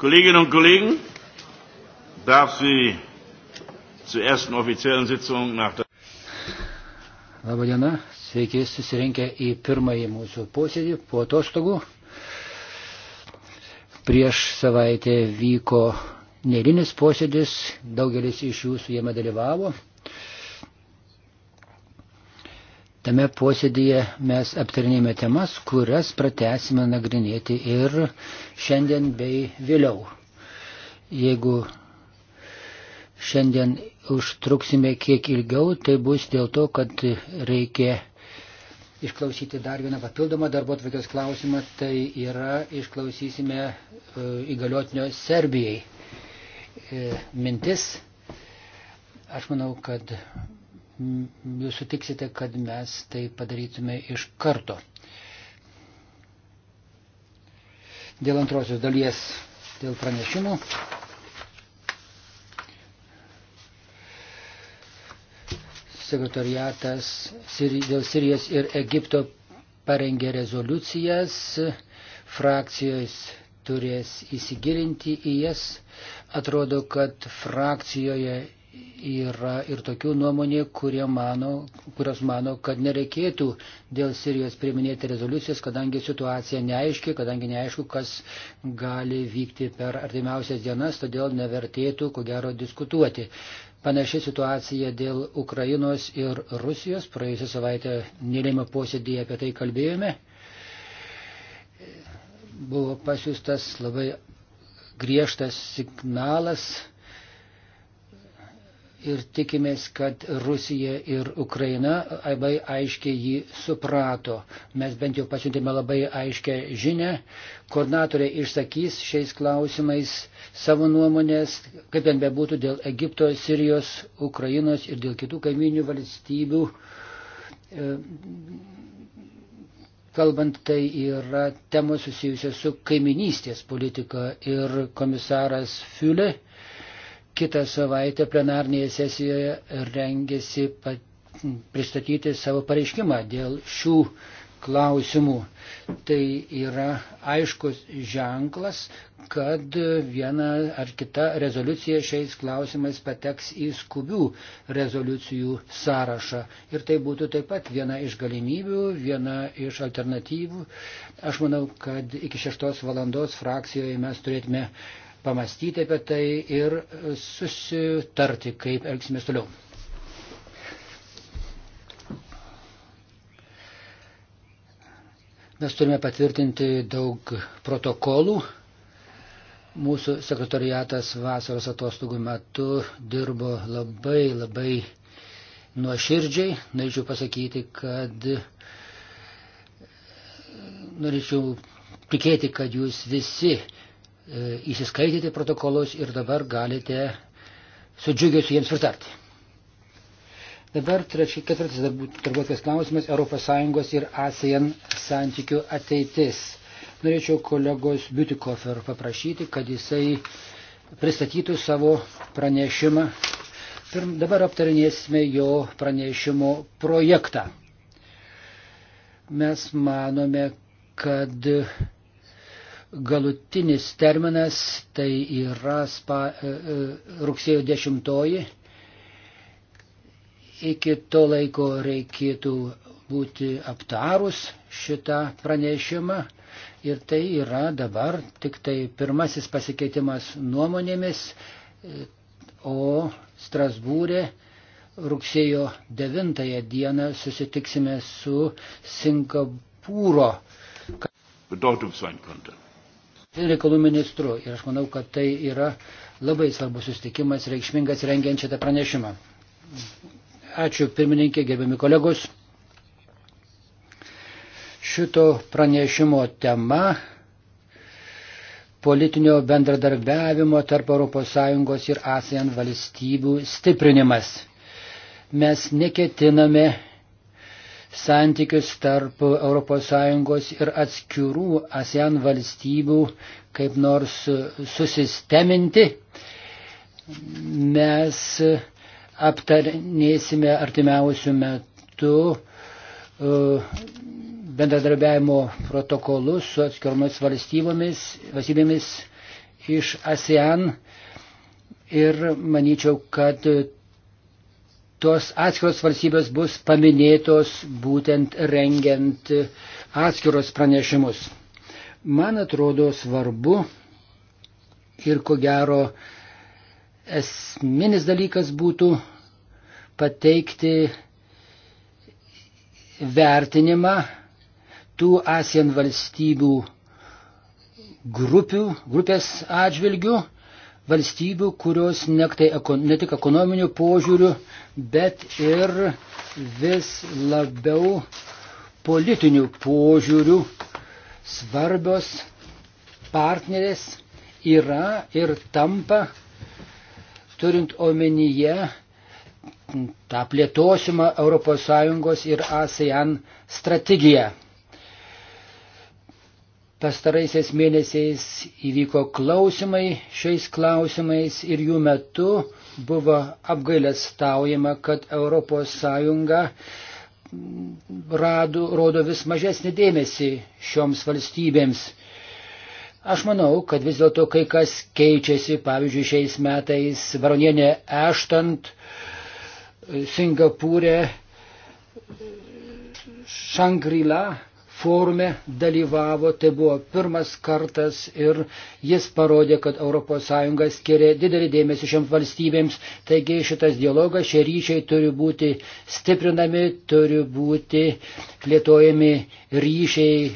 Kolleginnen und Kollegen, darf Sie zur ersten offiziellen Sitzung nach der. Labą dieną, sveiki susirinkę į pirmąjį mūsų posėdį po atostogų. Prieš savaitę vyko neįlinis posėdis, daugelis iš jūsų jame dalyvavo. Tame posėdėje mes aptarnėjome temas, kurias pratesime nagrinėti ir šiandien bei vėliau. Jeigu šiandien užtruksime kiek ilgiau, tai bus dėl to, kad reikia išklausyti dar vieną papildomą darbo atvarkės klausimą, tai yra išklausysime e, įgaliotinio Serbijai e, mintis. Aš manau, kad jūs sutiksite, kad mes tai padarytume iš karto. Dėl antrosios dalies, dėl pranešimų. Sekretariatas dėl Sirijos ir Egipto parengė rezoliucijas, frakcijos turės įsigilinti į jas. Atrodo, kad frakcijoje yra ir tokių nuomonė, mano, kurios mano, kad nereikėtų dėl Sirijos priminėti rezoliucijas, kadangi situacija neaiški, kadangi neaišku, kas gali vykti per artimiausias dienas, todėl nevertėtų, ko gero, diskutuoti. Panaši situacija dėl Ukrainos ir Rusijos. Praėjusią savaitę nelėmė posėdėje apie tai kalbėjome. Buvo pasiūstas labai griežtas signalas ir tikimės, kad Rusija ir Ukraina labai aiškiai jį suprato. Mes bent jau pasiuntėme labai aiškę žinę. Koordinatoriai išsakys šiais klausimais savo nuomonės, kaip ten bebūtų dėl Egipto, Sirijos, Ukrainos ir dėl kitų kaiminių valstybių. E, kalbant, tai yra temos susijusios su kaiminystės politika ir komisaras Fiulė kitą savaitę plenarnėje sesijoje rengėsi pristatyti savo pareiškimą dėl šių klausimų. Tai yra aiškus ženklas, kad viena ar kita rezoliucija šiais klausimais pateks į skubių rezoliucijų sąrašą. Ir tai būtų taip pat viena iš galimybių, viena iš alternatyvų. Aš manau, kad iki šeštos valandos frakcijoje mes turėtume pamastyti apie tai ir susitarti, kaip elgsimės toliau. Mes turime patvirtinti daug protokolų. Mūsų sekretariatas vasaros atostogų metu dirbo labai labai nuoširdžiai. Norėčiau pasakyti, kad norėčiau tikėti, kad jūs visi E, įsiskaitėte protokolus ir dabar galite su džiugiusiu jiems pritarti. Dabar trečiai, ketvirtas darbuotojas klausimas - ES ir ASEAN santykių ateitis. Norėčiau kolegos Biutikofer paprašyti, kad jisai pristatytų savo pranešimą. Pirm, dabar aptarinėsime jo pranešimo projektą. Mes manome, kad Galutinis terminas tai yra spa, e, e, rugsėjo 10. Iki to laiko reikėtų būti aptarus šitą pranešimą. Ir tai yra dabar tik tai pirmasis pasikeitimas nuomonėmis, e, o Strasbūrė rugsėjo 9 dieną susitiksime su Singapūro. Bedeutungsvein konnte reikalų ministru. Ir aš manau, kad tai yra labai svarbus sustikimas, reikšmingas rengiant šitą pranešimą. Ačiū pirmininkė, gerbiami kolegos. Šito pranešimo tema politinio bendradarbiavimo tarp ES ir ASEAN valstybių stiprinimas. Mes neketiname santykius tarp ES ir atskirų ASEAN valstybių kaip nors susisteminti. Mes aptarnėsime artimiausių metų uh, bendradarbiavimo protokolus su atskiromis valstybėmis, valstybėmis iš ASEAN ir manyčiau, kad tos atskiros valstybės bus paminėtos būtent rengiant atskiros pranešimus. Man atrodo svarbu ir ko gero esminis dalykas būtų pateikti vertinimą tų ASEAN valstybių grupių, grupės atžvilgių, valstybių, kurios ne, tai, ne tik ekonominių požiūrių, bet ir vis labiau politinių požiūrių svarbios partnerės yra ir tampa, turint omenyje tą plėtosimą ES ir ASEAN strategiją. Pastaraisiais mėnesiais įvyko klausimai šiais klausimais ir jų metu buvo apgailestaujama, kad ES rado, rodo vis mažesnį dėmesį šioms valstybėms. Aš manau, kad vis dėlto kai kas keičiasi, pavyzdžiui, šiais metais baronienė Eštant Singapūrė Šangrila forume dalyvavo, tai buvo pirmas kartas ir jis parodė, kad ES skiria didelį dėmesį šiems valstybėms, taigi šitas dialogas, šie ryšiai turi būti stiprinami, turi būti plėtojami ryšiai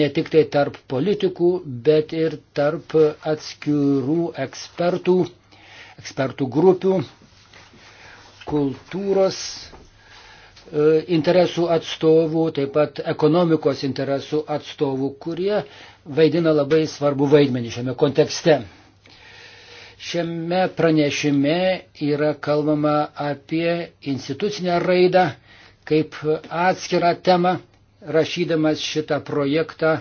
ne tik tai tarp politikų, bet ir tarp atskirų ekspertų, ekspertų grupių, kultūros E, interesų atstovų, taip pat ekonomikos interesų atstovų, kurie vaidina labai svarbu vaidmenį šiame kontekste. Šiame pranešime yra kalbama apie institucinę raidą kaip atskirą temą. Rašydamas šitą projektą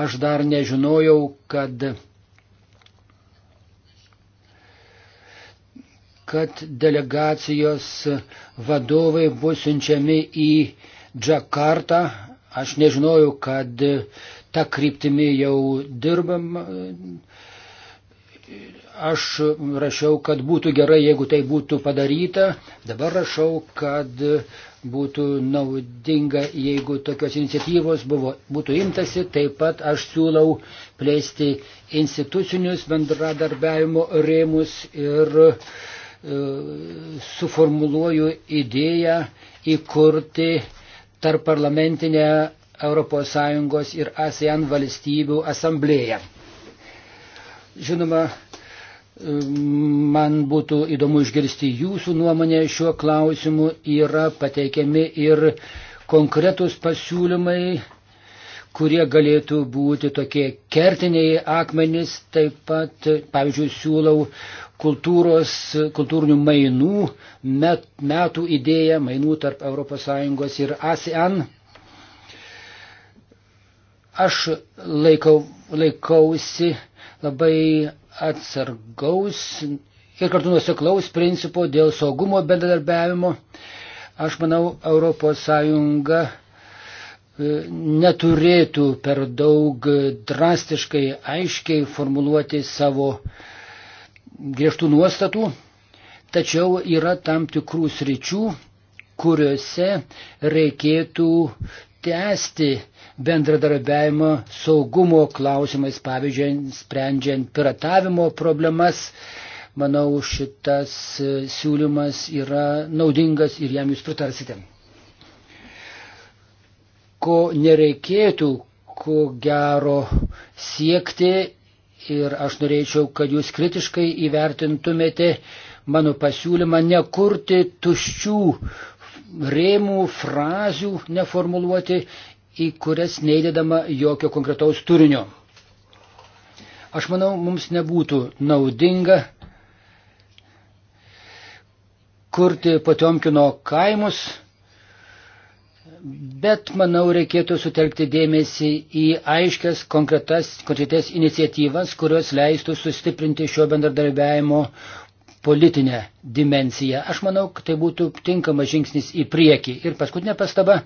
aš dar nežinojau, kad kad delegacijos vadovai bus siunčiami į Džakartą. Aš nežinojau, kad ta kryptimi jau dirbam. Aš rašiau, kad būtų gerai, jeigu tai būtų padaryta. Dabar rašau, kad būtų naudinga, jeigu tokios iniciatyvos buvo, būtų imtasi. Taip pat aš siūlau plėsti institucinius bendradarbiavimo rėmus ir uh, suformuluoju idėją įkurti tarp parlamentinę ES ir ASEAN valstybių asamblėją. Žinoma, man būtų įdomu išgirsti jūsų nuomonę šiuo klausimu. Yra pateikiami ir konkretus pasiūlymai, kurie galėtų būti tokie kertiniai akmenys. Taip pat, pavyzdžiui, siūlau kultūros, kultūrinių mainų, met, metų idėja, mainų tarp ES ir ASEAN. Aš laikau, laikausi labai atsargaus ir kartu nuseklaus principo dėl saugumo bendradarbiavimo. Aš manau, ES e, neturėtų per daug drastiškai, aiškiai formuluoti savo uh, griežtų nuostatų, tačiau yra tam tikrų sričių, kuriuose reikėtų tęsti bendradarbiavimą saugumo klausimais, pavyzdžiui, sprendžiant piratavimo problemas. Manau, šitas siūlymas yra naudingas ir jam jūs pritarsite. Ko nereikėtų, ko gero, siekti ir aš norėčiau, kad jūs kritiškai įvertintumėte mano pasiūlymą nekurti tuščių rėmų, frazių, neformuluoti, į kurias neįdedama jokio konkretaus turinio. Aš manau, mums nebūtų naudinga kurti Potiomkino kaimus bet manau reikėtų sutelkti dėmesį į aiškias konkretas, konkretas iniciatyvas, kurios leistų sustiprinti šio bendradarbiavimo politinę dimenciją. Aš manau, tai būtų tinkamas žingsnis į priekį. Ir paskutinė pastaba.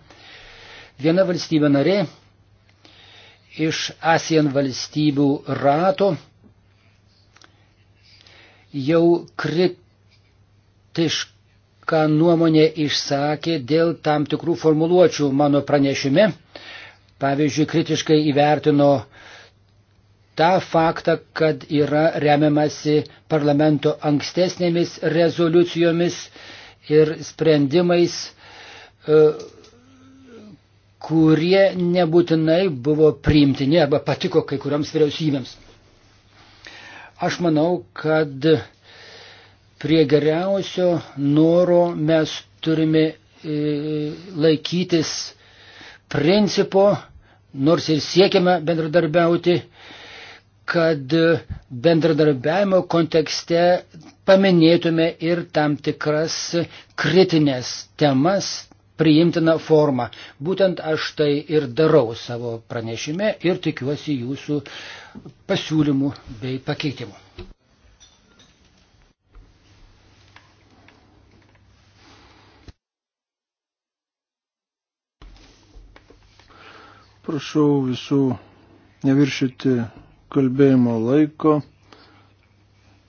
Viena valstybė narė iš ASEAN valstybių rato jau kritiškai ką nuomonė išsakė dėl tam tikrų formuluočių mano pranešime. Pavyzdžiui, kritiškai įvertino tą faktą, kad yra remiamasi parlamento ankstesnėmis rezoliucijomis ir sprendimais, e, kurie nebūtinai buvo priimtini arba patiko kai kuriams vyriausybėms. Aš manau, kad prie geriausio noro mes turime e, laikytis principo, nors ir siekiame bendradarbiauti, kad bendradarbiavimo kontekste paminėtume ir tam tikras kritinės temas priimtiną formą. Būtent aš tai ir darau savo pranešime ir tikiuosi jūsų pasiūlymų bei pakeitimų. Prašau visų neviršyti kalbėjimo laiko.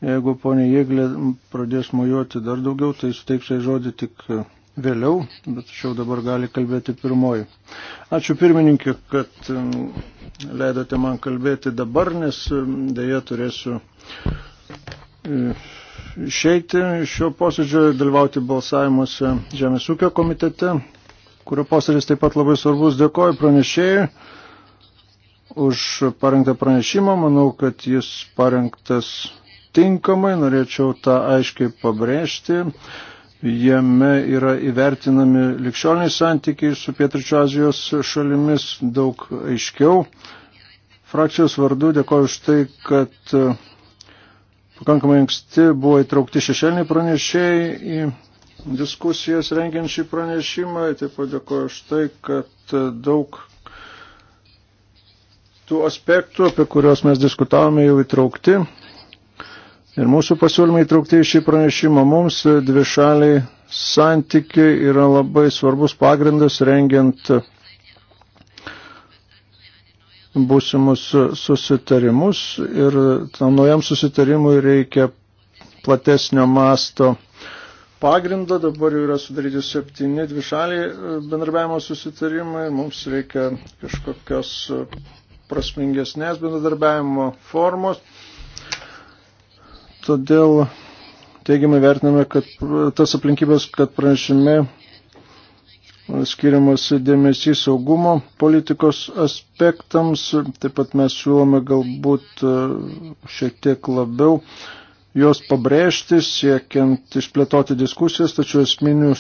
Jeigu ponė Jėglė pradės mojuoti dar daugiau, tai suteiksiu žodį tik vėliau, bet šiau dabar gali kalbėti pirmoji. Ačiū pirmininkė, kad mm, leidote man kalbėti dabar, nes mm, dėja turėsiu e, išeiti iš šio posėdžio ir dalyvauti balsavimuose Žemės ūkio komitete kurio posėdis taip pat labai svarbus. Dėkoju pranešėjui už parengtą pranešimą. Manau, kad jis parengtas tinkamai, norėčiau tą aiškiai pabrėžti. Jame yra įvertinami likščioniai santykiai su Pietričio Azijos šalimis daug aiškiau. Frakcijos vardu dėkoju už tai, kad pakankamai anksti buvo įtraukti šešėliniai pranešėjai į diskusijas rengiant šį pranešimą. Taip pat dėkoju už tai, kad e, daug tų aspektų, apie kuriuos mes diskutavome, jau įtraukti. Ir mūsų pasiūlymai įtraukti į šį pranešimą. Mums e, dvi šaliai santykiai yra labai svarbus pagrindas rengiant e, būsimus susitarimus ir tam naujam susitarimui reikia platesnio masto pagrindą. Dabar jau yra sudaryti septyni dvišaliai e, bendarbiavimo susitarimai. Mums reikia kažkokios e, prasmingesnės bendradarbiavimo formos. Todėl teigiamai vertiname, kad tas aplinkybės, kad pranešime skiriamas dėmesys saugumo politikos aspektams, taip pat mes siūlome galbūt e, šiek tiek labiau juos pabrėžti, siekiant išplėtoti diskusijas, tačiau esminių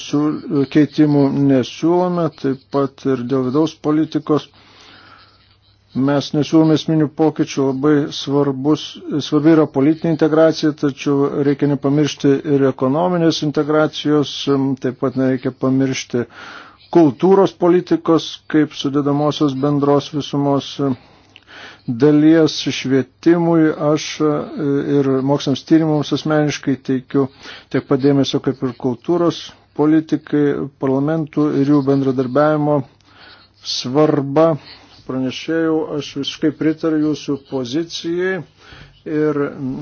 keitimų nesiūlome, taip pat ir dėl vidaus politikos. Mes nesiūlome esminių pokyčių, labai svarbus, svarbi yra politinė integracija, tačiau reikia nepamiršti ir ekonominės integracijos, taip pat nereikia pamiršti kultūros politikos kaip sudėdamosios bendros visumos dalies švietimui aš e, ir mokslams tyrimams asmeniškai teikiu tiek padėmėsio kaip ir kultūros politikai, parlamentų ir jų bendradarbiavimo svarba. Pranešėjau, aš visiškai pritariu jūsų pozicijai ir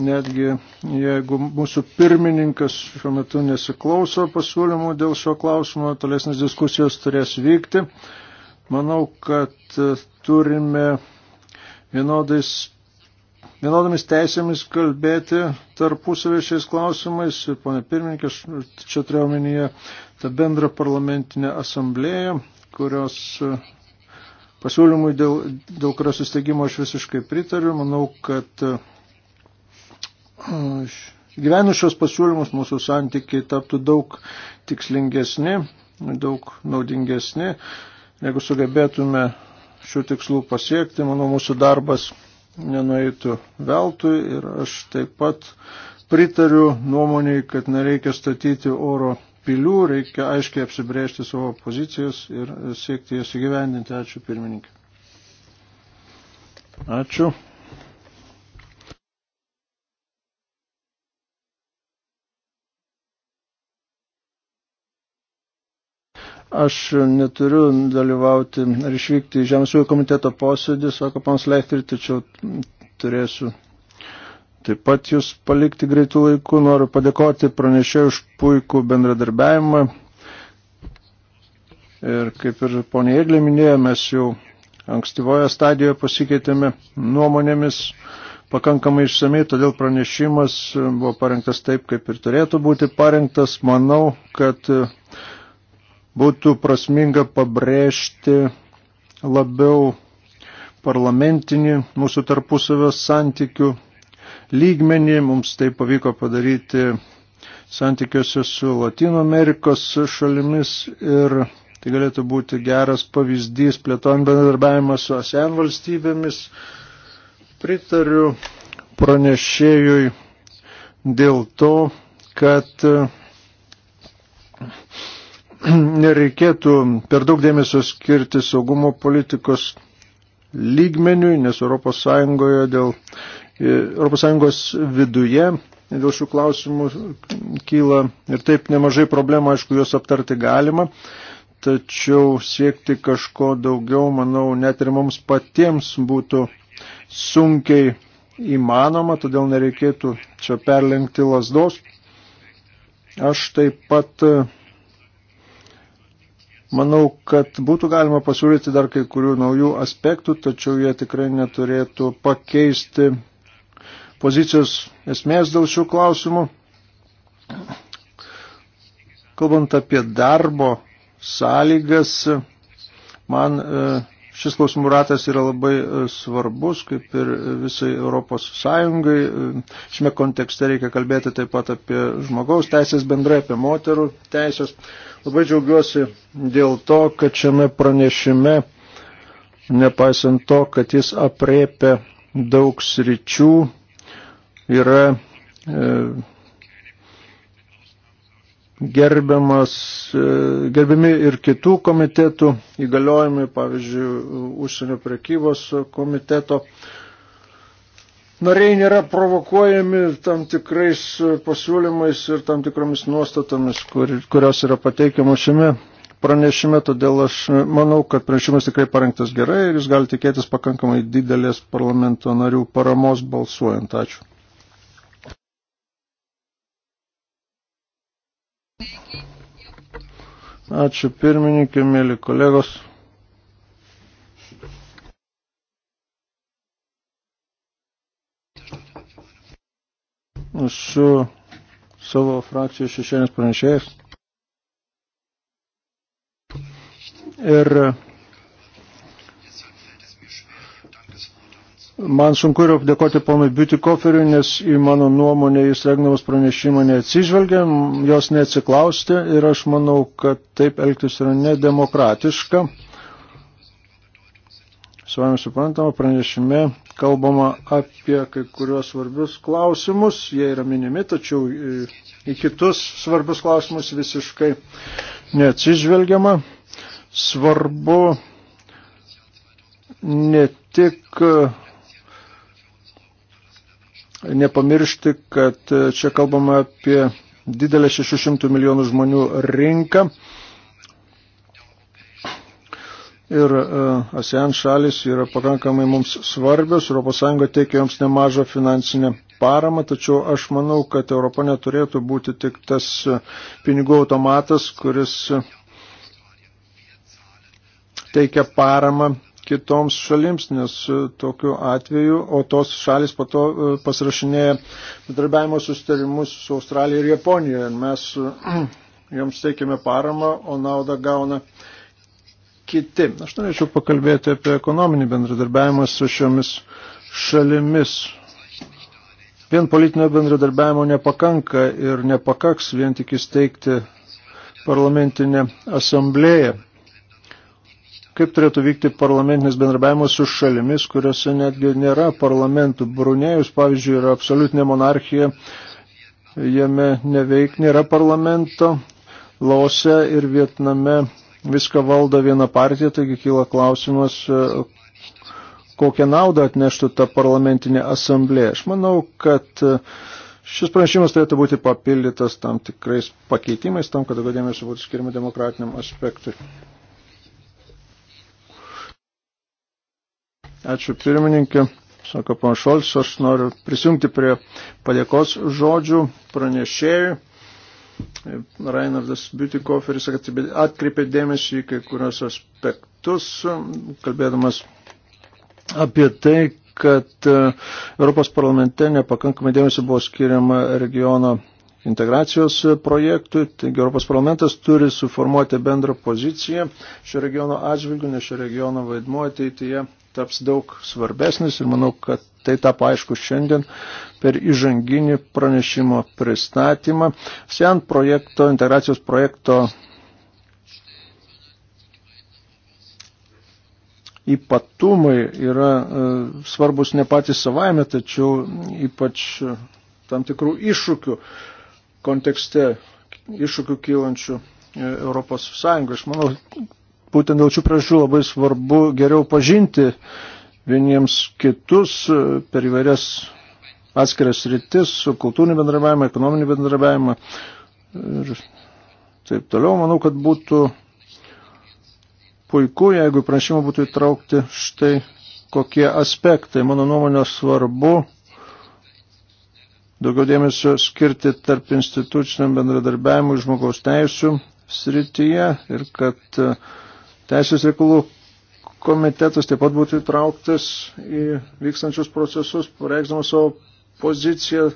netgi jeigu mūsų pirmininkas šiuo metu nesiklauso pasiūlymų dėl šio klausimo, tolesnės diskusijos turės vykti. Manau, kad turime vienodais, vienodomis teisėmis kalbėti tarpusavė šiais klausimais. Ir, ponė pirmininkė, čia turėjau omenyje tą bendrą parlamentinę asamblėją, kurios e, pasiūlymui, dėl, dėl kurio susteigimo aš visiškai pritariu. Manau, kad e, gyvenus šios pasiūlymus mūsų santykiai taptų daug tikslingesni, daug naudingesni, jeigu sugebėtume šių tikslų pasiekti. Manau, mūsų darbas nenueitų veltui ir aš taip pat pritariu nuomoniai, kad nereikia statyti oro pilių, reikia aiškiai apsibrėžti savo pozicijas ir siekti jas įgyvendinti. Ačiū pirmininkė. Ačiū. Aš neturiu dalyvauti ar išvykti į Žemės ūkio komiteto posėdį, sako panas Lechtri, tačiau turėsiu taip pat jūs palikti greitų laikų. Noriu padėkoti pranešėjui už puikų bendradarbiavimą. Ir kaip ir ponė Eglė minėjo, mes jau ankstyvoje stadijoje pasikeitėme nuomonėmis pakankamai išsamei, todėl pranešimas buvo parengtas taip, kaip ir turėtų būti parengtas. Manau, kad būtų prasminga pabrėžti labiau parlamentinį mūsų tarpusavio santykių lygmenį. Mums tai pavyko padaryti santykiuose su Latino Amerikos šalimis ir tai galėtų būti geras pavyzdys plėtojant bendradarbiavimą su ASEAN valstybėmis. Pritariu pranešėjui dėl to, kad nereikėtų per daug dėmesio skirti saugumo politikos lygmeniui, nes ES dėl ES viduje dėl šių klausimų kyla ir taip nemažai problemų, aišku, juos aptarti galima, tačiau siekti kažko daugiau, manau, net ir mums patiems būtų sunkiai įmanoma, todėl nereikėtų čia perlenkti lasdos. Aš taip pat Manau, kad būtų galima pasiūlyti dar kai kurių naujų aspektų, tačiau jie tikrai neturėtų pakeisti pozicijos esmės dėl šių klausimų. Kalbant apie darbo sąlygas, man e, šis klausimų ratas yra labai e, svarbus, kaip ir visai Europos Sąjungai. E, šiame kontekste reikia kalbėti taip pat apie žmogaus teisės bendrai, apie moterų teisės Labai džiaugiuosi dėl to, kad šiame pranešime, nepaisant to, kad jis apriepia daug sričių, yra e, gerbiamas, e, gerbiami ir kitų komitetų įgaliojimai, pavyzdžiui, užsienio prekybos komiteto nariai nėra provokuojami tam tikrais pasiūlymais ir tam tikromis nuostatomis, kur, kurios yra pateikiamos šiame pranešime, todėl aš manau, kad pranešimas tikrai parengtas gerai ir jis gali tikėtis pakankamai didelės parlamento narių paramos balsuojant. Ačiū. Ačiū pirmininkė, mėly kolegos. su savo frakcijos šešėnės pranešėjais. Ir man sunku ir apdėkoti ponui Biutikoferiui, nes į mano nuomonę jis regnamas pranešimą neatsižvelgia, jos neatsiklausti ir aš manau, kad taip elgtis yra nedemokratiška. Savame suprantama, pranešime kalbama apie kai kuriuos svarbius klausimus, jie yra minimi, tačiau į kitus svarbius klausimus visiškai neatsižvelgiama. Svarbu ne tik nepamiršti, kad čia kalbama apie didelę 600 milijonų žmonių rinką ir e, ASEAN šalis yra pakankamai mums svarbios, ES teikia joms nemažą finansinę paramą, tačiau aš manau, kad Europa neturėtų būti tik tas e, pinigų automatas, kuris e, teikia paramą kitoms šalims, nes tokiu atveju, o tos šalis po to pasirašinėja bendradarbiavimo sustarimus su Australija ir Japonija. Ir mes joms teikiame paramą, o naudą gauna kiti. Aš norėčiau pakalbėti apie ekonominį bendradarbiavimą su šiomis šalimis. Vien politinio bendradarbiavimo nepakanka ir nepakaks vien tik įsteigti parlamentinę asamblėją. Kaip turėtų vykti parlamentinis bendrabiavimas su šalimis, kuriuose netgi nėra parlamentų. Brunėjus, pavyzdžiui, yra absoliutinė monarchija, jame neveik nėra parlamento, Lause ir Vietname viską valdo viena partija, taigi kyla klausimas, e, kokią naudą atneštų ta parlamentinė asamblėja. Aš manau, kad e, šis pranešimas turėtų būti papildytas tam tikrais pakeitimais, tam, kad daugiau dėmesio būtų skirima demokratiniam aspektui. Ačiū pirmininkė. Sako pan Šolts, aš noriu prisijungti prie padėkos žodžių pranešėjui. Reinardas Biutikoferis atkreipė dėmesį į kai kurios aspektus, kalbėdamas apie tai, kad e, Europos parlamente nepakankamai dėmesio buvo skiriama regiono integracijos projektui. Taigi Europos parlamentas turi suformuoti bendrą poziciją šio regiono atžvilgių, nes šio regiono vaidmuo ateityje taps daug svarbesnis ir manau, kad Tai tapo aišku šiandien per įžanginį pranešimo pristatymą. Sen projekto, integracijos projekto ypatumai yra e, svarbus ne patys savaime, tačiau ypač e, tam tikrų iššūkių kontekste, iššūkių kylančių e, Europos Sąjungoje. Aš manau, būtent dėl šių priežasčių labai svarbu geriau pažinti vieniems kitus e, per įvairias atskiras rytis, kultūrinį bendravimą, ekonominį bendravimą ir taip toliau. Manau, kad būtų puiku, jeigu prašymą būtų įtraukti štai kokie aspektai. Mano nuomonė svarbu daugiau dėmesio skirti tarp instituciniam bendradarbiavimui žmogaus teisų srityje ir kad e, Teisės reikalų komitetas taip pat būtų įtrauktas į vykstančius procesus, pareikšdamas savo poziciją.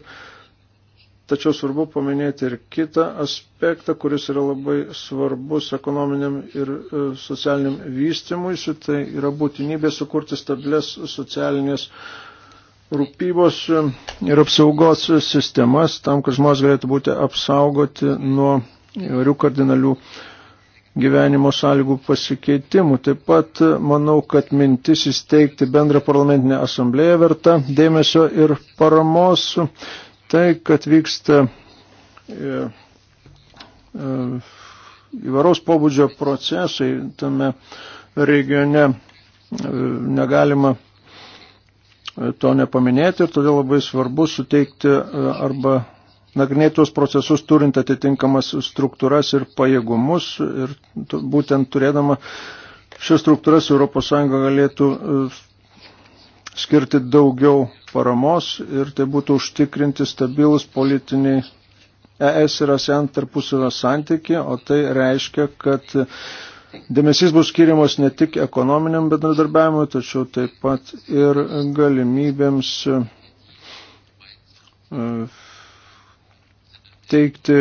Tačiau svarbu paminėti ir kitą aspektą, kuris yra labai svarbus ekonominiam ir e, socialiniam vystimuisi, tai yra būtinybė sukurti stabilės socialinės rūpybos ir apsaugos sistemas tam, kad žmonės galėtų būti apsaugoti nuo įvairių kardinalių uh, gyvenimo sąlygų pasikeitimų. Taip pat e, manau, kad mintis įsteigti bendrą parlamentinę asamblėją verta dėmesio ir paramos. Tai, kad vyksta e, e, įvairaus pobūdžio procesai tame regione, negalima to nepaminėti ir todėl labai svarbu suteikti arba nagrinėtos procesus turint atitinkamas struktūras ir pajėgumus ir būtent turėdama šias struktūras ES galėtų e, skirti daugiau paramos ir tai būtų užtikrinti stabilus politiniai ES ir ASEAN tarpusavio santykiai, o tai reiškia, kad Dėmesys bus skiriamas ne tik ekonominiam bendradarbiavimui, tačiau taip pat ir galimybėms e, teikti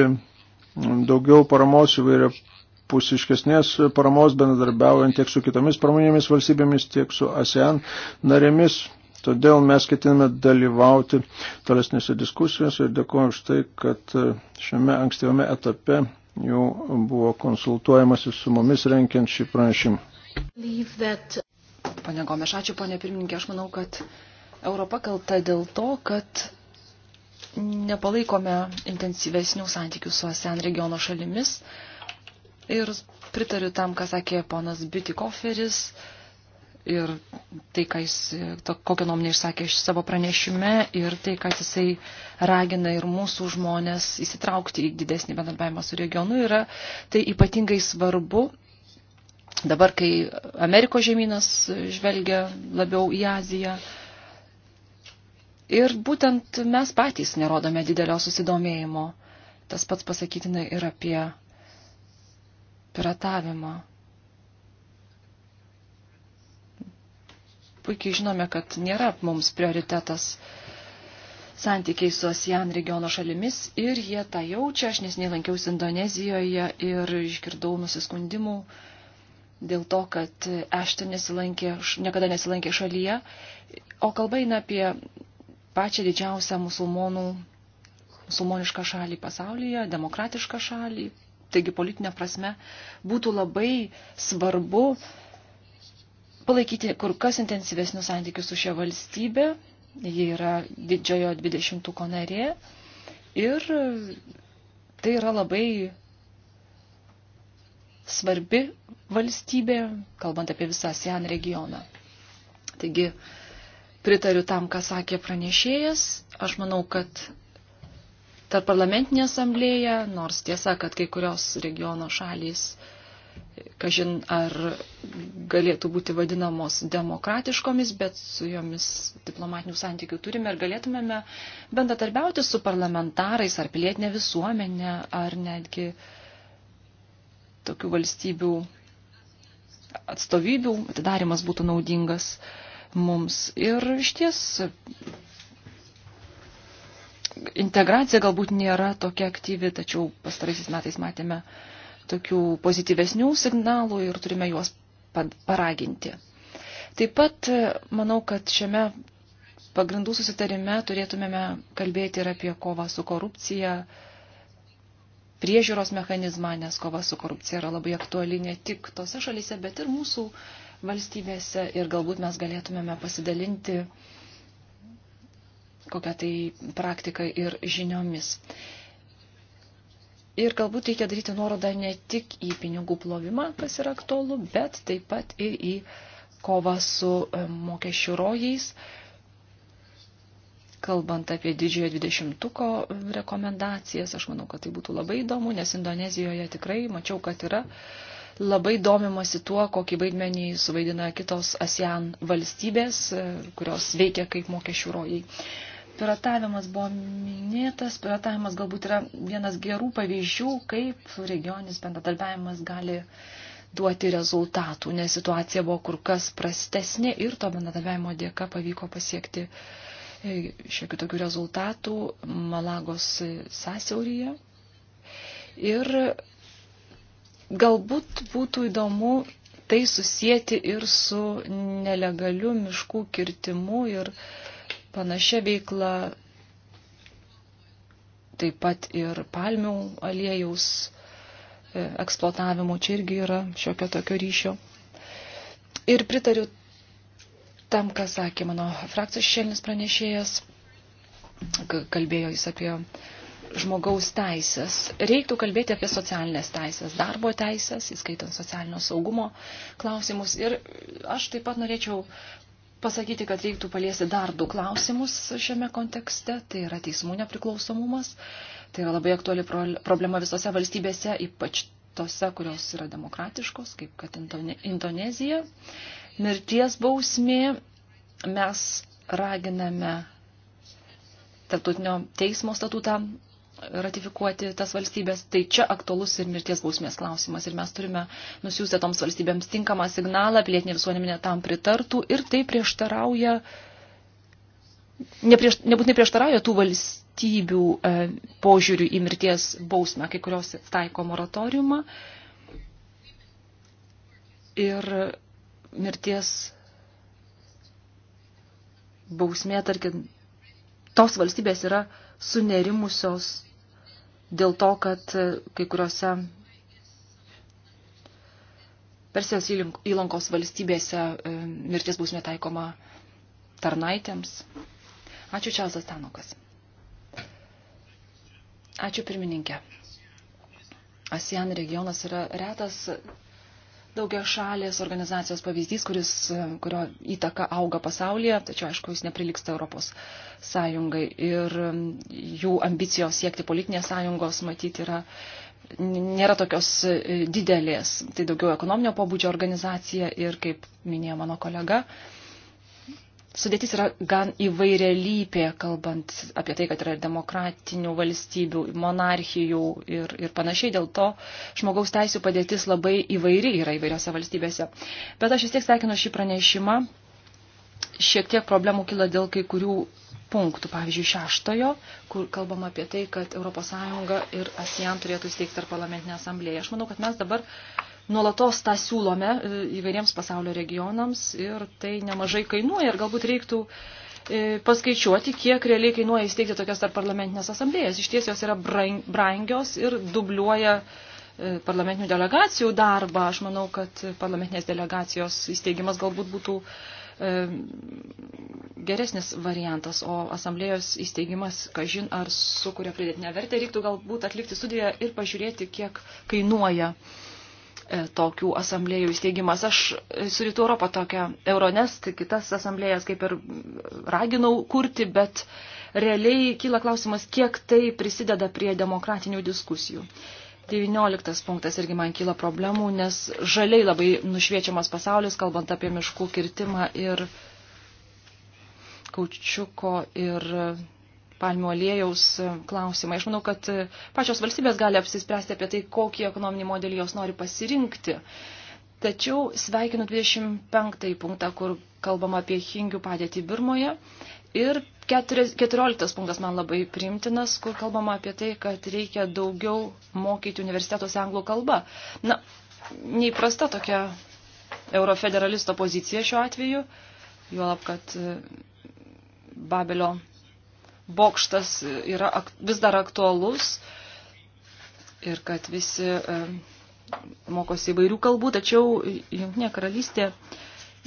daugiau paramos įvairia pusiškesnės paramos bendradarbiaujant tiek su kitomis pramonėmis valstybėmis, tiek su ASEAN narėmis. Todėl mes ketiname dalyvauti tolesnėse diskusijose ir dėkuoju už tai, kad šiame ankstyvame etape jau buvo konsultuojamasi su mumis renkiant šį pranešimą. That... Pane Gomeš, ačiū, pane pirmininkė, aš manau, kad Europa kalta dėl to, kad nepalaikome intensyvesnių santykių su ASEAN regiono šalimis. Ir pritariu tam, ką sakė ponas Bitikoferis ir tai, ką jis, to, kokią nuomonę išsakė iš savo pranešime ir tai, kad jisai ragina ir mūsų žmonės įsitraukti į didesnį bendradarbiavimą su regionu, yra tai ypatingai svarbu dabar, kai Amerikos žemynas žvelgia labiau į Aziją Ir būtent mes patys nerodome didelio susidomėjimo. Tas pats pasakytina ir apie piratavimą. Puikiai žinome, kad nėra mums prioritetas santykiai su ASEAN regiono šalimis ir jie tą jaučia. Aš nesiniai lankiausi Indonezijoje ir išgirdau nusiskundimų dėl to, kad Ešten nesilankė, niekada nesilankė šalyje. O kalba eina apie pačią didžiausią musulmonų, musulmonišką šalį pasaulyje, demokratišką šalį. Taigi politinė prasme būtų labai svarbu palaikyti kur kas intensyvesnius santykius su šia valstybė. Ji yra didžiojo 20-ko narė ir tai yra labai svarbi valstybė, kalbant apie visą ASEAN regioną. Taigi, uh, pritariu tam, ką sakė pranešėjas. Aš manau, kad tarp parlamentinė asamblėja, nors tiesa, kad kai kurios regiono šalys, kažin ar galėtų būti vadinamos demokratiškomis, bet su jomis diplomatinių santykių turime ir galėtumėme bendratarbiauti su parlamentarais ar pilietinė visuomenė ar netgi tokių valstybių atstovybių atidarimas būtų naudingas. Uh, mums. Ir iš ties integracija galbūt nėra tokia aktyvi, tačiau pastaraisiais metais matėme tokių pozityvesnių signalų ir turime juos paraginti. Taip pat manau, kad šiame pagrindų susitarime turėtumėme kalbėti ir apie kovą su korupcija, priežiūros mechanizmą, nes kova su korupcija yra labai aktuali ne tik tose šalyse, bet ir mūsų valstybėse ir galbūt mes galėtumėme pasidalinti kokią tai praktiką ir žiniomis. Ir galbūt reikia daryti nuorodą ne tik į pinigų plovimą, kas yra aktualu, bet taip pat ir į kovą su mokesčių rojais, kalbant apie didžiojo dvidešimtuko rekomendacijas, aš manau, kad tai būtų labai įdomu, nes Indonezijoje tikrai mačiau, kad yra labai domimasi tuo, kokį vaidmenį suvaidina kitos ASEAN valstybės, e, kurios veikia kaip mokesčių rojai. Piratavimas buvo minėtas, piratavimas galbūt yra vienas gerų pavyzdžių, kaip regioninis bendradarbiavimas gali duoti rezultatų, nes situacija buvo kur kas prastesnė ir to bendradarbiavimo dėka pavyko pasiekti e, šiokių tokių rezultatų Malagos e, sąsiauryje. Ir Galbūt būtų įdomu tai susijęti ir su nelegaliu miškų kirtimu ir panašia veikla, taip pat ir palmių aliejaus e, eksploatavimu. Čia irgi yra šiokio tokio ryšio. Ir pritariu tam, ką sakė mano frakcijos šešėlinis pranešėjas. Kalbėjo jis apie uh, žmogaus teisės. Reiktų kalbėti apie socialinės teisės, darbo teisės, įskaitant socialinio saugumo klausimus. Ir aš taip pat norėčiau pasakyti, kad reiktų paliesti dar du klausimus šiame kontekste. Tai yra teismų nepriklausomumas. Tai yra labai aktuali problema visose valstybėse, ypač tose, kurios yra demokratiškos, kaip kad Indonezija. Mirties bausmė mes raginame tarptautinio teismo statutą ratifikuoti tas valstybės, tai čia aktualus ir mirties bausmės klausimas. Ir mes turime nusiųsti toms valstybėms tinkamą signalą, pilietinė visuomenė tam pritartų ir tai prieštarauja, neprieš, nebūtinai prieštarauja tų valstybių e, požiūrių į mirties bausmę, kai kurios taiko moratoriumą. Ir mirties bausmė, tarkim, tos valstybės yra sunerimusios dėl to, kad e, kai kuriuose Persijos įlankos valstybėse e, mirties bausmė taikoma tarnaitėms. Ačiū Čiausas Tanukas. Ačiū pirmininkė. ASEAN regionas yra retas daugia šalės organizacijos pavyzdys, kuris, e, kurio įtaka auga pasaulyje, tačiau aišku, jis nepriliksta Europos sąjungai ir jų ambicijos siekti politinės sąjungos matyti yra nėra tokios e, didelės. Tai daugiau ekonominio pobūdžio organizacija ir, kaip minėjo mano kolega, sudėtis yra gan įvairialypė, kalbant apie tai, kad yra demokratinių valstybių, monarchijų ir, ir panašiai. Dėl to žmogaus teisų padėtis labai įvairi yra įvairiose valstybėse. Bet aš vis tiek sveikinu šį pranešimą. Šiek tiek problemų kila dėl kai kurių punktų, pavyzdžiui, šeštojo, kur kalbama apie tai, kad ES ir ASEAN turėtų įsteigti tarp parlamentinę asamblėją. Aš manau, kad mes dabar uh, nuolatos tą siūlome e, įvairiems pasaulio regionams ir tai nemažai kainuoja ir galbūt reiktų e, paskaičiuoti, kiek realiai kainuoja įsteigti tokias tarp parlamentinės asamblėjas. Iš ties jos yra brangios ir dubliuoja e, parlamentinių delegacijų darbą. Aš manau, kad parlamentinės delegacijos įsteigimas galbūt būtų geresnis variantas, o asamblėjos įsteigimas, kažin ar sukuria pridėtinę vertę, reiktų galbūt atlikti studiją ir pažiūrėti, kiek kainuoja uh, E, tokių asamblėjų įsteigimas. Aš su Rytų Europą tokią Euronest, kitas asamblėjas kaip ir raginau kurti, bet realiai kyla klausimas, kiek tai prisideda prie demokratinių diskusijų. 19 punktas irgi man kyla problemų, nes žaliai labai nušviečiamas pasaulis, kalbant apie miškų kirtimą ir kaučiuko ir palmių aliejaus klausimą. Aš manau, kad pačios valstybės gali apsispręsti apie tai, kokį ekonominį modelį jos nori pasirinkti. Tačiau sveikinu 25 punktą, kur kalbama apie hingių padėtį Birmoje. Ir 14 punktas man labai primtinas, kur kalbama apie tai, kad reikia daugiau mokyti universitetuose anglų kalbą. Na, neįprasta tokia eurofederalisto pozicija šiuo atveju, juolab, kad e, Babelio bokštas yra vis dar aktualus ir kad visi e, mokosi įvairių kalbų, tačiau Junktinė karalystė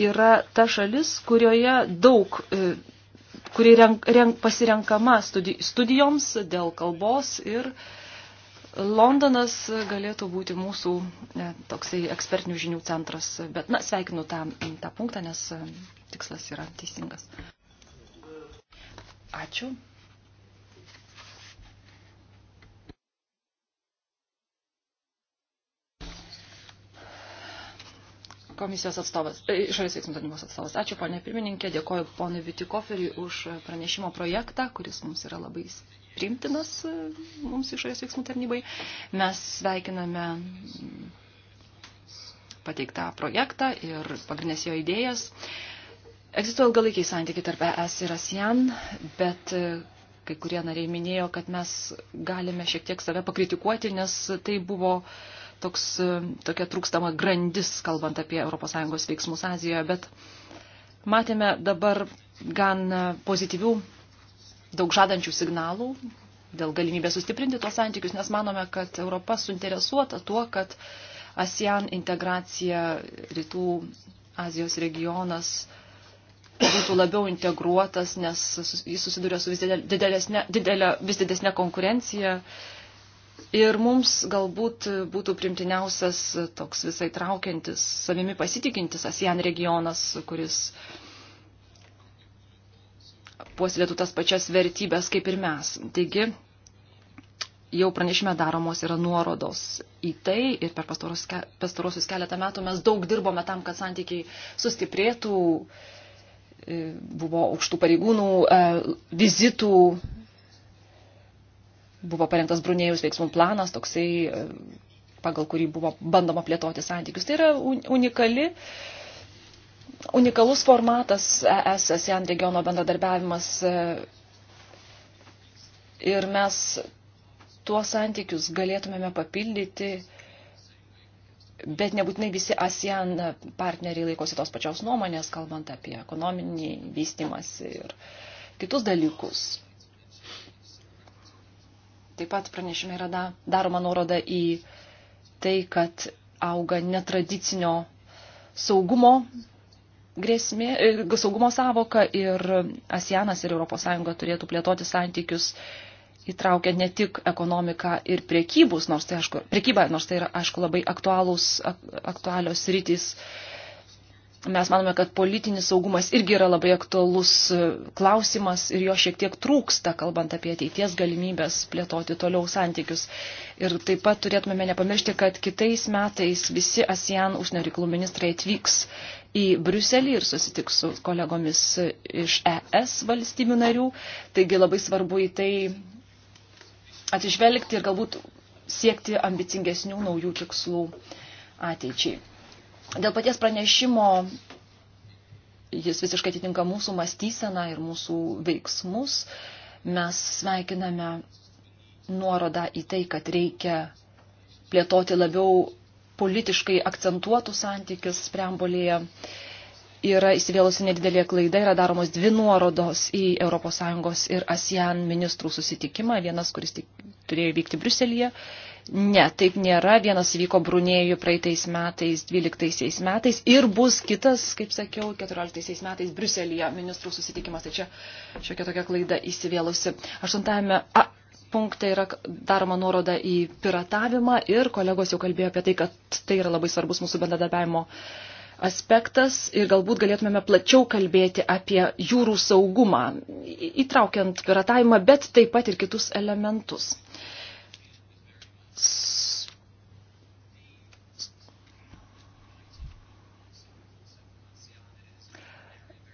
yra ta šalis, kurioje daug, e, kuri renk, renk, pasirenkama studijoms dėl kalbos ir Londonas galėtų būti mūsų ne, toksai ekspertinių žinių centras, bet, na, sveikinu tą, tą punktą, nes e, tikslas yra teisingas. Ačiū. komisijos atstovas, e, išorės veiksmų tarnybos atstovas. Ačiū, ponė pirmininkė, dėkoju ponui Vitikoferiui už pranešimo projektą, kuris mums yra labai priimtinas e, mums išorės veiksmų tarnybai. Mes sveikiname pateiktą projektą ir pagrindinės jo idėjas. Egzistuoja ilgalaikiai santykiai tarp ES ir ASEAN, bet e, kai kurie nariai minėjo, kad mes galime šiek tiek save pakritikuoti, nes tai buvo uh, toks, e, tokia trūkstama grandis, kalbant apie ES veiksmus Azijoje, bet matėme dabar gan e, pozityvių, daug žadančių signalų dėl galimybės sustiprinti tuos santykius, nes manome, kad Europa suinteresuota tuo, kad ASEAN integracija rytų Azijos regionas būtų labiau integruotas, nes jis susiduria su vis, didelė, didelėsne, didelė, vis didesnė konkurencija, Ir mums galbūt būtų primtiniausias toks visai traukiantis, savimi pasitikintis ASEAN regionas, kuris puoselėtų tas pačias vertybės kaip ir mes. Taigi, jau pranešime daromos yra nuorodos į tai ir per pastarosius keletą metų mes daug dirbome tam, kad santykiai sustiprėtų, e, buvo aukštų pareigūnų e, vizitų Buvo parengtas Brunėjus veiksmų planas, toksai, e, pagal kurį buvo bandoma plėtoti santykius. Tai yra unikali, unikalus formatas ES, ASEAN regiono bendradarbiavimas. E, ir mes tuos santykius galėtumėme papildyti bet nebūtinai visi ASEAN partneriai laikosi tos pačios nuomonės, kalbant apie ekonominį vystimąsi ir kitus dalykus. Taip pat pranešime yra da, daroma nuoroda į tai, kad auga netradicinio saugumo grėsmė, e, saugumo savoka ir ASEANas ir ES turėtų plėtoti santykius įtraukia ne tik ekonomiką ir priekybus, nors tai, aišku, priekybą, nors tai yra, aišku, labai aktualūs, aktualios rytis Mes manome, kad politinis saugumas irgi yra labai aktualus e, klausimas ir jo šiek tiek trūksta, kalbant apie ateities galimybės plėtoti toliau santykius. Ir taip pat turėtume nepamiršti, kad kitais metais visi ASEAN užsienio reikalų ministrai atvyks į Briuselį ir susitiks su kolegomis iš ES valstybių narių. Taigi labai svarbu į tai atsižvelgti ir galbūt siekti ambicingesnių naujų tikslų ateičiai. Dėl paties pranešimo jis visiškai atitinka mūsų mąstyseną ir mūsų veiksmus. Mes sveikiname nuorodą į tai, kad reikia plėtoti labiau politiškai akcentuotų santykius preambulėje. Yra įsivėlusi nedidelė klaida, yra daromos dvi nuorodos į ES ir ASEAN ministrų susitikimą, vienas, kuris turėjo vykti Briuselėje Ne, taip nėra. Vienas vyko Brunėjų praeitais metais, 12 metais ir bus kitas, kaip sakiau, 14 metais Briuselėje ministrų susitikimas. Tai čia šiokia tokia klaida įsivėlusi. Aštuntame a, punkte yra daroma nuoroda į piratavimą ir kolegos jau kalbėjo apie tai, kad tai yra labai svarbus mūsų bendradarbiavimo aspektas ir galbūt galėtumėme plačiau kalbėti apie jūrų saugumą, įtraukiant piratavimą, bet taip pat ir kitus elementus.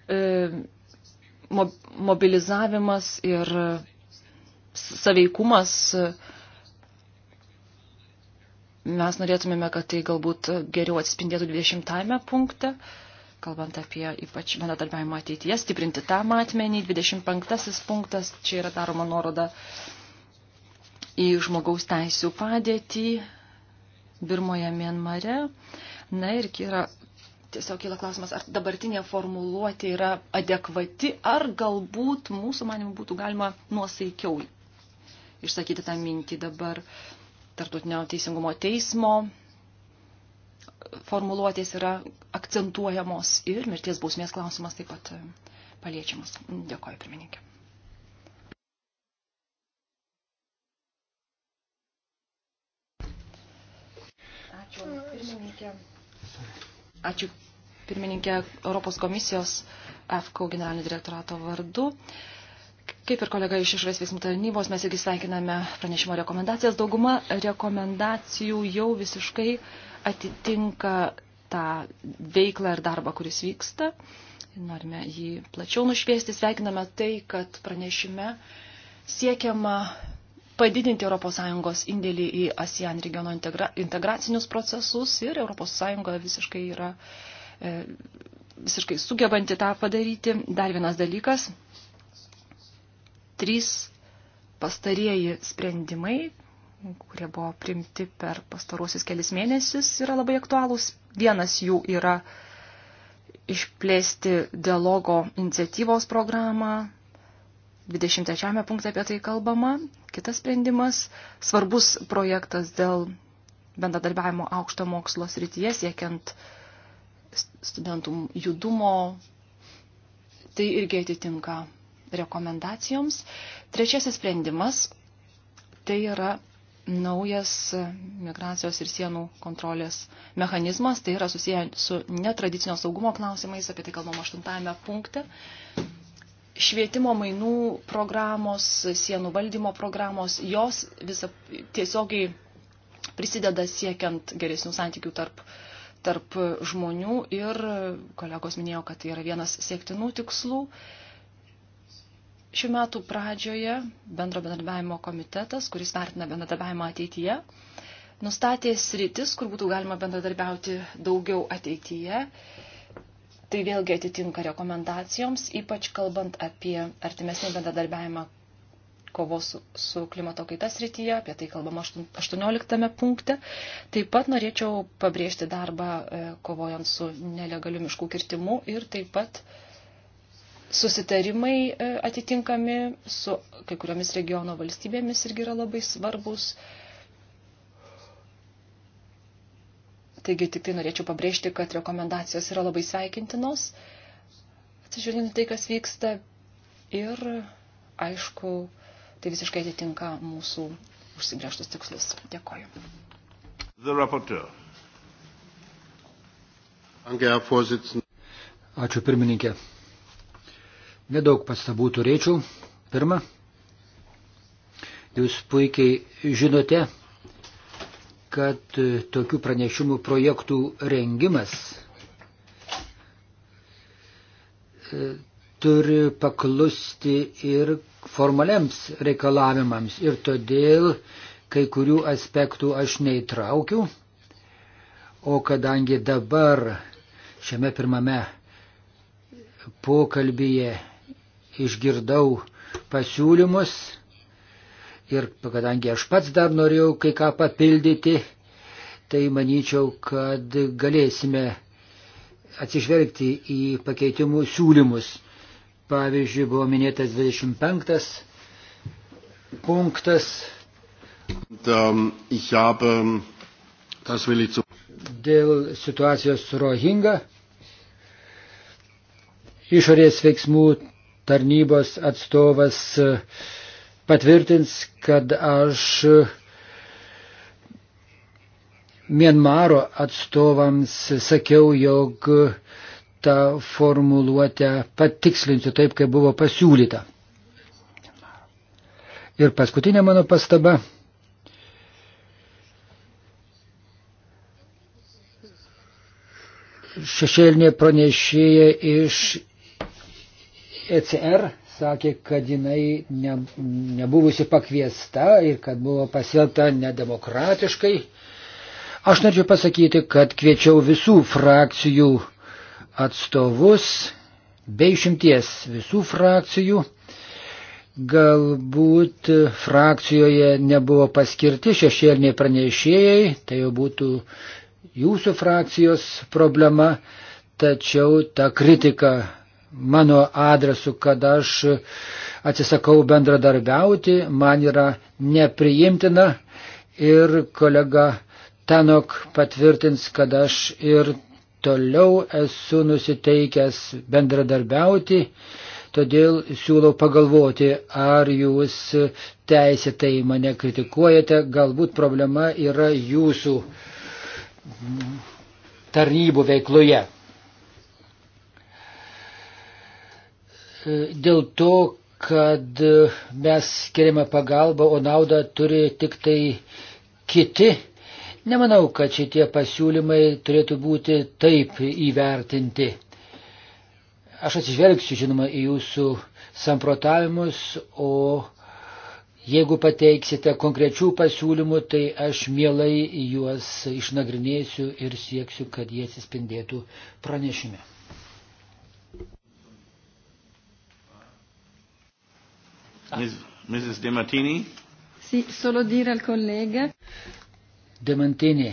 E, mobilizavimas ir saveikumas. Mes norėtumėme, kad tai galbūt geriau atspindėtų 20-ame punkte, kalbant apie ypač bendradarbiavimą ateityje, stiprinti tą matmenį. 25-asis punktas, čia yra daroma nuoroda į žmogaus teisų padėtį Birmoje, Mienmare. Na ir yra, tiesiog kyla klausimas, ar dabartinė formuluotė yra adekvati, ar galbūt mūsų manimų būtų galima nuosaikiau išsakyti tą mintį dabar Tartutinio teisingumo teismo formuluotės yra akcentuojamos ir mirties bausmės klausimas taip pat paliečiamas. Dėkoju, pirmininkė. Ačiū, pirmininkė. Ačiū, pirmininkė Europos komisijos FKO generalinio direktorato vardu. Kaip ir kolega iš išorės veiksmų tarnybos, mes irgi sveikiname pranešimo rekomendacijas. Dauguma rekomendacijų jau visiškai atitinka tą veiklą ir darbą, kuris vyksta. Norime jį plačiau nušviesti. Sveikiname tai, kad pranešime siekiama padidinti ES indėlį į ASEAN regiono integra integracinius procesus ir ES visiškai yra e, visiškai sugebanti tą padaryti. Dar vienas dalykas. Trys pastarieji sprendimai, kurie buvo primti per pastaruosius kelis mėnesius, yra labai aktualūs. Vienas jų yra išplėsti dialogo iniciatyvos programą, 23 punkte apie tai kalbama. Kitas sprendimas - svarbus projektas dėl bendradarbiavimo aukšto mokslo srityje, siekiant studentų judumo. Tai irgi atitinka rekomendacijoms. Trečiasis sprendimas - tai yra naujas migracijos ir sienų kontrolės mechanizmas, tai yra susiję su netradicinio saugumo klausimais, apie tai kalbama aštuntame punkte švietimo mainų programos, sienų valdymo programos, jos visa, tiesiogiai prisideda siekiant geresnių santykių tarp, tarp žmonių ir kolegos minėjo, kad tai yra vienas siektinų tikslų. Šių metų pradžioje bendro bendradarbiavimo komitetas, kuris vertina bendradarbiavimą ateityje, nustatė sritis, kur būtų galima bendradarbiauti daugiau ateityje. Tai vėlgi atitinka rekomendacijoms, ypač kalbant apie artimesnį bendradarbiavimą kovos su, su klimato kaitas rytyje, apie tai kalbama 18 punkte. Taip pat norėčiau pabrėžti darbą e, kovojant su nelegaliu miškų kirtimu ir taip pat susitarimai e, atitinkami su kai kuriomis regiono valstybėmis irgi yra labai svarbus. Taigi tik tai norėčiau pabrėžti, kad rekomendacijos yra labai sveikintinos, atsižiūrint tai, kas vyksta ir, aišku, tai visiškai atitinka mūsų užsibrėžtus tikslus. Dėkoju. Ačiū pirmininkė. Nedaug pastabų turėčiau. Pirma, jūs puikiai žinote, kad e, tokių pranešimų projektų rengimas e, turi paklusti ir formaliams reikalavimams. Ir todėl kai kurių aspektų aš neįtraukiu. O kadangi dabar šiame pirmame pokalbyje išgirdau pasiūlymus, ir kadangi aš pats dar norėjau kai ką papildyti, tai manyčiau, kad galėsime atsižvelgti į pakeitimų siūlymus. Pavyzdžiui, buvo minėtas 25 punktas. Ähm, ähm, Dėl situacijos su Rohinga išorės veiksmų tarnybos atstovas uh, patvirtins, kad aš Mienmaro atstovams sakiau, jog tą formuluotę patikslinsiu taip, kaip buvo pasiūlyta. Ir paskutinė mano pastaba. Šešėlinė pranešėja iš ECR sakė, kad jinai ne, nebuvusi pakviesta ir kad buvo pasielta nedemokratiškai. Aš norėčiau pasakyti, kad kviečiau visų frakcijų atstovus, bei šimties visų frakcijų. Galbūt frakcijoje nebuvo paskirti šešėliniai pranešėjai, tai jau būtų jūsų frakcijos problema, tačiau ta kritika mano adresu, kad aš atsisakau bendradarbiauti, man yra nepriimtina ir kolega Tanok patvirtins, kad aš ir toliau esu nusiteikęs bendradarbiauti, todėl siūlau pagalvoti, ar jūs teisėtai mane kritikuojate, galbūt problema yra jūsų tarnybų veikloje. dėl to, kad mes skiriame pagalbą, o naudą turi tik tai kiti. Nemanau, kad šitie pasiūlymai turėtų būti taip įvertinti. Aš atsižvelgsiu, žinoma, į jūsų samprotavimus, o jeigu pateiksite konkrečių pasiūlymų, tai aš mielai juos išnagrinėsiu ir sieksiu, kad jie atsispindėtų pranešime. Ms. Mrs. De Martini. Sì, solo dire al collega. De Martini,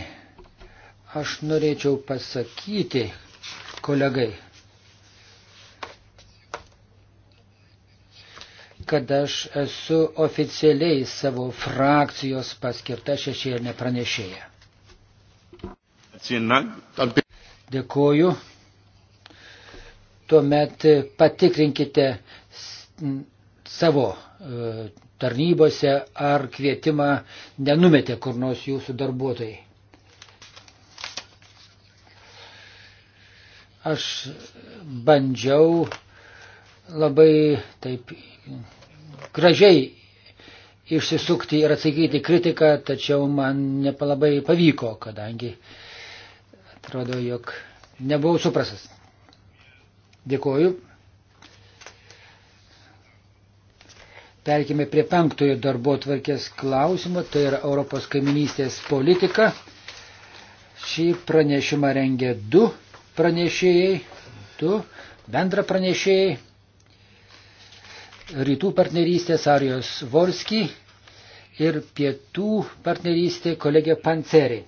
aš norėčiau pasakyti kolegai, kad aš esu oficialiai savo frakcijos paskirta šešėlinė pranešėja. Dėkuoju. Tuomet patikrinkite savo e, tarnybose ar kvietimą nenumetė kur nors jūsų darbuotojai. Aš bandžiau labai taip gražiai išsisukti ir atsakyti kritiką, tačiau man nepalabai pavyko, kadangi atrodo, jog nebuvau suprasas. Dėkuoju. Perkime prie penktojo darbo tvarkės klausimo, tai yra Europos kaiminystės politika. Šį pranešimą rengė du pranešėjai, du bendra pranešėjai. Rytų partnerystės Arijos Vorski ir pietų partnerystė kolegė Panceriai.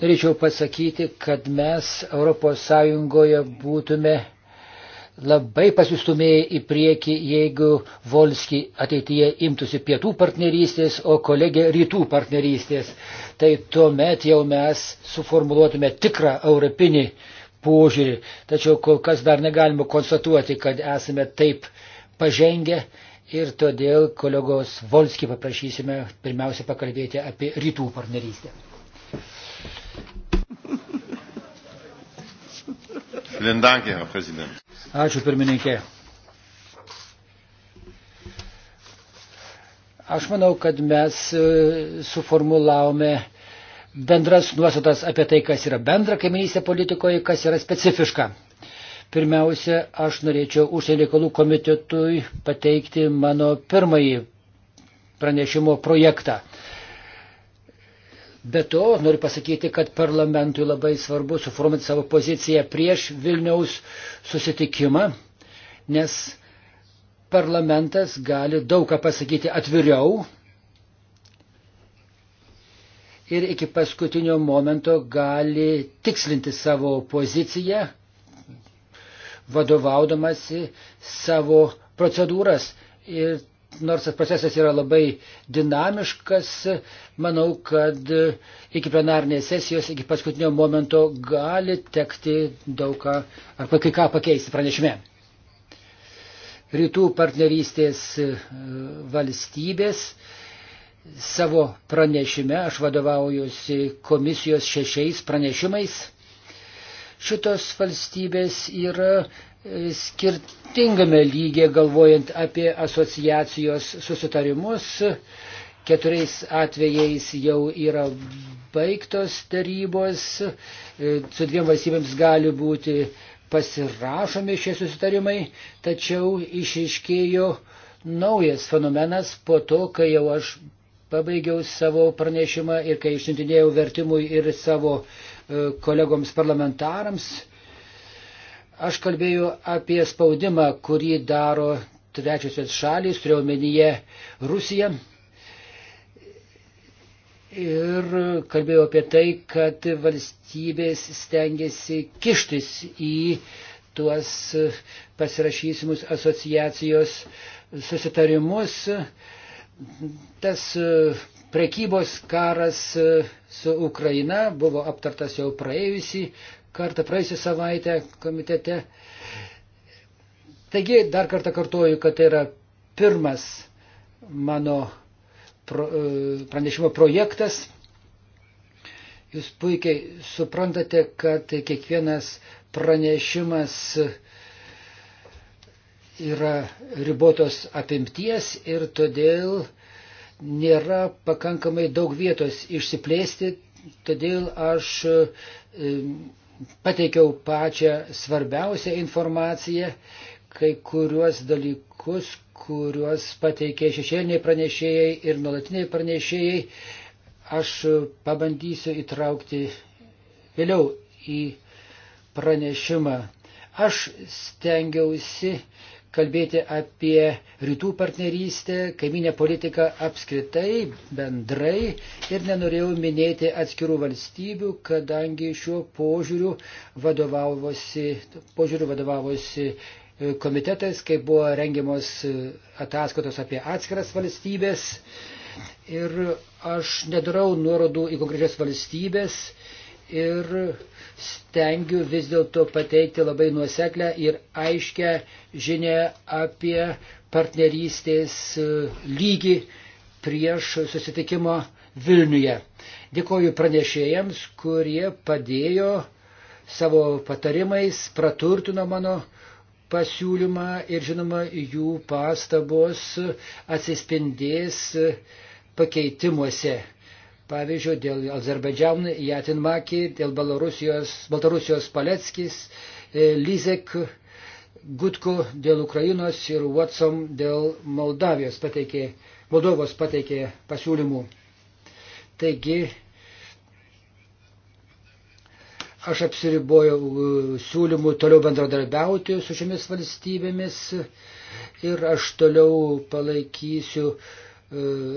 Norėčiau pasakyti, kad mes ES būtume labai pasistumėjo į priekį, jeigu Volski ateityje imtųsi pietų partnerystės, o kolegė rytų partnerystės. Tai tuomet jau mes suformuluotume tikrą europinį požiūrį. Tačiau kol kas dar negalime konstatuoti, kad esame taip pažengę ir todėl kolegos Volski paprašysime pirmiausia pakalbėti apie rytų partnerystę. Lindankė, prezidentė. Ačiū, pirmininkė. Aš manau, kad mes e, suformulavome bendras nuostatas apie tai, kas yra bendra kaiminystė politikoje, kas yra specifiška. Pirmiausia, aš norėčiau užsienio reikalų komitetui pateikti mano pirmąjį pranešimo projektą. Be to, noriu pasakyti, kad parlamentui labai svarbu suformuoti savo poziciją prieš Vilniaus susitikimą, nes parlamentas gali daug ką pasakyti atviriau ir iki paskutinio momento gali tikslinti savo poziciją, vadovaudamasi savo procedūras. Ir nors tas procesas yra labai dinamiškas, manau, kad iki plenarnės sesijos, iki paskutinio momento gali tekti daug ką, ar kai ką pakeisti pranešime. Rytų partnerystės e, valstybės savo pranešime, aš vadovaujuosi komisijos šešiais pranešimais, šitos valstybės yra skirtingame lygiai galvojant apie asociacijos susitarimus. Keturiais atvejais jau yra baigtos darybos, su dviem valstybėms gali būti pasirašomi šie susitarimai, tačiau išiškėjo naujas fenomenas po to, kai jau aš pabaigiau savo pranešimą ir kai išsintinėjau vertimui ir savo e, kolegoms parlamentarams Aš kalbėjau apie spaudimą, kurį daro trečiosios šalys, turiuomenyje Rusija. Ir kalbėjau apie tai, kad valstybės stengiasi kištis į tuos pasirašysimus asociacijos susitarimus. Tas prekybos karas su Ukraina buvo aptartas jau praėjusi kartą praėjusią savaitę komitete. Taigi, dar kartą kartuoju, kad tai yra pirmas mano pro, e, pranešimo projektas. Jūs puikiai suprantate, kad kiekvienas pranešimas yra ribotos apimties ir todėl nėra pakankamai daug vietos išsiplėsti, todėl aš e, pateikiau pačią svarbiausią informaciją, kai kuriuos dalykus, kuriuos pateikė šešėliniai pranešėjai ir nuolatiniai pranešėjai, aš pabandysiu įtraukti vėliau į pranešimą. Aš stengiausi kalbėti apie rytų partnerystę, kaiminę politiką apskritai, bendrai ir nenorėjau minėti atskirų valstybių, kadangi šiuo požiūriu vadovavosi, požiūriu vadovavosi e, komitetais, kai buvo rengiamos e, ataskaitos apie atskiras valstybės. Ir aš nedarau nuorodų į konkrečias valstybės ir stengiu vis dėlto pateikti labai nuoseklę ir aiškę žinę apie partnerystės e, lygį prieš susitikimą Vilniuje. Dėkoju pranešėjams, kurie padėjo savo patarimais, praturtino mano pasiūlymą ir žinoma jų pastabos atsispindės pakeitimuose. Pavyzdžiui, dėl Azerbaidžiaunų Jatinmaki, dėl Baltarusijos, Baltarusijos Paleckis, e, Lizek, Gutko dėl Ukrainos ir Watson dėl Moldavijos pateikė, Moldovos pateikė pasiūlymų. Taigi, aš apsiribojau e, siūlymų toliau bendradarbiauti su šiomis valstybėmis ir aš toliau palaikysiu e,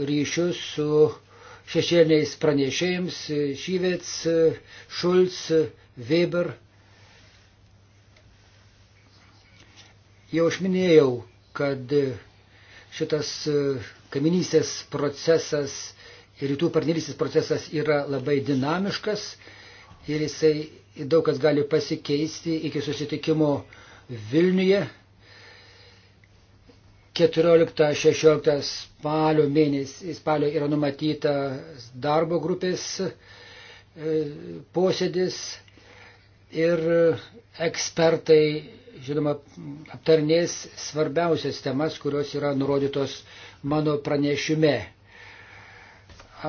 ryšius su uh, šešėliniais pranešėjams e, Šyvets, e, Šulc, e, Weber. Jau aš minėjau, kad šitas kaiminystės procesas ir rytų partnerystės procesas yra labai dinamiškas ir jisai daug kas gali pasikeisti iki susitikimo Vilniuje 14-16 spalio mėnesį, spalio yra numatyta darbo grupės e, posėdis ir ekspertai, žinoma, aptarnės svarbiausias temas, kurios yra nurodytos mano pranešime.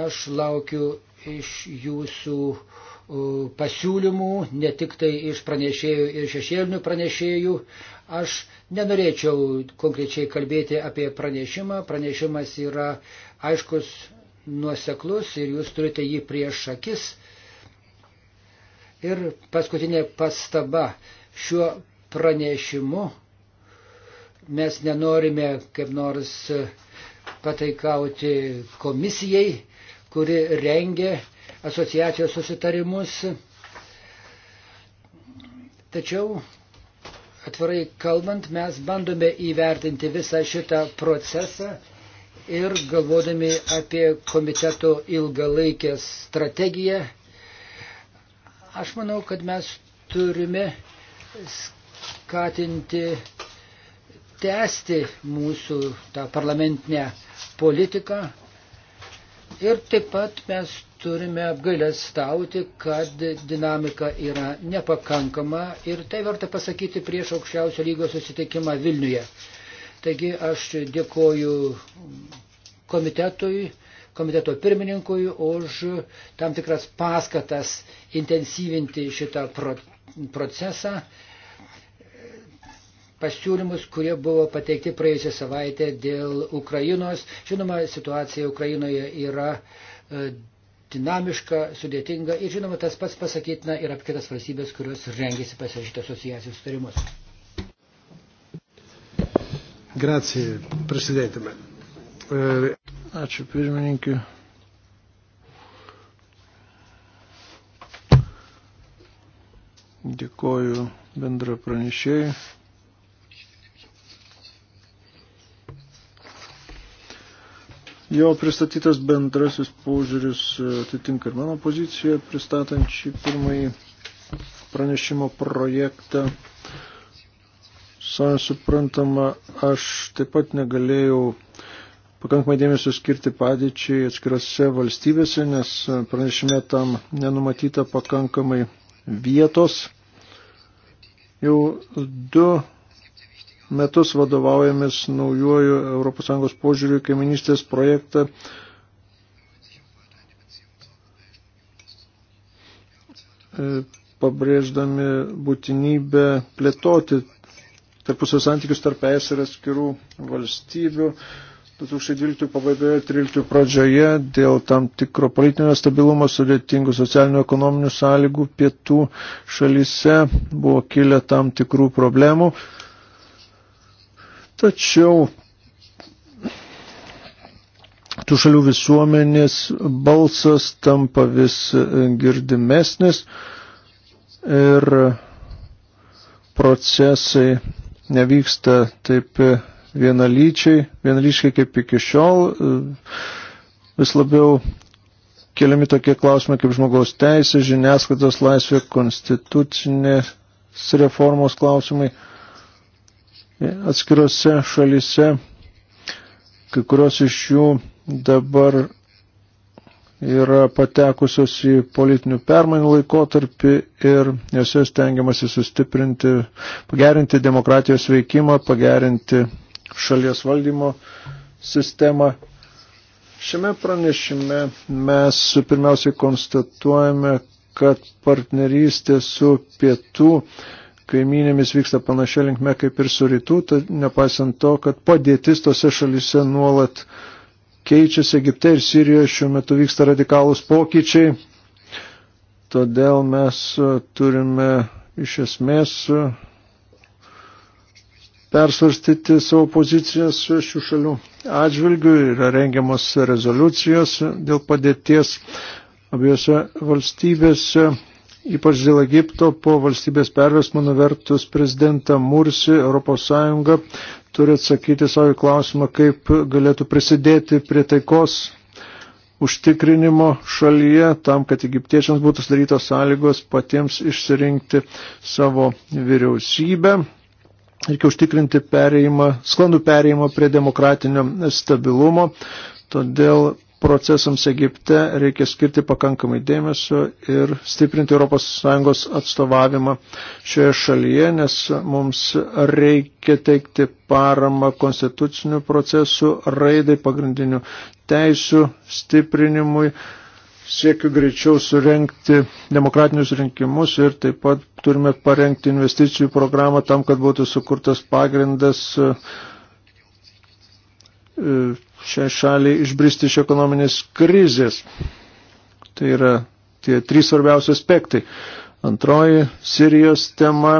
Aš laukiu iš jūsų uh, E, pasiūlymų, ne tik tai iš pranešėjų ir šešėlinių pranešėjų. Aš nenorėčiau konkrečiai kalbėti apie pranešimą. Pranešimas yra aiškus, nuoseklus ir jūs turite jį prieš akis. Ir paskutinė pastaba. Šiuo pranešimu mes nenorime kaip nors pataikauti komisijai, kuri rengia asociacijos susitarimus. Tačiau, atvirai kalbant, mes bandome įvertinti visą šitą procesą ir galvodami apie komiteto ilgalaikę strategiją, aš manau, kad mes turime skatinti tęsti mūsų tą parlamentinę politiką ir taip pat mes turime apgailestauti, kad dinamika yra nepakankama ir tai verta pasakyti prieš aukščiausio lygio susitikimą Vilniuje. Taigi aš dėkoju komitetui, komiteto pirmininkui už tam tikras paskatas intensyvinti šitą procesą pasiūlymus, kurie buvo pateikti praėjusią savaitę dėl Ukrainos. Žinoma, situacija Ukrainoje yra e, dinamiška, sudėtinga ir žinoma tas pats pasakytina ir apie kitas valstybės, kurios rengėsi pasirašyti asociacijos sutarimus. Grazie, prezidentime. Eh, Ačiū pirmininkiu. Dėkoju bendra pranešėjai. jo pristatytas bendrasis požiūris atitinka ir mano poziciją, pristatant šį pirmąjį pranešimo projektą. Savai suprantama, aš taip pat negalėjau pakankamai dėmesio skirti padėčiai atskirose valstybėse, nes pranešime tam nenumatyta pakankamai vietos. Jau du metus vadovaujamės naujuoju ES požiūriu kaiminystės projektą. E, pabrėždami būtinybę plėtoti tarpusio santykius tarp ES ir atskirų valstybių. 2012 pabaigoje 13 pradžioje dėl tam tikro politinio stabilumo sudėtingų socialinių ekonominių sąlygų pietų šalyse buvo kilę tam tikrų problemų. Tačiau tų šalių visuomenės balsas tampa vis girdimesnis ir procesai nevyksta taip vienalyčiai, vienalyčiai kaip iki šiol. Vis labiau keliami tokie klausimai kaip žmogaus teisė, žiniasklaidos laisvė, konstitucinės reformos klausimai atskirose šalise, kai kurios iš jų dabar yra patekusios į politinių permainų laikotarpį ir jose stengiamasi sustiprinti, pagerinti demokratijos veikimą, pagerinti šalies valdymo sistemą. Šiame pranešime mes pirmiausiai konstatuojame, kad partnerystė su pietų kaiminėmis vyksta panašia linkme kaip ir su rytų, nepaisant to, kad padėtis tose šalise nuolat keičiasi Egipte ir Sirijoje, šiuo metu vyksta radikalūs pokyčiai, todėl mes e, turime iš esmės e, persvarstyti savo pozicijas šių šalių atžvilgių, yra rengiamos rezoliucijos dėl padėties abiejose valstybėse ypač dėl Egipto po valstybės pervesmų nuvertus prezidentą Mursi, ES turi atsakyti savo klausimą, kaip galėtų prisidėti prie taikos užtikrinimo šalyje, tam, kad egiptiečiams būtų sudarytos sąlygos patiems išsirinkti savo vyriausybę. Reikia užtikrinti perėjimą, sklandų perėjimą prie demokratinio stabilumo, todėl procesams Egipte reikia skirti pakankamai dėmesio ir stiprinti ES atstovavimą šioje šalyje, nes mums reikia teikti paramą konstitucinių procesų, raidai pagrindinių teisų stiprinimui, siekiu greičiau surenkti demokratinius rinkimus ir taip pat turime parengti investicijų programą tam, kad būtų sukurtas pagrindas e, šiai šaliai išbristi iš ekonominės krizės. Tai yra tie trys svarbiausi aspektai. Antroji Sirijos tema.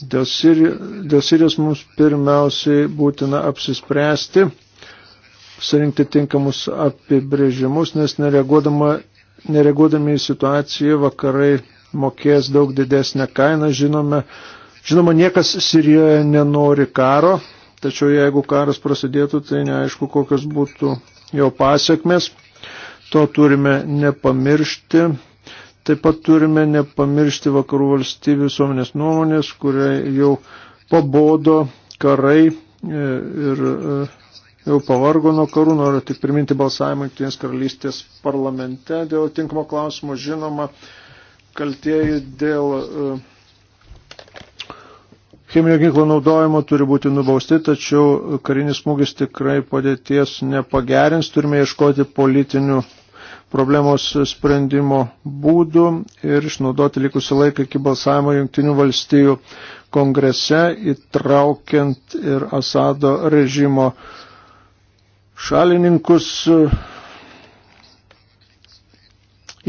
Dėl, Sirijo, dėl Sirijos mums pirmiausiai būtina apsispręsti, surinkti tinkamus apibrėžimus, nes nereaguodami į situaciją vakarai mokės daug didesnę kainą. Žinome, žinoma, niekas Sirijoje nenori karo, Tačiau jeigu karas prasidėtų, tai neaišku, kokios būtų jo pasiekmes. To turime nepamiršti. Taip pat turime nepamiršti vakarų valstybių visuomenės nuomonės, kuriai jau pabodo karai e, ir e, jau pavargo nuo karų. Noriu tik priminti balsavimą Junktinės karalystės parlamente dėl tinkamo klausimo. Žinoma, kaltieji dėl e, cheminio ginklo naudojimo turi būti nubausti, tačiau karinis smūgis tikrai padėties nepagerins. Turime ieškoti politinių problemos sprendimo būdų ir išnaudoti likusį laiką iki balsavimo jungtinių valstijų kongrese, įtraukiant ir Asado režimo šalininkus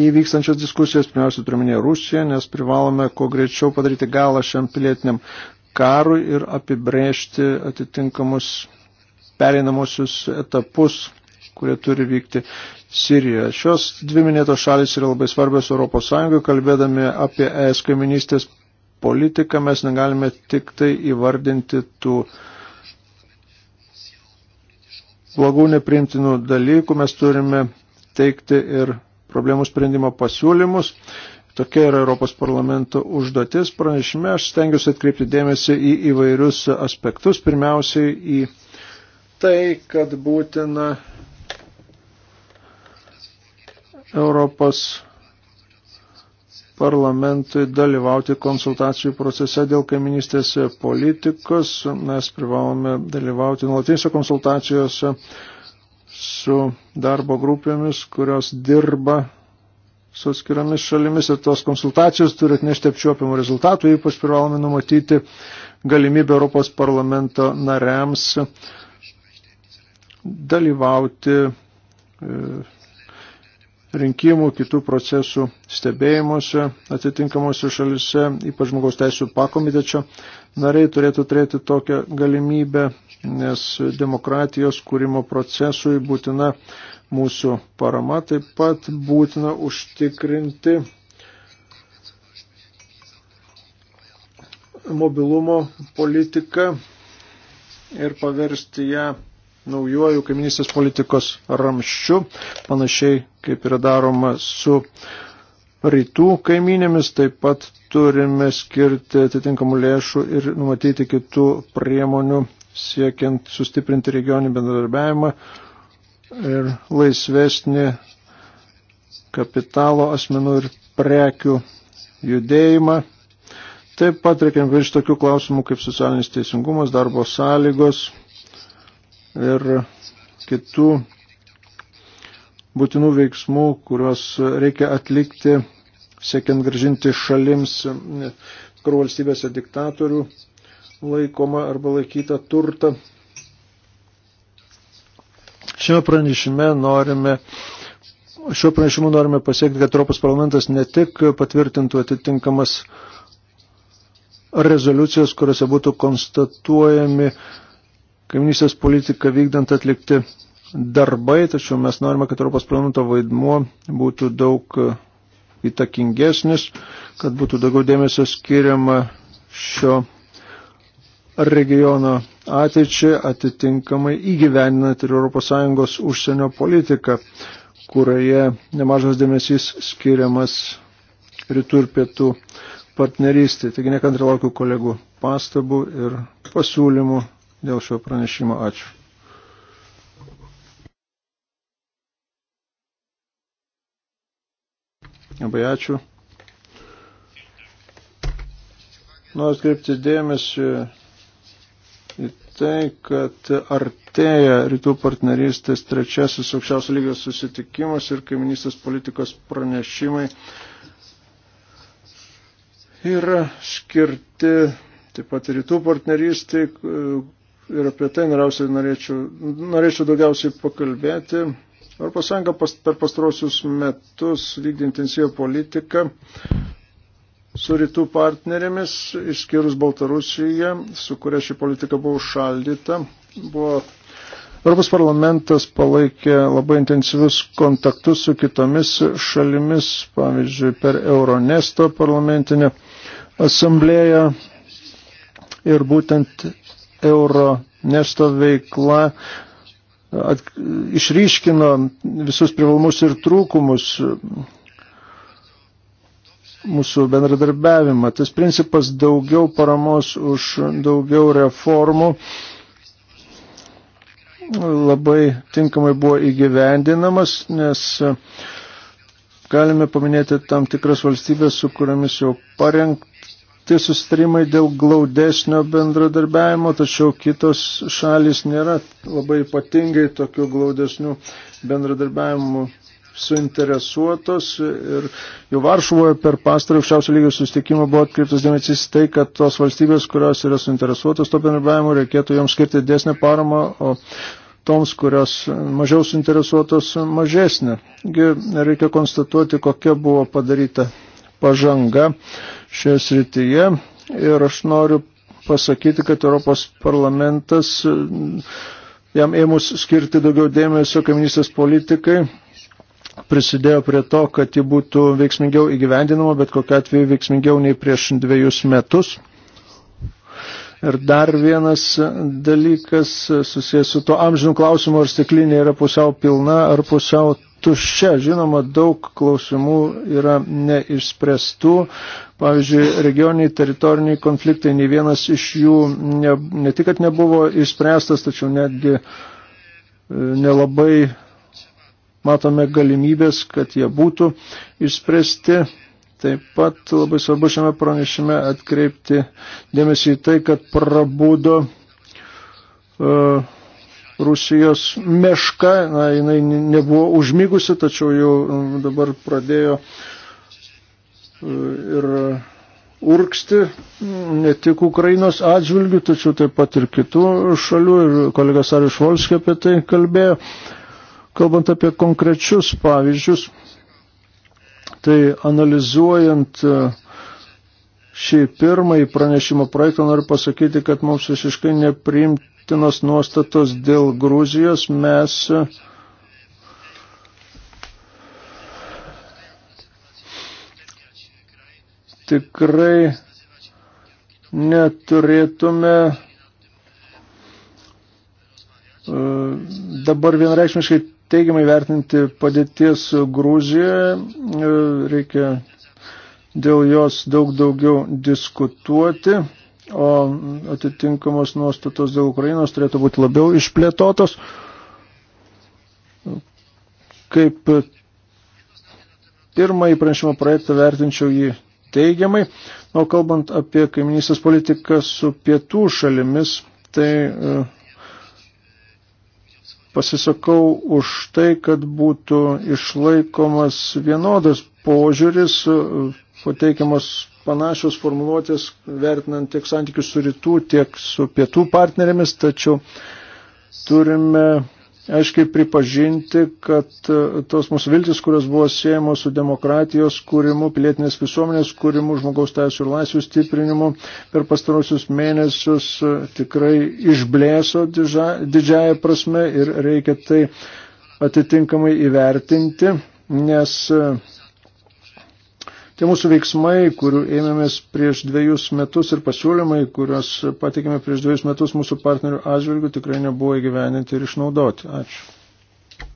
įvykstančias diskusijas, pirmiausia, turiminė Rusija, nes privalome kuo greičiau padaryti galą šiam pilietiniam karui ir apibrėžti atitinkamus pereinamosius etapus, kurie turi vykti Sirijoje. Šios dvi minėtos šalis yra labai svarbios Europos Sąjungoje, kalbėdami apie ES kaiminystės politiką, mes negalime tik tai įvardinti tų blogų neprimtinų dalykų, mes turime teikti ir problemų sprendimo pasiūlymus Tokia yra Europos parlamento užduotis. Pranešime aš stengiuosi atkreipti dėmesį į įvairius aspektus. Pirmiausiai į tai, kad būtina Europos parlamentui dalyvauti konsultacijų procese dėl kaiminystės politikos. Mes privalome dalyvauti nuolatinėse konsultacijose su darbo grupėmis, kurios dirba su skiriamis šalimis ir tos konsultacijos turi atnešti apčiuopimų rezultatų, ypač privalome numatyti galimybę Europos parlamento nariams dalyvauti e, rinkimų, kitų procesų stebėjimuose atitinkamuose šalise, ypač žmogaus teisų pakomitečio nariai turėtų turėti tokią galimybę, nes demokratijos kūrimo procesui būtina mūsų parama. Taip pat būtina užtikrinti mobilumo politiką ir paversti ją naujojų kaiminystės politikos ramščių, panašiai kaip yra daroma su rytų kaiminėmis, taip pat turime skirti atitinkamų lėšų ir numatyti kitų priemonių siekiant sustiprinti regionį bendradarbiavimą ir laisvesnį kapitalo asmenų ir prekių judėjimą. Taip pat reikia virš tokių klausimų kaip socialinis teisingumas, darbo sąlygos ir kitų būtinų veiksmų, kuriuos reikia atlikti, siekiant gražinti šalims kur valstybėse diktatorių laikoma arba laikyta turta. Šiame pranešime norime Šiuo pranešimu norime pasiekti, kad Europos parlamentas ne tik patvirtintų atitinkamas rezoliucijos, kuriuose būtų konstatuojami kaimynystės politiką vykdant atlikti darbai, tačiau mes norime, kad Europos parlamento vaidmuo būtų daug įtakingesnis, kad būtų daugiau dėmesio skiriama šio regiono ateičiai atitinkamai įgyveninant ir ES užsienio politiką, kurioje nemažas dėmesys skiriamas rytų ir pietų partnerystė. Taigi nekantri laukiu kolegų pastabų ir pasiūlymų dėl šio pranešimo. Ačiū. Labai ačiū. Noriu atkreipti dėmesį tai, kad artėja rytų partnerystės trečiasis aukščiausio lygio susitikimas ir kaiminystės politikos pranešimai yra skirti taip pat rytų partnerystė ir apie tai norėčiau, norėčiau daugiausiai pakalbėti. Europos Sąjunga pas, per pastarosius metus vykdė intensyvę politiką su rytų partnerėmis, išskyrus Baltarusiją, su kuria ši politika buvo užšaldyta. Buvo Europos parlamentas palaikė labai intensyvius kontaktus su kitomis šalimis, pavyzdžiui, per Euronesto parlamentinę asamblėją ir būtent Euronesto veikla at, išryškino visus privalumus ir trūkumus mūsų bendradarbiavimą. Tas principas daugiau paramos už daugiau reformų labai tinkamai buvo įgyvendinamas, nes galime paminėti tam tikras valstybės, su kuriamis jau parengti sustarimai dėl glaudesnio bendradarbiavimo, tačiau kitos šalis nėra labai ypatingai tokiu glaudesniu bendradarbiavimu suinteresuotos ir jau Varšuvoje per pastarą aukščiausio lygio sustikimą buvo atkreiptas dėmesys tai, kad tos valstybės, kurios yra suinteresuotos to bendradarbiavimo, reikėtų joms skirti dėsnę paramą, o toms, kurios mažiau suinteresuotos, mažesnė. Taigi reikia konstatuoti, kokia buvo padaryta pažanga šioje srityje ir aš noriu pasakyti, kad Europos parlamentas mm, jam ėmus skirti daugiau dėmesio kaiminystės politikai prisidėjo prie to, kad ji būtų veiksmingiau įgyvendinama, bet kokia atveju veiksmingiau nei prieš dviejus metus. Ir dar vienas dalykas susijęs su to amžinų klausimu, ar stiklinė yra pusiau pilna ar pusiau tuščia. Žinoma, daug klausimų yra neišspręstų. Pavyzdžiui, regioniniai teritoriniai konfliktai, nei vienas iš jų ne, ne tik, kad nebuvo išspręstas, tačiau netgi e, nelabai matome galimybės, kad jie būtų išspręsti. Taip pat labai svarbu šiame pranešime atkreipti dėmesį į tai, kad prabūdo uh, e, Rusijos meška, na, jinai nebuvo užmygusi, tačiau jau dabar pradėjo uh, ir urksti ne tik Ukrainos atžvilgių, tačiau taip pat ir kitų šalių, ir kolegas Arius Volskė apie tai kalbėjo. Uh, Kalbant apie konkrečius pavyzdžius, tai analizuojant e, šį pirmąjį pranešimo projektą noriu pasakyti, kad mums visiškai nepriimtinos nuostatos dėl Gruzijos. Mes e, tikrai neturėtume e, dabar vienreikšmiškai teigiamai vertinti padėties Grūzijoje, e, reikia dėl jos daug daugiau diskutuoti, o atitinkamos nuostatos dėl Ukrainos turėtų būti labiau išplėtotos. Kaip pirmąjį pranešimo projektą vertinčiau jį teigiamai, o kalbant apie kaiminysės politiką su pietų šalimis, tai uh, pasisakau už tai, kad būtų išlaikomas vienodas požiūris, pateikiamas panašios formuluotės, vertinant tiek santykius su rytų, tiek su pietų partnerėmis, tačiau turime aiškiai pripažinti, kad e, tos mūsų viltis, kurios buvo siejamos su demokratijos kūrimu, pilietinės visuomenės kūrimu, žmogaus teisų ir laisvių stiprinimu, per pastarosius mėnesius e, tikrai išblėso didžiaja prasme ir reikia tai atitinkamai įvertinti, nes e, Tie mūsų veiksmai, kurių ėmėmės prieš dviejus metus ir pasiūlymai, kuriuos patikėme prieš dviejus metus mūsų partnerių atžvilgių, tikrai nebuvo įgyveninti ir išnaudoti. Ačiū.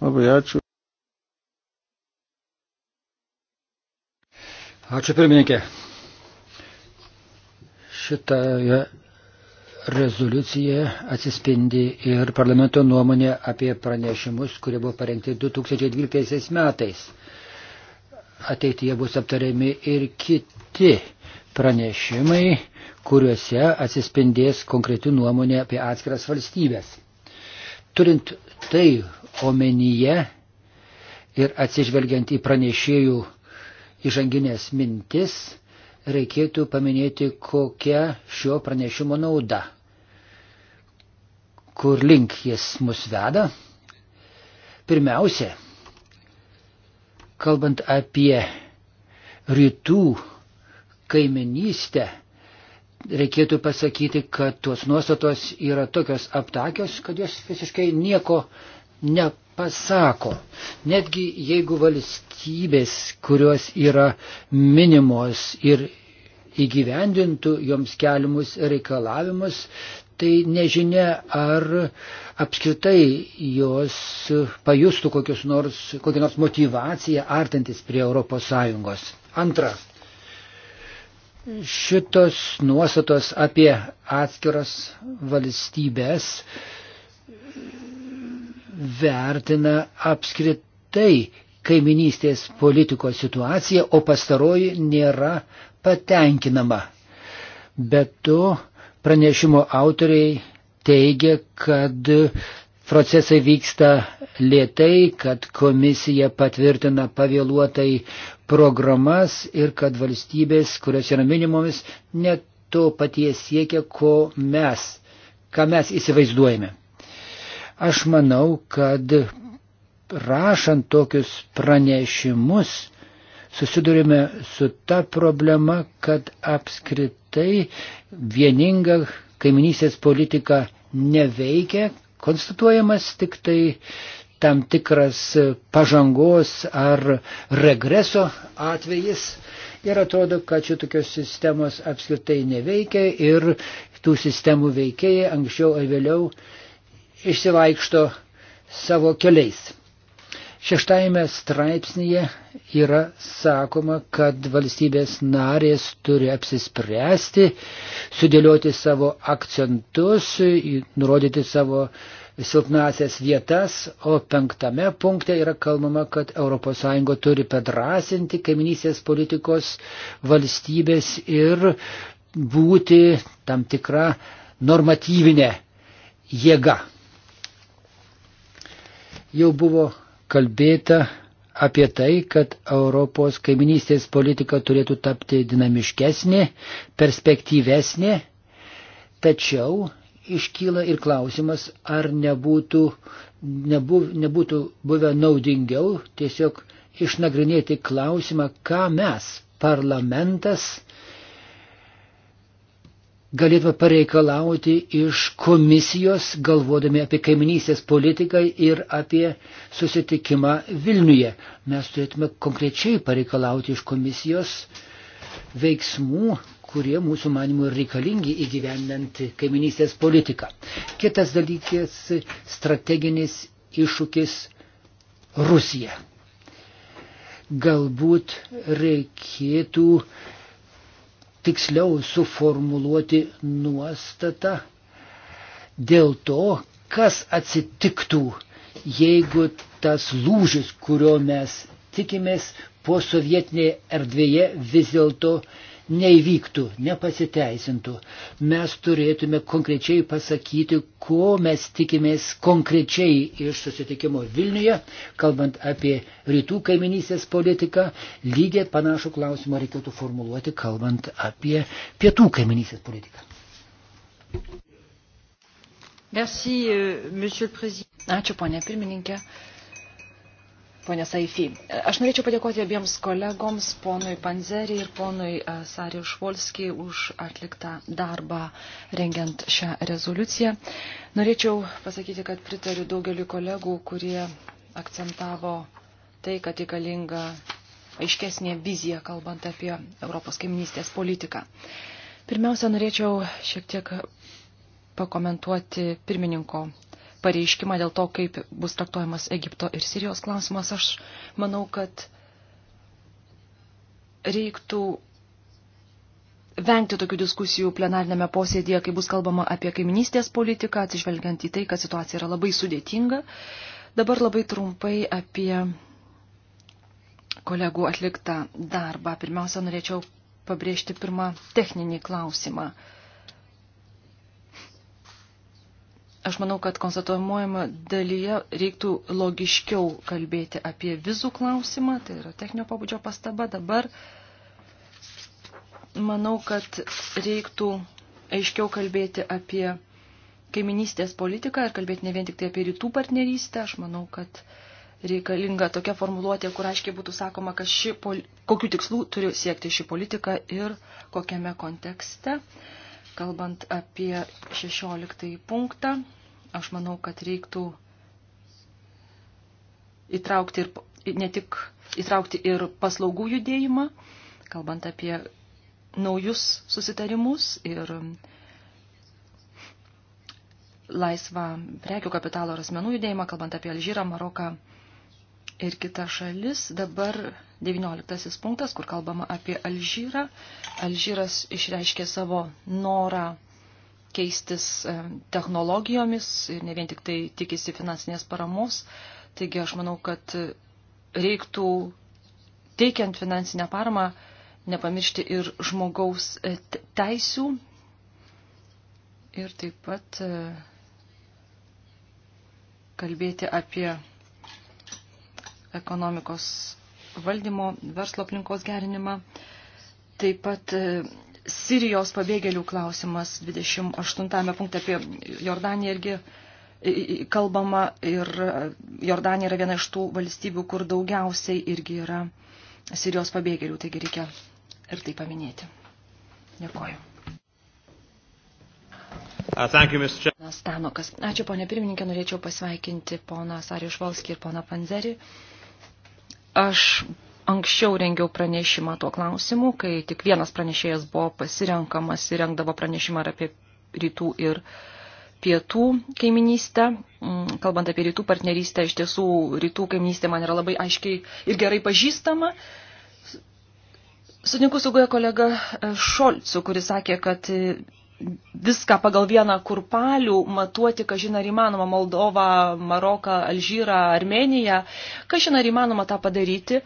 Labai ačiū. Ačiū pirmininkė. Šitoje rezoliucija atsispindi ir parlamento nuomonė apie pranešimus, kurie buvo parengti 2012 metais. Ateityje bus aptariami ir kiti pranešimai, kuriuose atsispindės konkreti nuomonė apie atskiras valstybės. Turint tai omenyje ir atsižvelgiant į pranešėjų įžanginės mintis, reikėtų paminėti, kokia šio pranešimo nauda, kur link jis mus veda. Pirmiausia, kalbant apie rytų kaiminystę, reikėtų pasakyti, kad tuos nuostatos yra tokios aptakios, kad jos visiškai nieko ne, pasako. Netgi jeigu valstybės, kurios yra minimos ir įgyvendintų joms keliamus reikalavimus, tai nežinia, ar apskritai jos pajustų nors, kokią nors motivaciją artantis prie ES. Antra, šitos nuostatos apie atskiras valstybės vertina apskritai kaiminystės politikos situaciją, o pastaroji nėra patenkinama. Bet to pranešimo autoriai teigia, kad procesai vyksta lėtai, kad komisija patvirtina pavėluotai programas ir kad valstybės, kurios yra minimomis, net to paties siekia, ko mes, ką mes įsivaizduojame. Aš manau, kad rašant tokius pranešimus susidurime su ta problema, kad apskritai vieninga kaiminysės politika neveikia, konstatuojamas tik tai tam tikras pažangos ar regreso atvejis. Ir atrodo, kad šitokios sistemos apskritai neveikia ir tų sistemų veikėjai anksčiau ar vėliau išsivaikšto savo keliais. Šeštajame straipsnėje yra sakoma, kad valstybės narės turi apsispręsti, sudėlioti savo akcentus, nurodyti savo silpnasias vietas, o penktame punkte yra kalbama, kad ES turi padrasinti kaiminysės politikos valstybės ir būti tam tikra normatyvinė jėga jau buvo kalbėta apie tai, kad Europos kaiminystės politika turėtų tapti dinamiškesnė, perspektyvesnė, tačiau iškyla ir klausimas, ar nebūtų, nebu, nebūtų buvę naudingiau tiesiog išnagrinėti klausimą, ką mes, parlamentas, galėtume pareikalauti iš komisijos, galvodami apie kaiminysės politiką ir apie susitikimą Vilniuje. Mes turėtume konkrečiai pareikalauti iš komisijos veiksmų, kurie mūsų manimų reikalingi įgyvendant kaiminystės politiką. Kitas dalykas - strateginis iššūkis Rusija. Galbūt reikėtų tiksliau suformuluoti nuostatą dėl to, kas atsitiktų, jeigu tas lūžis, kurio mes tikimės, po sovietinėje erdvėje vis dėlto uh, neįvyktų, nepasiteisintų. Mes turėtume konkrečiai pasakyti, ko mes tikimės konkrečiai iš susitikimo Vilniuje, kalbant apie rytų kaiminysės politiką. Lygiai panašų klausimą reikėtų formuluoti, kalbant apie pietų kaiminysės politiką. Merci, euh, Ačiū, ponė pirmininkė ponė Saifi. Aš norėčiau padėkoti abiems kolegoms, ponui Panzerį ir ponui e, Sarį Švolskį, už atliktą darbą rengiant šią rezoliuciją. Norėčiau pasakyti, kad pritariu daugeliu kolegų, kurie akcentavo tai, kad reikalinga aiškesnė vizija, kalbant apie Europos kaiminystės politiką. Pirmiausia, norėčiau šiek tiek pakomentuoti pirmininko pareiškimą dėl to, kaip bus traktuojamas Egipto ir Sirijos klausimas, aš manau, kad reiktų vengti tokių diskusijų plenarinėme posėdėje, kai bus kalbama apie kaiminystės politiką, atsižvelgiant į tai, kad situacija yra labai sudėtinga. Dabar labai trumpai apie kolegų atliktą darbą. Pirmiausia, norėčiau pabrėžti pirmą techninį klausimą. Aš manau, kad konstatuojama dalyje reiktų logiškiau kalbėti apie vizų klausimą, tai yra techninio pabudžio pastaba. Dabar manau, kad reiktų aiškiau kalbėti apie kaiminystės politiką ir kalbėti ne vien tik tai apie rytų partnerystę. Aš manau, kad reikalinga tokia formuluotė, kur aiškiai būtų sakoma, kad ši, kokiu tikslu turi siekti ši politika ir kokiame kontekste. Uh, Kalbant apie 16 punktą, aš manau, kad reiktų įtraukti ir ne tik įtraukti ir paslaugų judėjimą, kalbant apie naujus susitarimus ir laisvą prekių kapitalo ir asmenų judėjimą, kalbant apie Alžyrą, Maroką, ir kita šalis. Dabar 19 punktas, kur kalbama apie Alžyrą. Alžyras išreiškė savo norą keistis e, technologijomis ir ne vien tik tai tikisi finansinės paramos. Taigi aš manau, kad reiktų teikiant finansinę paramą nepamiršti ir žmogaus e, teisių ir taip pat e, kalbėti apie ekonomikos valdymo, verslo aplinkos gerinimą. Taip pat e, Sirijos pabėgėlių klausimas 28 punkte apie Jordaniją irgi kalbama ir e, Jordanija yra viena iš tų valstybių, kur daugiausiai irgi yra Sirijos pabėgėlių, taigi reikia ir tai paminėti. Dėkoju. Uh, Stanokas. Ačiū, ponė pirmininkė, norėčiau pasveikinti poną Sariušvalskį ir poną Panzerį Aš anksčiau rengiau pranešimą tuo klausimu, kai tik vienas pranešėjas buvo pasirenkamas ir rengdavo pranešimą apie rytų ir pietų kaiminystę. Mm, kalbant apie rytų partnerystę, iš tiesų rytų kaiminystė man yra labai aiškiai ir gerai pažįstama. Sutinku su kolega e, Šolcu, kuris sakė, kad viską pagal vieną kurpalių matuoti, kažin ar įmanoma Moldovą, Maroką, Alžyrą, Armeniją, kažin ar įmanoma tą padaryti.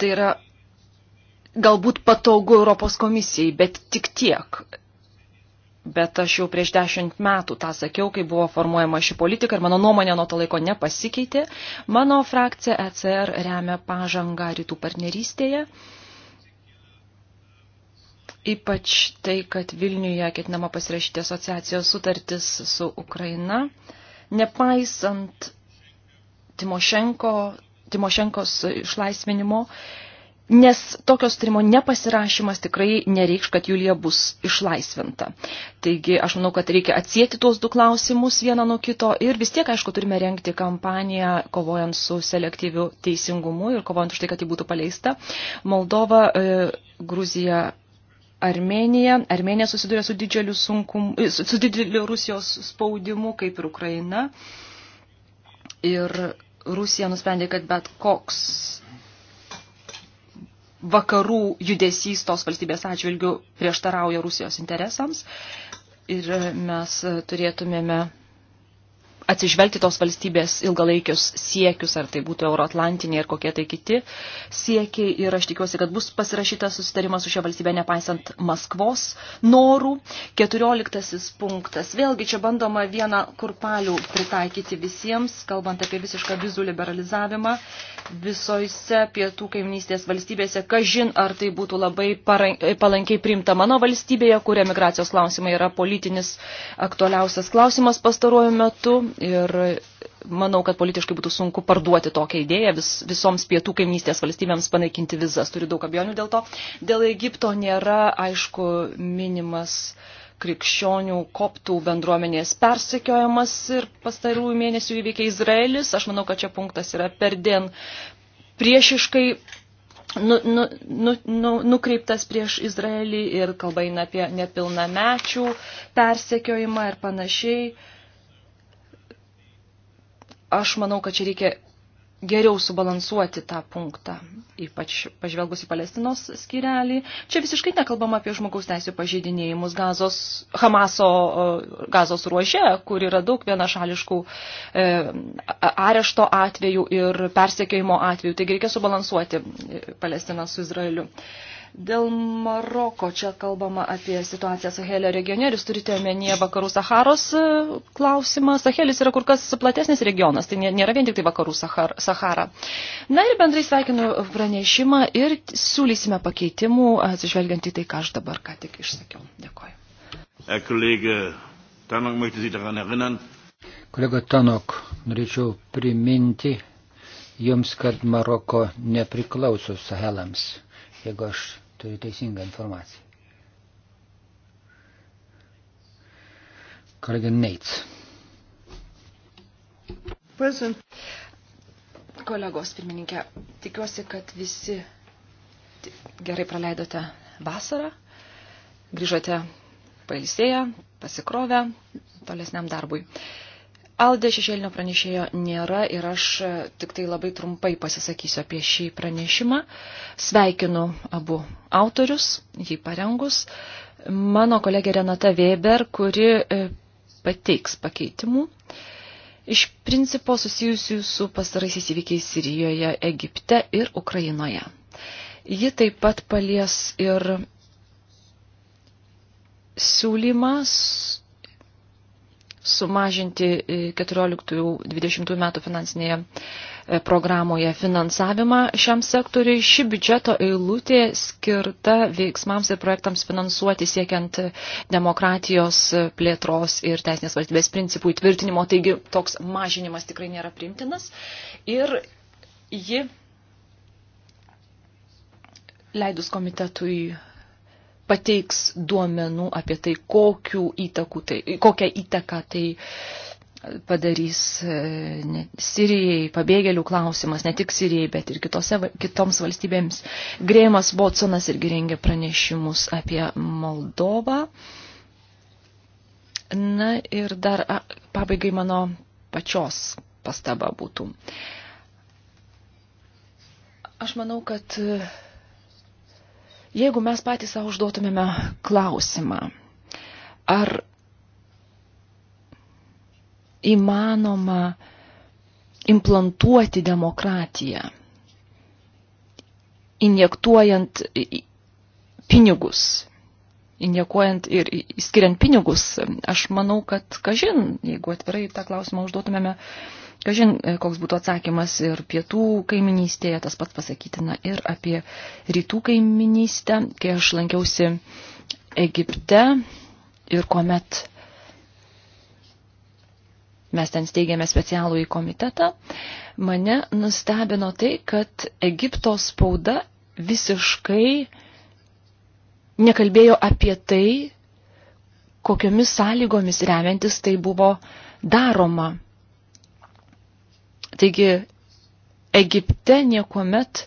Tai yra galbūt patogu Europos komisijai, bet tik tiek. Bet aš jau prieš dešimt metų tą sakiau, kai buvo formuojama ši politika ir mano nuomonė nuo to laiko nepasikeitė. Mano frakcija ECR remia pažangą rytų partnerystėje. Uh, Ypač tai, kad Vilniuje ketinama pasirašyti asociacijos sutartis su Ukraina, nepaisant Timošenko, Timošenkos išlaisvinimo, nes tokios tarimo nepasirašymas tikrai nereikš, kad Julija bus išlaisvinta. Taigi aš manau, kad reikia atsėti tuos du klausimus vieną nuo kito ir vis tiek, aišku, turime renkti kampaniją kovojant su selektyviu teisingumu ir kovojant už tai, kad ji būtų paleista. Moldova, e, Gruzija Armenija. Armenija susiduria su dideliu, sunkum, e, su dideliu Rusijos spaudimu, kaip ir Ukraina. Ir Rusija nusprendė, kad bet koks vakarų judesys tos valstybės atžvilgių prieštarauja Rusijos interesams. Ir mes turėtumėme atsižvelgti tos valstybės ilgalaikius siekius, ar tai būtų euroatlantiniai ar kokie tai kiti siekiai. Ir aš tikiuosi, kad bus pasirašytas susitarimas su šia valstybė, nepaisant Maskvos norų. Keturioliktasis punktas. Vėlgi čia bandoma vieną kurpalių pritaikyti visiems, kalbant apie visišką vizų liberalizavimą visose pietų kaimynystės valstybėse. Kažin, ar tai būtų labai palankiai priimta mano valstybėje, kur emigracijos klausimai yra politinis aktualiausias klausimas pastaruoju metu ir manau, kad politiškai būtų sunku parduoti tokią idėją vis, visoms pietų kaimynystės valstybėms panaikinti vizas. Turiu daug abejonių dėl to. Dėl Egipto nėra, aišku, minimas krikščionių koptų bendruomenės persekiojamas ir pastarųjų mėnesių įveikia Izraelis. Aš manau, kad čia punktas yra perdien priešiškai nu, nu, nu, nu, nukreiptas prieš Izraelį ir kalba eina apie nepilnamečių persekiojimą ir panašiai. Uh, Aš manau, kad čia reikia geriau subalansuoti tą punktą, ypač pažvelgus į Palestinos skirelį. Čia visiškai nekalbama apie žmogaus teisų pažeidinėjimus gazos, Hamaso e, gazos ruože, kur yra daug vienašališkų e, arešto atvejų ir persiekėjimo atvejų. Taigi reikia subalansuoti e, Palestiną su Izraeliu. E, Dėl Maroko čia kalbama apie situaciją Sahelio regione ir jūs turite omenyje vakarų Saharos e, klausimą. Sahelis yra kur kas platesnis regionas, tai nėra vien tik tai vakarų Sahar, Sahara. Na ir bendrai sveikinu pranešimą ir siūlysime pakeitimų, atsižvelgiant į tai, ką aš dabar ką tik išsakiau. Dėkoju. Herr Kollege Tanok, möchte Sie daran erinnern. Kolega Tanok, norėčiau priminti Jums, kad Maroko nepriklauso Sahelams. Jeigu aš turiu teisingą informaciją. Kolega Neits. Present. Kolegos pirmininkė, tikiuosi, kad visi gerai praleidote vasarą, grįžote pailsėję, pasikrovę tolesniam darbui. Uh, Aldė šešėlinio pranešėjo nėra ir aš e, tik tai labai trumpai pasisakysiu apie šį pranešimą. Sveikinu abu autorius, jį parengus. Mano kolegė Renata Weber, kuri e, pateiks pakeitimų. Iš principo susijusių su pastaraisiais įvykiais Sirijoje, Egipte ir Ukrainoje. Ji taip pat palies ir siūlymas sumažinti 14-20 e, metų finansinėje e, programoje finansavimą šiam sektoriui. Ši biudžeto eilutė skirta veiksmams ir projektams finansuoti siekiant demokratijos plėtros ir teisinės valstybės principų įtvirtinimo, taigi toks mažinimas tikrai nėra primtinas. Ir ji leidus komitetui pateiks duomenų apie tai, tai kokią įtaką tai padarys e, Sirijai, pabėgėlių klausimas, ne tik Sirijai, bet ir kitose, kitoms valstybėms. Grėjimas Botsonas irgi rengia pranešimus apie Moldovą. Na ir dar a, pabaigai mano pačios pastaba būtų. Aš manau, kad Jeigu mes patys savo užduotumėme klausimą, ar įmanoma implantuoti demokratiją, injektuojant pinigus, injekuojant ir skiriant pinigus, aš manau, kad, kažin, jeigu atvirai tą klausimą užduotumėme, Kažin, e, koks būtų atsakymas ir pietų kaiminystėje, tas pats pasakytina ir apie rytų kaiminystę, kai aš lankiausi Egipte ir kuomet mes ten steigėme specialų į komitetą, mane nustebino tai, kad Egipto spauda visiškai nekalbėjo apie tai, kokiomis sąlygomis remiantis tai buvo daroma Taigi Egipte niekuomet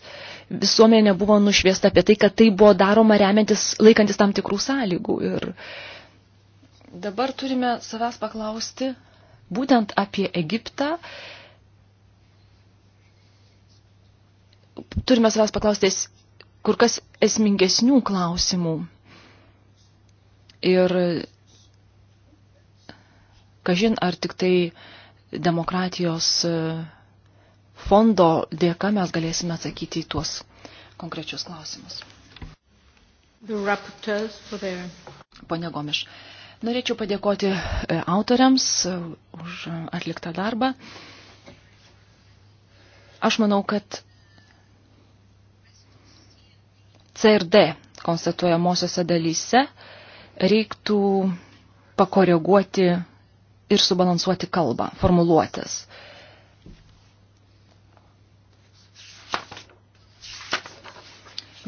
visuomenė buvo nušviesta apie tai, kad tai buvo daroma remiantis, laikantis tam tikrų sąlygų. Ir dabar turime savęs paklausti būtent apie Egiptą. Turime savęs paklausti kur kas esmingesnių klausimų. Ir kažin ar tik tai demokratijos uh, fondo dėka mes galėsime atsakyti į tuos konkrečius klausimus. Pone Gomiš, norėčiau padėkoti e, autoriams e, už atliktą darbą. Aš manau, kad C ir D konstatuojamosiose dalyse reiktų pakoreguoti ir subalansuoti kalbą, formuluotės.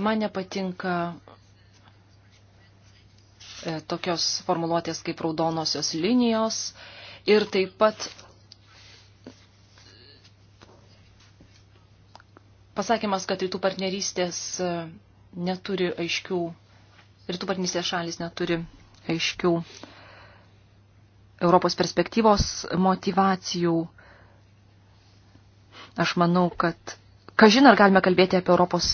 Man nepatinka e, tokios formuluotės kaip raudonosios linijos ir taip pat pasakymas, kad rytų partnerystės e, neturi aiškių, rytų partnerystės šalis neturi aiškių Europos perspektyvos motivacijų. Aš manau, kad Kažin ar galime kalbėti apie ES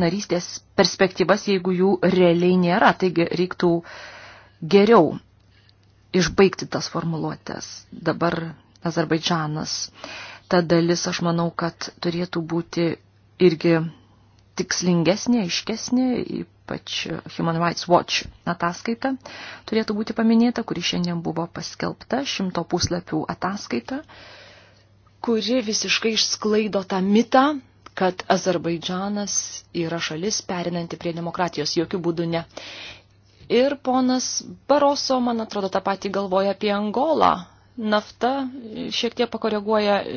narystės perspektyvas, jeigu jų realiai nėra, taigi reiktų geriau išbaigti tas formuluotės. Dabar Azerbaidžanas. Ta dalis, aš manau, kad turėtų būti irgi tikslingesnė, aiškesnė, ypač Human Rights Watch ataskaita turėtų būti paminėta, kuri šiandien buvo paskelbta, šimto puslapių ataskaita, kuri visiškai išsklaido tą mitą, kad Azerbaidžanas yra šalis perinanti prie demokratijos, jokių būdų ne. Ir ponas Baroso, man atrodo, tą patį galvoja apie Angolą. Nafta šiek tiek pakoreguoja e,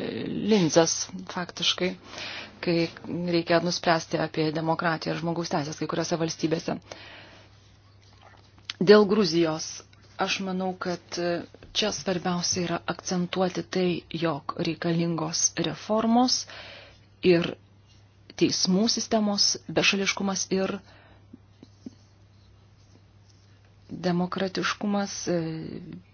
linzas faktiškai, kai reikia nuspręsti apie demokratiją ir žmogaus teisės kai kuriuose valstybėse. Dėl Gruzijos aš manau, kad e, čia svarbiausia yra akcentuoti tai, jog reikalingos reformos ir teismų sistemos bešališkumas ir demokratiškumas, e,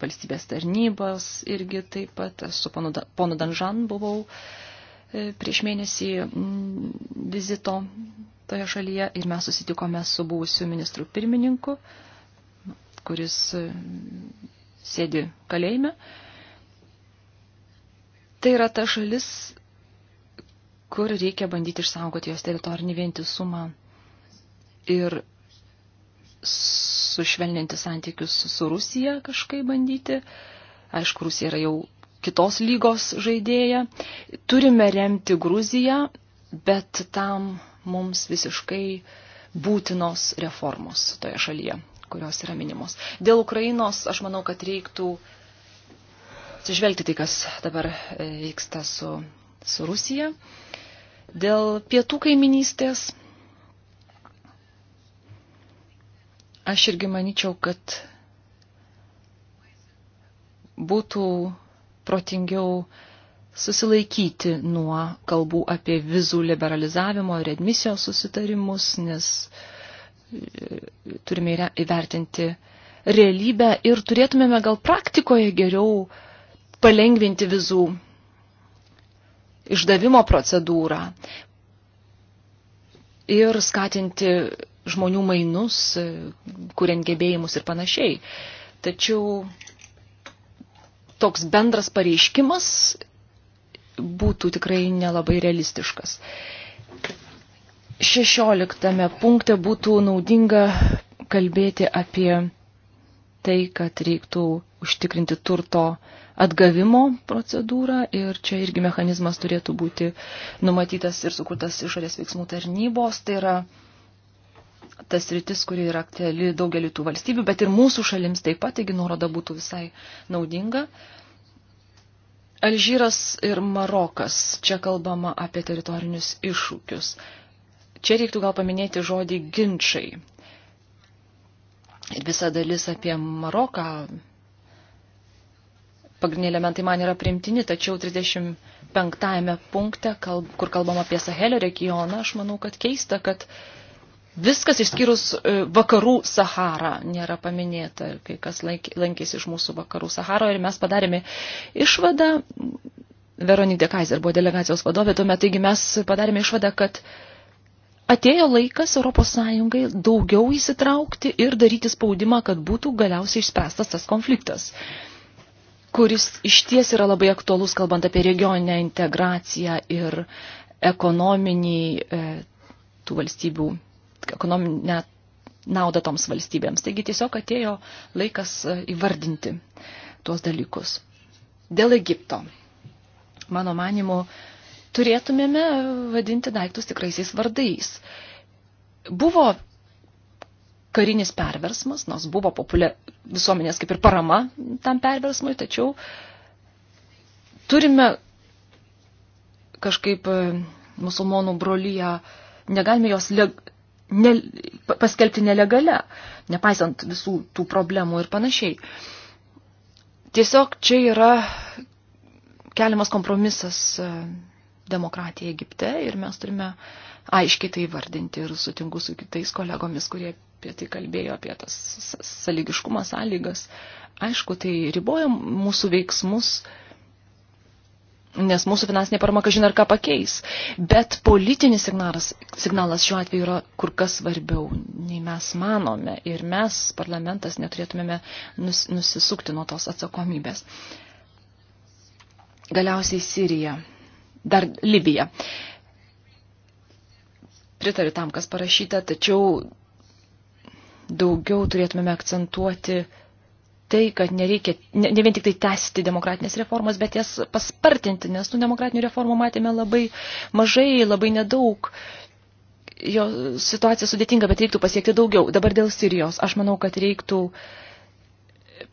valstybės tarnybos irgi taip pat. Aš su ponu, ponu Danžan buvau e, prieš mėnesį mm, vizito toje šalyje ir mes susitikome su buvusiu ministru pirmininku, kuris e, sėdi kalėjime. Tai yra ta šalis, kur reikia bandyti išsaugoti jos teritorinį vientisumą ir sušvelninti santykius su Rusija kažkaip bandyti. Aišku, Rusija yra jau kitos lygos žaidėja. Turime remti Gruziją, bet tam mums visiškai būtinos reformos toje šalyje, kurios yra minimos. Dėl Ukrainos aš manau, kad reiktų atsižvelgti tai, kas dabar e, vyksta su, su Rusija. Dėl pietų kaiminystės aš irgi manyčiau, kad būtų protingiau susilaikyti nuo kalbų apie vizų liberalizavimo ir admisijos susitarimus, nes e, turime įvertinti realybę ir turėtumėme gal praktikoje geriau palengvinti vizų išdavimo procedūrą ir skatinti žmonių mainus, kuriant gebėjimus ir panašiai. Tačiau toks bendras pareiškimas būtų tikrai nelabai realistiškas. 16 punkte būtų naudinga kalbėti apie tai, kad reiktų užtikrinti turto uh, atgavimo procedūrą ir čia irgi mechanizmas turėtų būti numatytas ir sukurtas išorės veiksmų tarnybos. Tai yra tas rytis, kuri yra aktuali daugelį tų valstybių, bet ir mūsų šalims taip pat, taigi nuoroda būtų visai naudinga. Alžyras ir Marokas, čia kalbama apie teritorinius iššūkius. Čia reiktų gal paminėti žodį ginčiai. Ir visa dalis apie Maroką pagrindiniai elementai man yra primtini, tačiau 35 punkte, kur kalbam apie Sahelio regioną, aš manau, kad keista, kad Viskas išskyrus e, vakarų Sahara nėra paminėta, kai kas lankėsi iš mūsų vakarų Saharo ir mes padarėme išvadą, Veronide Kaiser buvo delegacijos vadovė, tuomet taigi mes padarėme išvadą, kad atėjo laikas Europos Sąjungai daugiau įsitraukti ir daryti spaudimą, kad būtų galiausiai išspręstas tas konfliktas kuris iš ties yra labai aktuolus, kalbant apie regioninę integraciją ir ekonominį e, tų valstybių, ekonominę naudą toms valstybėms. Taigi tiesiog atėjo laikas e, įvardinti tuos dalykus. Dėl Egipto. Mano manimu, turėtumėme vadinti daiktus tikraisiais vardais. Buvo karinis perversmas, nors buvo populia visuomenės kaip ir parama tam perversmui, tačiau turime kažkaip e, musulmonų brolyje, negalime jos leg, ne, paskelbti nelegale, nepaisant visų tų problemų ir panašiai. Tiesiog čia yra keliamas kompromisas e, demokratija Egipte ir mes turime aiškiai tai vardinti ir sutinku su kitais kolegomis, kurie apie tai kalbėjo, apie tas sąlygiškumą sąlygas. Aišku, tai riboja mūsų veiksmus, nes mūsų finansinė parama, kažin ar ką pakeis. Bet politinis signalas, signalas šiuo atveju yra kur kas svarbiau, nei mes manome. Ir mes, parlamentas, neturėtumėme nus, nusisukti nuo tos atsakomybės. Galiausiai Sirija, dar Libija. Pritariu tam, kas parašyta, tačiau daugiau turėtumėme akcentuoti tai, kad nereikia ne, ne vien tik tai tęsti demokratinės reformas, bet jas paspartinti, nes tų demokratinių reformų matėme labai mažai, labai nedaug. Jo situacija sudėtinga, bet reiktų pasiekti daugiau. Dabar dėl Sirijos. Aš manau, kad reiktų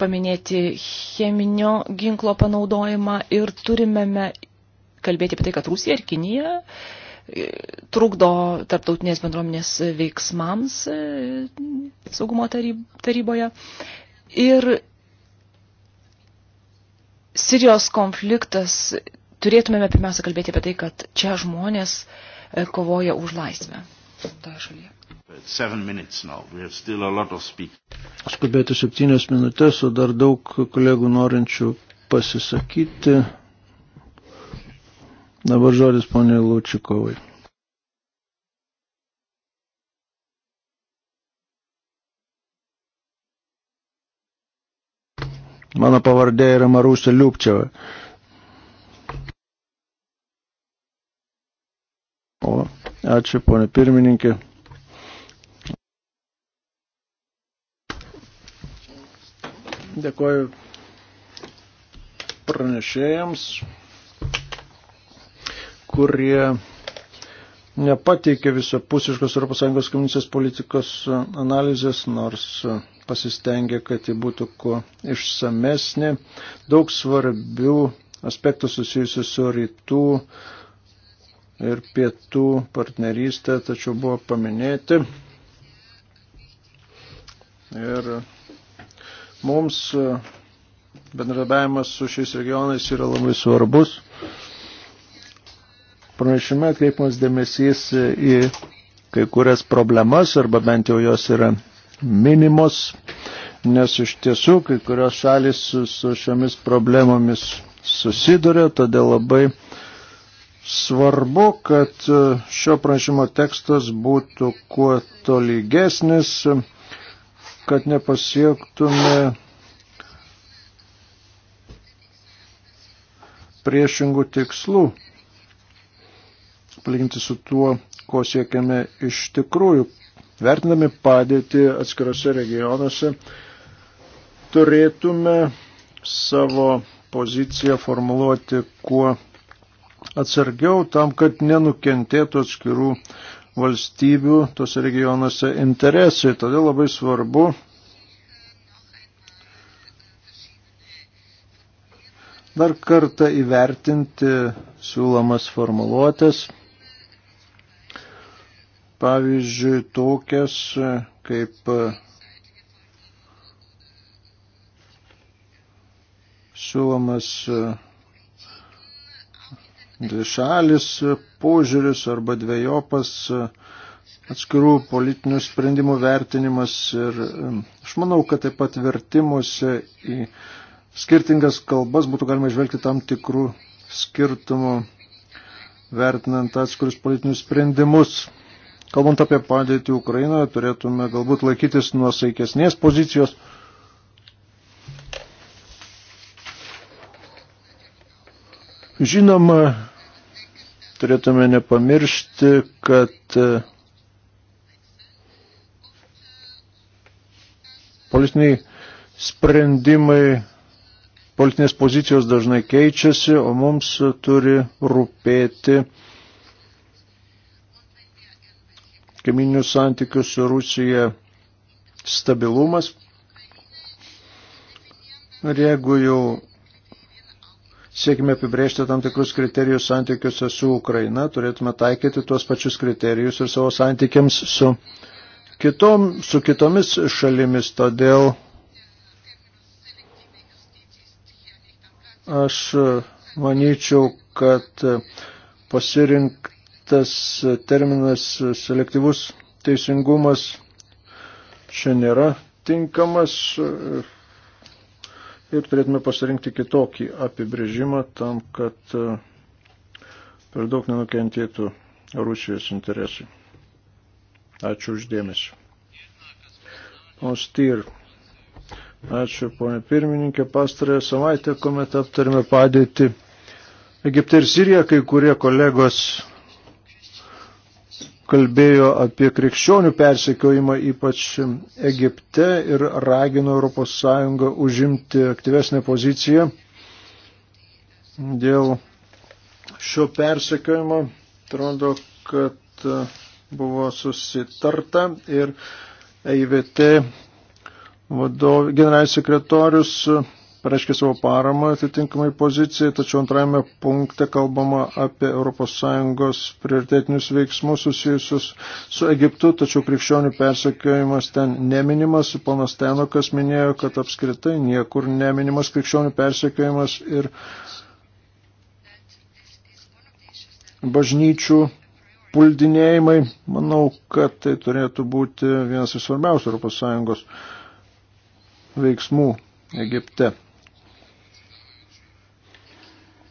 paminėti cheminio ginklo panaudojimą ir turime kalbėti apie tai, kad Rusija ir Kinija uh, trukdo tarptautinės bendruomenės veiksmams e, saugumo taryboje. Ir Sirijos konfliktas turėtumėme pirmiausia kalbėti apie tai, kad čia žmonės e, kovoja už laisvę toje šalyje. Aš kalbėti septynias minutės, o dar daug kolegų norinčių pasisakyti. Dabar žodis ponė Lučikovai. Mano pavardė yra Marusė Liupčiava. O, ačiū, ponė pirmininkė. Dėkuoju pranešėjams kurie nepateikė visapusiškos ES komisijos politikos e, analizės, nors e, pasistengė, kad ji būtų kuo išsamesnė. Daug svarbių aspektų susijusių su rytų ir pietų partnerystė, tačiau buvo paminėti. Ir mums e, bendradavimas su šiais regionais yra labai svarbus. Pranešime atkreipimas dėmesys į kai kurias problemas, arba bent jau jos yra minimos, nes iš tiesų kai kurios šalis su, su šiomis problemomis susiduria, todėl labai svarbu, kad šio prašymo tekstas būtų kuo tolygesnis, kad nepasiektume priešingų tikslų palyginti su tuo, ko siekiame iš tikrųjų. Vertinami padėti atskirose regionuose, turėtume savo poziciją formuluoti kuo atsargiau, tam, kad nenukentėtų atskirų valstybių tose regionuose interesai. Todėl labai svarbu dar kartą įvertinti siūlomas formuluotės pavyzdžiui, tokias e, kaip e, siūlomas e, dvišalis požiūris arba dviejopas atskirų politinių sprendimų vertinimas ir aš manau, kad taip pat vertimuose į skirtingas kalbas būtų galima išvelgti tam tikrų skirtumų vertinant atskirus politinius sprendimus. Kalbant apie padėtį Ukrainoje, turėtume galbūt laikytis nuosaikesnės pozicijos. Žinoma, turėtume nepamiršti, kad e, politiniai sprendimai, politinės pozicijos dažnai keičiasi, o mums turi rūpėti kaiminių santykių su Rusija stabilumas. Ir jeigu jau siekime apibrėžti tam tikrus kriterijus santykiuose su Ukraina, turėtume taikyti tuos pačius kriterijus ir savo santykiams su, kitom, su kitomis šalimis. Todėl aš manyčiau, kad pasirinkti tas terminas selektyvus teisingumas čia nėra tinkamas ir turėtume pasirinkti kitokį apibrėžimą tam, kad per daug nenukentėtų Rusijos interesai. Ačiū uždėmesi. Ostyr. Ačiū, ponė pirmininkė. Pastarąją savaitę, kuomet aptarėme padėtį Egipte ir Siriją, kai kurie kolegos kalbėjo apie krikščionių persekiojimą, ypač Egipte, ir ragino ES užimti aktyvesnę poziciją dėl šio persekiojimo. Atrodo, kad buvo susitarta ir EIVT vadov, generalinis sekretorius pareiškė savo paramą atitinkamai pozicijai, tačiau antrajame punkte kalbama apie ES prioritetinius veiksmus susijusius su Egiptu, tačiau krikščionių persekiojimas ten neminimas. Ponas Tenokas minėjo, kad apskritai niekur neminimas krikščionių persekiojimas ir bažnyčių puldinėjimai. Manau, kad tai turėtų būti vienas iš svarbiausių ES veiksmų Egipte.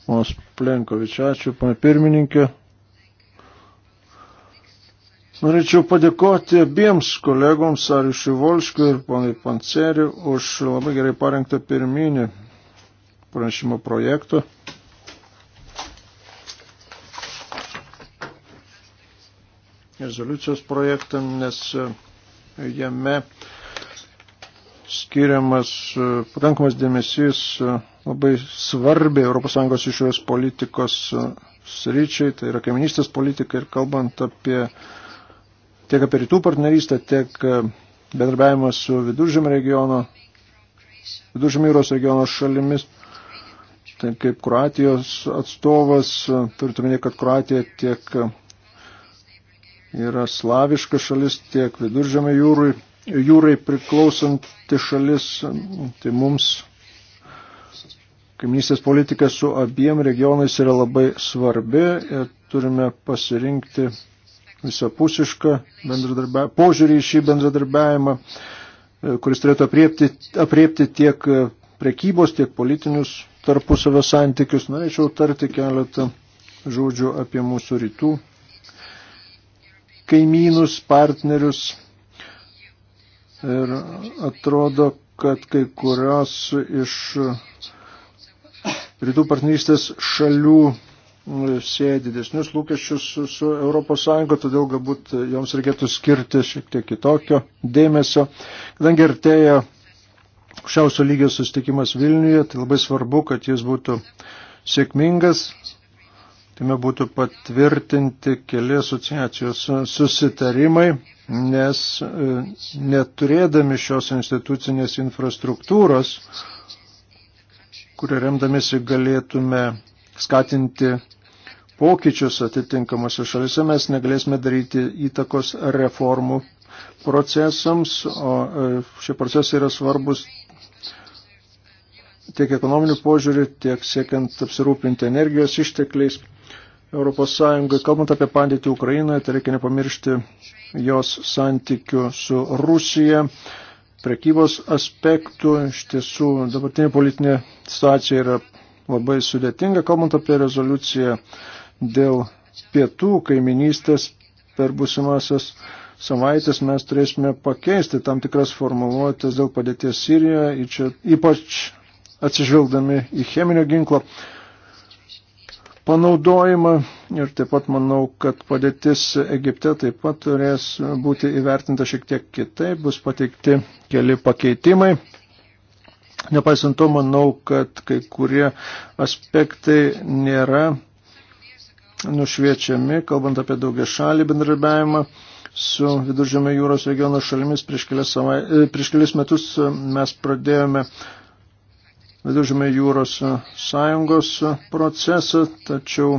Mos Plenkovič, ačiū, pana pirmininkė. Norėčiau padėkoti abiems kolegoms, Arišui Volškui ir panai Panceri, už labai gerai parengtą pirminį pranešimo projektą. Rezoliucijos projektą, nes jame skiriamas e, pakankamas dėmesys e, labai svarbiai ES išorės politikos e, sričiai, tai yra kaiminystės politika ir kalbant apie tiek apie rytų partnerystę, tiek bendrabiavimą su viduržėmio regiono, viduržėmio jūros regiono šalimis. Taip kaip Kroatijos atstovas, turite minėti, kad Kroatija tiek yra slaviška šalis, tiek viduržėmio jūrui jūrai priklausanti šalis, tai mums kaimynystės politika su abiem regionais yra labai svarbi ir turime pasirinkti visapusišką požiūrį į šį bendradarbiavimą, kuris turėtų apriepti, apriepti tiek prekybos, tiek politinius tarpusavio santykius. Norėčiau tarti keletą žodžių apie mūsų rytų kaimynus, partnerius, Ir atrodo, kad kai kurios iš rytų partnerystės šalių mm, sieja didesnius lūkesčius su, su ES, todėl galbūt joms reikėtų skirti šiek tiek kitokio dėmesio. Kadangi artėja aukščiausio lygio susitikimas Vilniuje, tai labai svarbu, kad jis būtų sėkmingas. Tame būtų patvirtinti keli asociacijos susitarimai, nes e, neturėdami šios institucinės infrastruktūros, kurią remdamėsi galėtume skatinti pokyčius atitinkamose šalise, mes negalėsime daryti įtakos reformų procesams, o e, šie procesai yra svarbus tiek ekonominių požiūrių, tiek siekiant apsirūpinti energijos ištekliais Europos Sąjungai. Kalbant apie padėtį Ukrainoje, tai reikia nepamiršti jos santykių su Rusija, prekybos aspektų. Iš tiesų, dabartinė politinė situacija yra labai sudėtinga. Kalbant apie rezoliuciją dėl pietų kaiminystės per busimasias savaitės mes turėsime pakeisti tam tikras formuluotės dėl padėties Sirijoje, ypač atsižvelgdami į cheminio ginklo panaudojimą ir taip pat manau, kad padėtis Egipte taip pat turės būti įvertinta šiek tiek kitaip, bus pateikti keli pakeitimai. Nepaisant to, manau, kad kai kurie aspektai nėra nušviečiami, kalbant apie daugia šalį bendradarbiavimą su Viduržėme jūros regiono šalimis prieš kelias, savai, prieš kelias metus mes pradėjome uh, Viduržėmė jūros sąjungos procesą, tačiau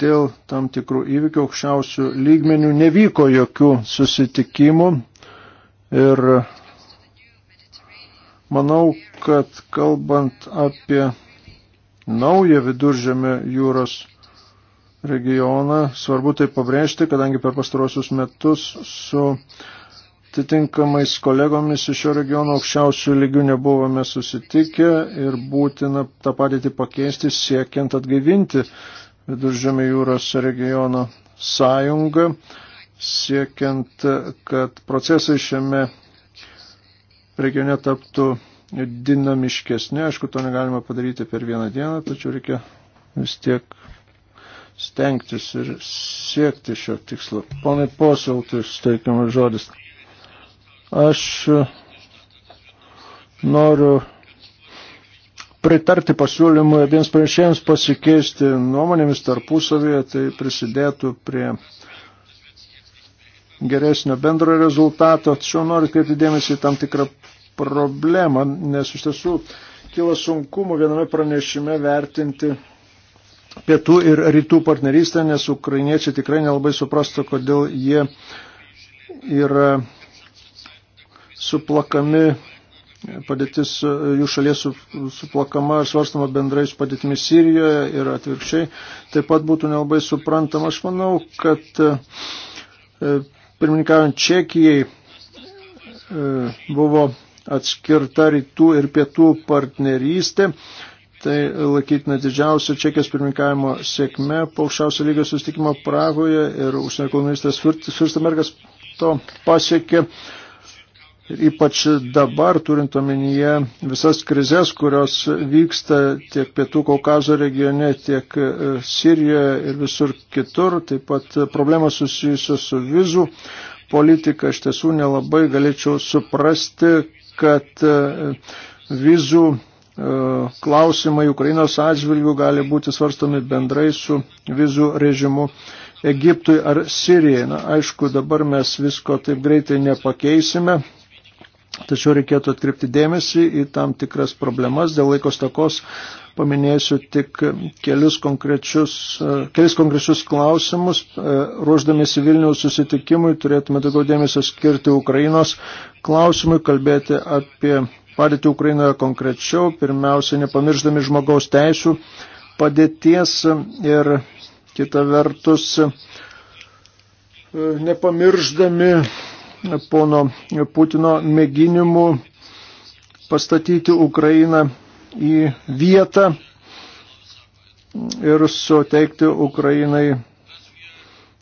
dėl tam tikrų įvykių aukščiausių lygmenių nevyko jokių susitikimų ir manau, kad kalbant apie naują viduržėmę jūros regioną, svarbu tai pabrėžti, kadangi per pastarosius metus su atitinkamais kolegomis iš šio regiono aukščiausių lygių nebuvome susitikę ir būtina tą padėtį pakeisti siekiant atgaivinti Viduržėmio jūros regiono sąjungą, siekiant, kad procesai šiame regione taptų dinamiškesni. Aišku, to negalima padaryti per vieną dieną, tačiau reikia vis tiek stengtis ir siekti šio tikslo. Ponai posautis, teikiamas žodis. Aš e, noriu pritarti pasiūlymui abiems pranešėjams pasikeisti nuomonėmis tarpusavėje, tai prisidėtų prie geresnio bendro rezultato. Tačiau noriu kreipti dėmesį į tam tikrą problemą, nes iš tiesų kilo sunkumų viename pranešime vertinti pietų ir rytų partnerystę, nes ukrainiečiai tikrai nelabai suprastų, kodėl jie yra suplakami padėtis e, jų šalies suplakama ir svarstama bendrai su padėtimi Sirijoje ir atvirkščiai, taip pat būtų nelabai suprantama. Aš manau, kad e, pirmininkaujant Čekijai e, buvo atskirta rytų ir pietų partnerystė. Tai laikytina didžiausia Čekijos pirmininkavimo sėkme po aukščiausio lygio sustikimo Pragoje ir užsienio ekonomistas Furstamergas to pasiekė. Uh, Ir ypač dabar, turint omenyje visas krizės, kurios vyksta tiek Pietų Kaukazo regione, tiek e, Sirijoje ir visur kitur, taip pat problemas susijusios su vizų politika, aš tiesų nelabai galėčiau suprasti, kad e, vizų e, klausimai Ukrainos atžvilgių gali būti svarstomi bendrai su vizų režimu Egiptui ar Sirijai. Na, aišku, dabar mes visko taip greitai nepakeisime, Tačiau reikėtų atkreipti dėmesį į tam tikras problemas. Dėl laikos takos paminėsiu tik kelius konkrečius, kelis konkrečius klausimus. E, Ruoždamėsi Vilniaus susitikimui turėtume daugiau dėmesio skirti Ukrainos klausimui, kalbėti apie padėtį Ukrainoje konkrečiau, pirmiausia, nepamirždami žmogaus teisų padėties ir kita vertus e, nepamirždami pono Putino mėginimų pastatyti Ukrainą į vietą ir suteikti Ukrainai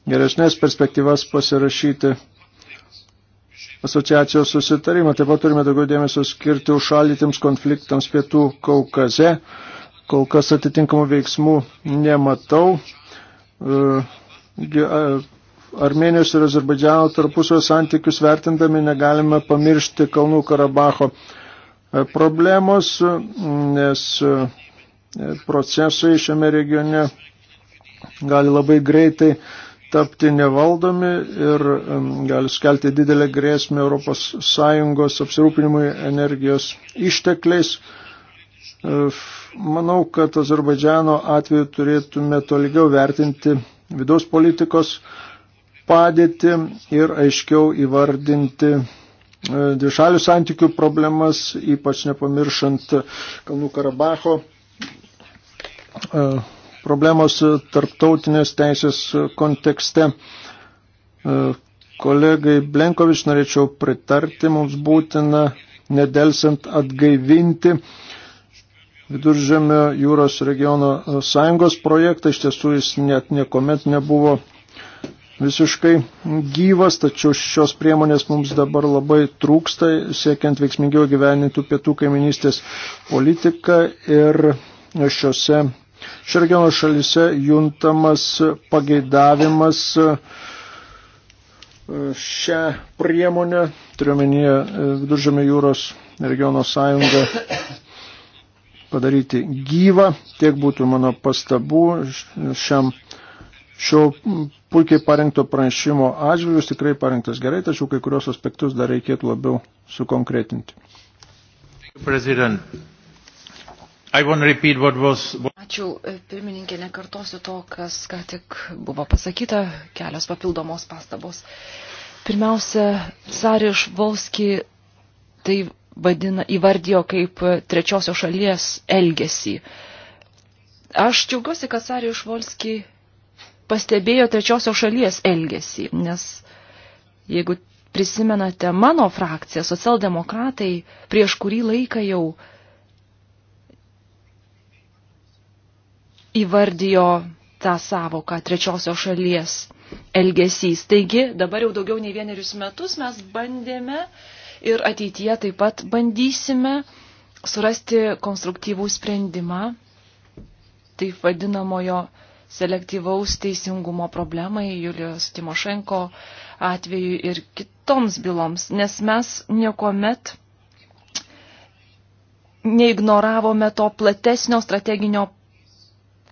geresnės perspektyvas pasirašyti asociacijos susitarimą. Taip pat turime daugiau dėmesio skirti užšalytiems konfliktams pietų Kaukaze. Kol kas atitinkamų veiksmų nematau. E, e, Armenijos ir Azerbaidžiano tarpusio santykius vertindami negalime pamiršti Kalnų Karabacho e, problemos, e, nes e, procesai šiame regione gali labai greitai tapti nevaldomi ir gali skelti didelę grėsmę ES apsirūpinimui energijos ištekliais. Manau, kad Azerbaidžiano atveju turėtume tolygiau vertinti vidaus politikos padėtį ir aiškiau įvardinti e, dvišalių santykių problemas, ypač nepamiršant Kalnų Karabacho e, problemos tarptautinės teisės kontekste. E, kolegai Blenkovič norėčiau pritarti, mums būtina nedelsiant atgaivinti Viduržėmio jūros regiono sąjungos projektą. Iš tiesų jis net niekuomet nebuvo visiškai gyvas, tačiau šios priemonės mums dabar labai trūksta, siekiant veiksmingiau gyveninti pietų kaiminystės politiką ir šiuose šio regiono šalise juntamas pageidavimas e, šią priemonę, turiuomenyje Viduržėmė jūros regiono sąjungą padaryti gyvą, tiek būtų mano pastabų šiam šio puikiai parengto pranešimo atžvilgius tikrai parengtas gerai, tačiau kai kurios aspektus dar reikėtų labiau sukonkretinti. Was... Ačiū, e, pirmininkė, nekartosiu to, kas ką tik buvo pasakyta, kelios papildomos pastabos. Pirmiausia, Sariš Volski tai vadina, įvardijo kaip trečiosios šalies elgesį. Aš džiaugiuosi, kad Sariš Volski pastebėjo trečiosios šalies elgesį, nes jeigu prisimenate mano frakciją, socialdemokratai prieš kurį laiką jau įvardijo tą savoką trečiosios šalies elgesys. Taigi dabar jau daugiau nei vienerius metus mes bandėme ir ateityje taip pat bandysime surasti konstruktyvų sprendimą taip vadinamojo selektyvaus teisingumo problemai, Julijos Timošenko atveju ir kitoms byloms, nes mes niekuomet neignoravome to platesnio strateginio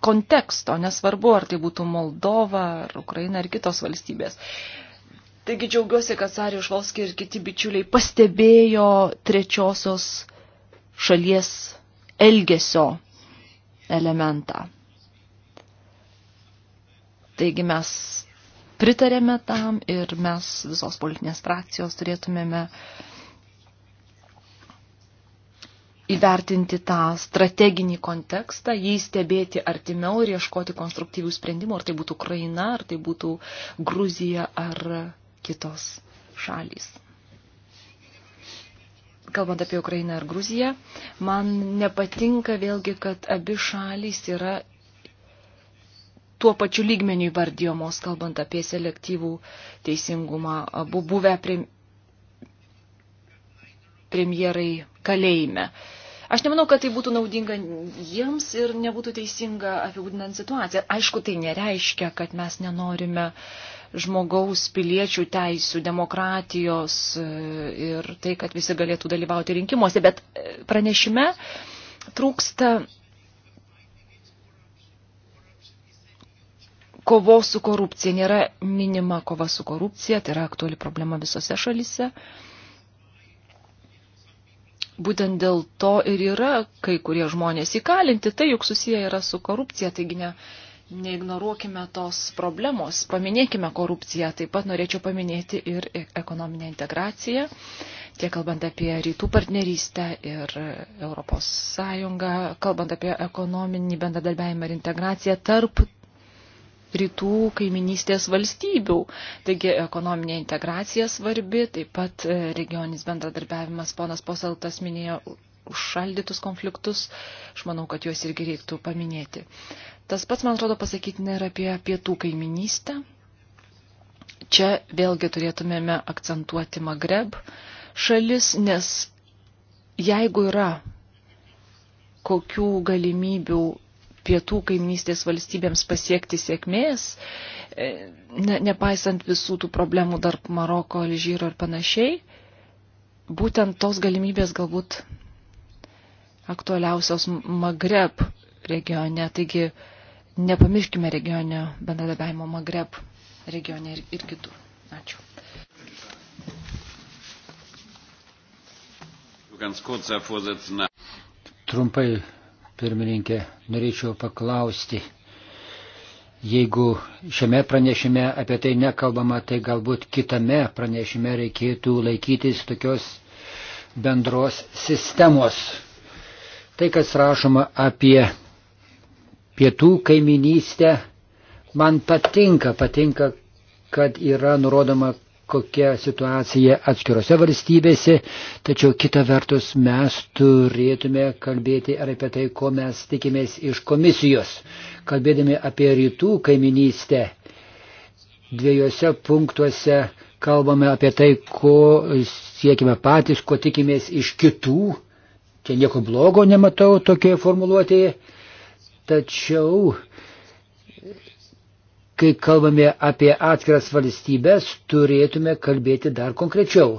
konteksto, nesvarbu, ar tai būtų Moldova, ar Ukraina, ar kitos valstybės. Taigi džiaugiuosi, kad Sariu Švalski ir kiti bičiuliai pastebėjo trečiosios šalies elgesio elementą. Taigi mes pritarėme tam ir mes visos politinės frakcijos turėtumėme įvertinti tą strateginį kontekstą, jį stebėti artimiau ir ieškoti konstruktyvių sprendimų, ar tai būtų Ukraina, ar tai būtų Gruzija, ar kitos šalys. Kalbant apie Ukrainą ir Gruziją, man nepatinka vėlgi, kad abi šalys yra tuo pačiu lygmeniu įvardyjamos, kalbant apie selektyvų teisingumą, abu buvę premjerai kalėjime. Aš nemanau, kad tai būtų naudinga jiems ir nebūtų teisinga apibūdinant situaciją. Aišku, tai nereiškia, kad mes nenorime žmogaus piliečių teisų, demokratijos e, ir tai, kad visi galėtų dalyvauti rinkimuose, bet e, pranešime trūksta kovos su korupcija, nėra minima kova su korupcija, tai yra aktuali problema visose šalise. Būtent dėl to ir yra kai kurie žmonės įkalinti, tai juk susiję yra su korupcija, taigi ne, neignoruokime tos problemos, paminėkime korupciją. Taip pat norėčiau paminėti ir e- ekonominę integraciją, tiek kalbant apie rytų partnerystę ir Europos Sąjungą, kalbant apie ekonominį bendradarbiavimą ir integraciją tarp rytų kaiminystės valstybių. Taigi ekonominė integracija svarbi, taip pat e, regioninis bendradarbiavimas, ponas Poseltas minėjo užšaldytus konfliktus, aš manau, kad juos irgi reiktų paminėti. Tas pats, man atrodo, pasakyti nėra apie pietų kaiminystę. Čia vėlgi turėtumėme akcentuoti Magreb šalis, nes jeigu yra kokių galimybių pietų kaiminystės valstybėms pasiekti sėkmės, e, ne, nepaisant visų tų problemų tarp Maroko, Alžyro ir panašiai, būtent tos galimybės galbūt aktualiausios Magreb regione. Taigi nepamirškime regionio bendradarbiavimo Magreb regione ir, ir kitų. Ačiū. Trumpai, pirmininkė, norėčiau paklausti. Jeigu šiame pranešime apie tai nekalbama, tai galbūt kitame pranešime reikėtų laikytis tokios bendros sistemos. Tai, kas rašoma apie pietų kaiminystę, man patinka, patinka, kad yra nurodoma, kokia situacija atskirose valstybėse, tačiau kita vertus mes turėtume kalbėti ir apie tai, ko mes tikimės iš komisijos. Kalbėdami apie rytų kaiminystę, dviejose punktuose kalbame apie tai, ko siekime patys, ko tikimės iš kitų. Čia nieko blogo nematau tokioje formuluotėje. Tačiau kai kalbame apie atskiras valstybės, turėtume kalbėti dar konkrečiau.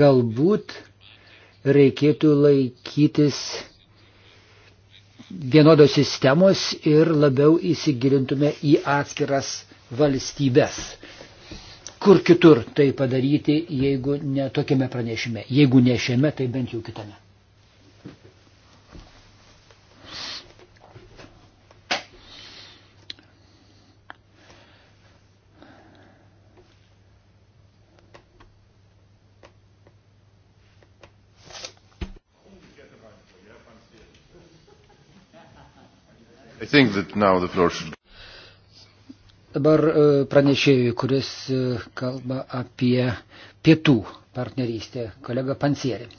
Galbūt reikėtų laikytis vienodos sistemos ir labiau įsigilintume į atskiras valstybės. Kur kitur tai padaryti, jeigu ne tokiame pranešime, jeigu ne šiame, tai bent jau kitame. Should... Dabar e, pranešėjui, kuris e, kalba apie pietų partnerystę, kolega Pansierė.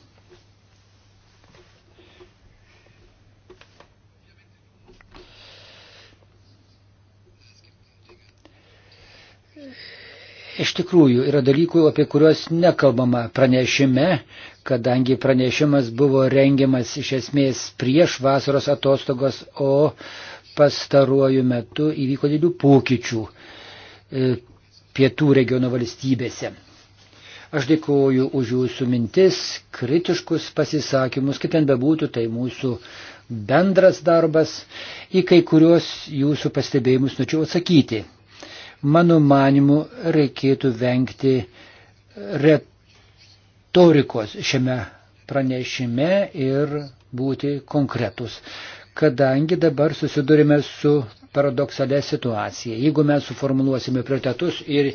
Iš tikrųjų, yra dalykų, apie kuriuos nekalbama pranešime, kadangi pranešimas buvo rengiamas iš esmės prieš vasaros atostogos, o pastaruoju metu įvyko didelių pokyčių e, pietų regiono valstybėse. Aš dėkuoju už jūsų mintis, kritiškus pasisakymus, kaip ten bebūtų, tai mūsų bendras darbas. Į kai kuriuos jūsų pastebėjimus nučiau atsakyti. Mano manimu, reikėtų vengti retorikos šiame pranešime ir būti konkretus, kadangi dabar susidurime su paradoksalė situacija. Jeigu mes suformuluosime prioritetus ir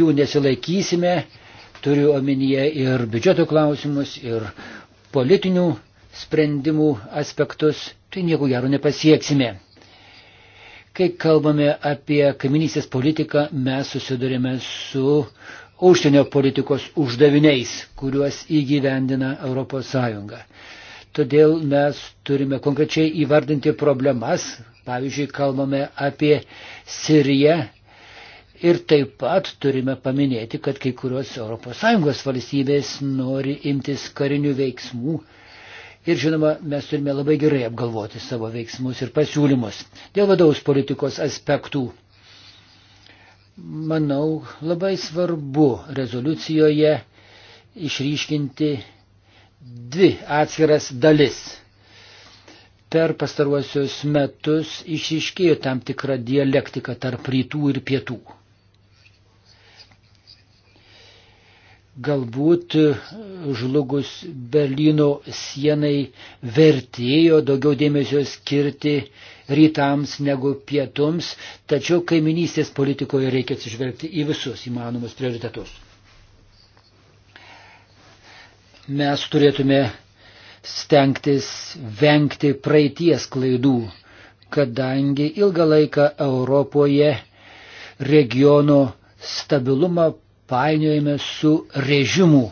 jų nesilaikysime, turiu omenyje ir biudžeto klausimus, ir politinių sprendimų aspektus, tai nieko gero nepasieksime. Kai kalbame apie kaiminysės politiką, mes susidurime su užsienio politikos uždaviniais, kuriuos įgyvendina ES. Todėl mes turime konkrečiai įvardinti problemas, pavyzdžiui, kalbame apie Siriją ir taip pat turime paminėti, kad kai kurios ES valstybės nori imtis karinių veiksmų Ir žinoma, mes turime labai gerai apgalvoti savo veiksmus ir pasiūlymus. Dėl vidaus politikos aspektų, manau, labai svarbu rezoliucijoje išryškinti dvi atskiras dalis. Per pastaruosius metus išiškėjo tam tikra dialektika tarp rytų ir pietų. galbūt e, žlugus Berlyno sienai vertėjo daugiau dėmesio skirti rytams negu pietums, tačiau kaiminystės politikoje reikia atsižvelgti į visus įmanomus prioritetus. Mes turėtume stengtis vengti praeities klaidų, kadangi ilgą laiką Europoje regiono stabilumą painiojame su režimų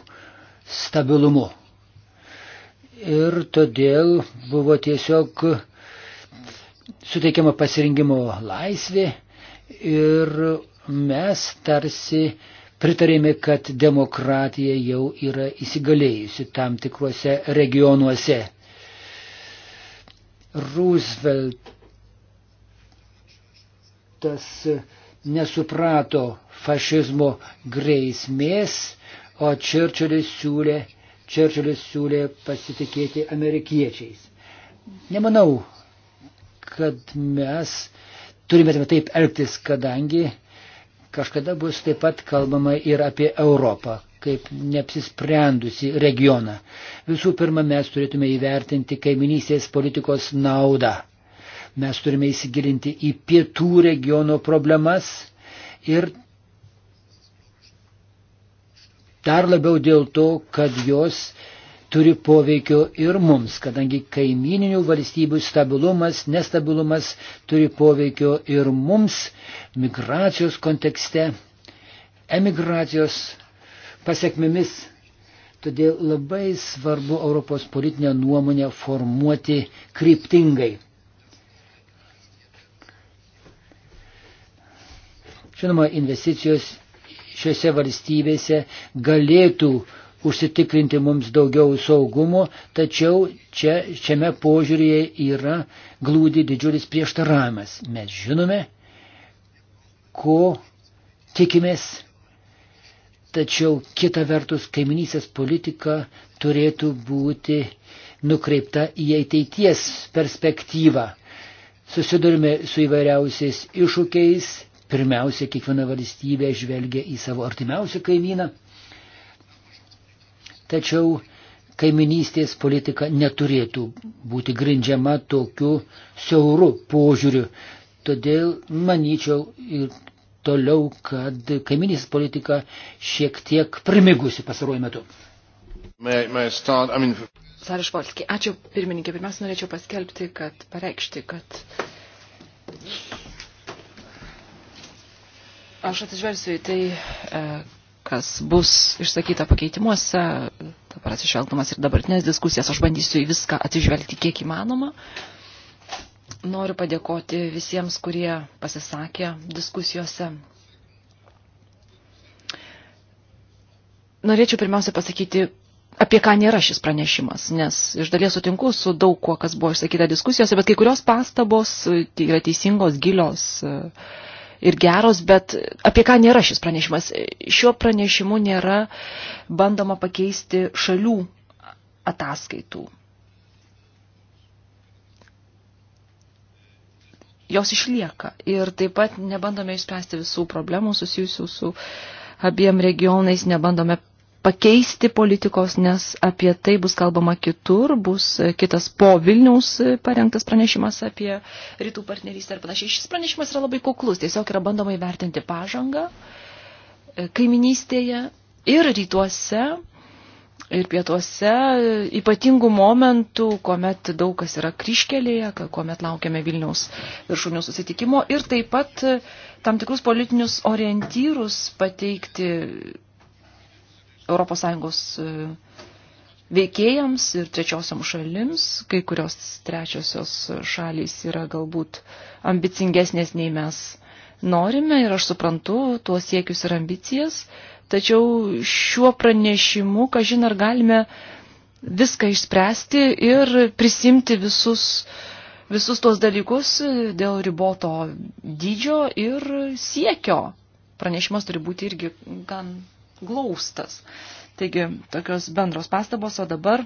stabilumu. Ir todėl buvo tiesiog suteikiama pasirinkimo laisvė ir mes tarsi pritarėme, kad demokratija jau yra įsigalėjusi tam tikrose regionuose. Rooseveltas nesuprato fašizmo grėsmės, o Čerčilis siūlė, Čerčilis siūlė pasitikėti amerikiečiais. Nemanau, kad mes turime taip elgtis, kadangi kažkada bus taip pat kalbama ir apie Europą kaip neapsisprendusi regioną. Visų pirma, mes turėtume įvertinti kaiminysės politikos naudą. Mes turime įsigilinti į pietų regiono problemas ir Dar labiau dėl to, kad jos turi poveikio ir mums, kadangi kaimininių valstybių stabilumas, nestabilumas turi poveikio ir mums migracijos kontekste, emigracijos pasiekmėmis. Todėl labai svarbu Europos politinę nuomonę formuoti kryptingai. Žinoma, investicijos šiuose valstybėse galėtų užsitikrinti mums daugiau saugumo, tačiau čia, šiame požiūrėje yra glūdi didžiulis prieštaravimas. Mes žinome, ko tikimės, tačiau kita vertus kaiminysės politika turėtų būti nukreipta į ateities perspektyvą. Susidurime su įvairiausiais iššūkiais, Pirmiausia, kiekviena valstybė žvelgia į savo artimiausią kaimyną. Tačiau kaiminystės politika neturėtų būti grindžiama tokiu siauru požiūriu. Todėl manyčiau ir toliau, kad kaiminys politika šiek tiek primigusi pasaruoju metu. May, may start, I mean... Sarišvolski, ačiū pirmininkė. Pirmiausia, norėčiau paskelbti, kad pareikšti, kad Aš atsižvelgsiu į tai, e, kas bus išsakyta pakeitimuose, dabar atsižvelgdamas ir dabartinės diskusijas, aš bandysiu į viską atsižvelgti kiek įmanoma. Noriu padėkoti visiems, kurie pasisakė diskusijose. Norėčiau pirmiausia pasakyti, apie ką nėra šis pranešimas, nes iš dalies sutinku su daug kuo, kas buvo išsakyta diskusijose, bet kai kurios pastabos e, tai yra teisingos, gilios. Uh, ir geros, bet apie ką nėra šis pranešimas? Šiuo pranešimu nėra bandoma pakeisti šalių ataskaitų. Jos išlieka ir taip pat nebandome išspręsti visų problemų susijusių su abiem regionais, nebandome pakeisti politikos, nes apie tai bus kalbama kitur, bus kitas po Vilniaus parengtas pranešimas apie rytų partnerystę ir panašiai. Šis pranešimas yra labai kuklus, tiesiog yra bandoma įvertinti pažangą e, kaiminystėje ir rytuose. Ir pietuose ypatingų momentų, kuomet daug kas yra kryškelėje, kuomet laukiame Vilniaus viršūnių susitikimo ir taip pat tam tikrus politinius orientyrus pateikti ES e, veikėjams ir trečiosiam šalims, kai kurios trečiosios šalys yra galbūt ambicingesnės nei mes norime ir aš suprantu tuos siekius ir ambicijas, tačiau šiuo pranešimu, kažin ar galime viską išspręsti ir prisimti visus, visus tuos dalykus dėl riboto dydžio ir siekio. Pranešimas turi būti irgi gan glaustas. Taigi, tokios bendros pastabos, o dabar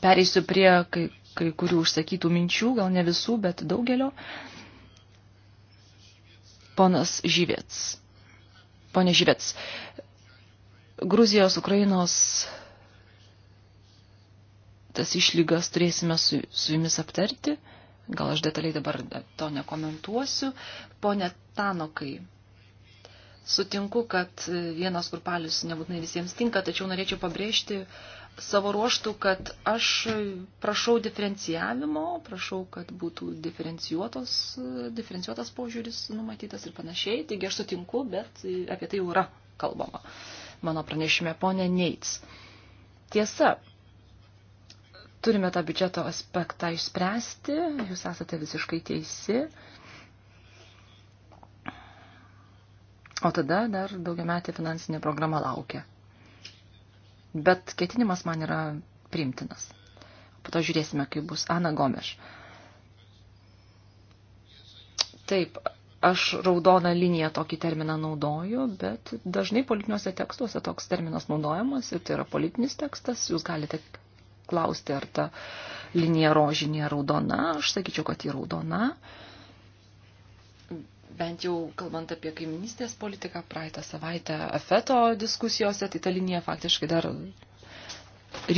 pereisiu prie kai, kai kurių užsakytų minčių, gal ne visų, bet daugelio. Ponas Žyvėts. Pone Žyvėts. Gruzijos, Ukrainos tas išlygas turėsime su, su jumis aptarti. Gal aš detaliai dabar to nekomentuosiu. Pone Tanokai, Sutinku, kad vienas kurpalius nebūtinai visiems tinka, tačiau norėčiau pabrėžti savo ruoštų, kad aš prašau diferencijavimo, prašau, kad būtų diferencijuotas požiūris numatytas ir panašiai. Taigi aš sutinku, bet apie tai jau yra kalbama mano pranešime ponė Neits. Tiesa, turime tą biudžeto aspektą išspręsti, jūs esate visiškai teisi O tada dar daugiametė finansinė programa laukia. Bet ketinimas man yra priimtinas. Po to žiūrėsime, kaip bus Ana Gomeš. Taip, aš raudoną liniją tokį terminą naudoju, bet dažnai politiniuose tekstuose toks terminas naudojamas ir tai yra politinis tekstas. Jūs galite klausti, ar ta linija rožinė raudona. Aš sakyčiau, kad ji raudona. Uh, bent jau kalbant apie kaiminystės politiką, praeitą savaitę afeto diskusijose, tai ta linija faktiškai dar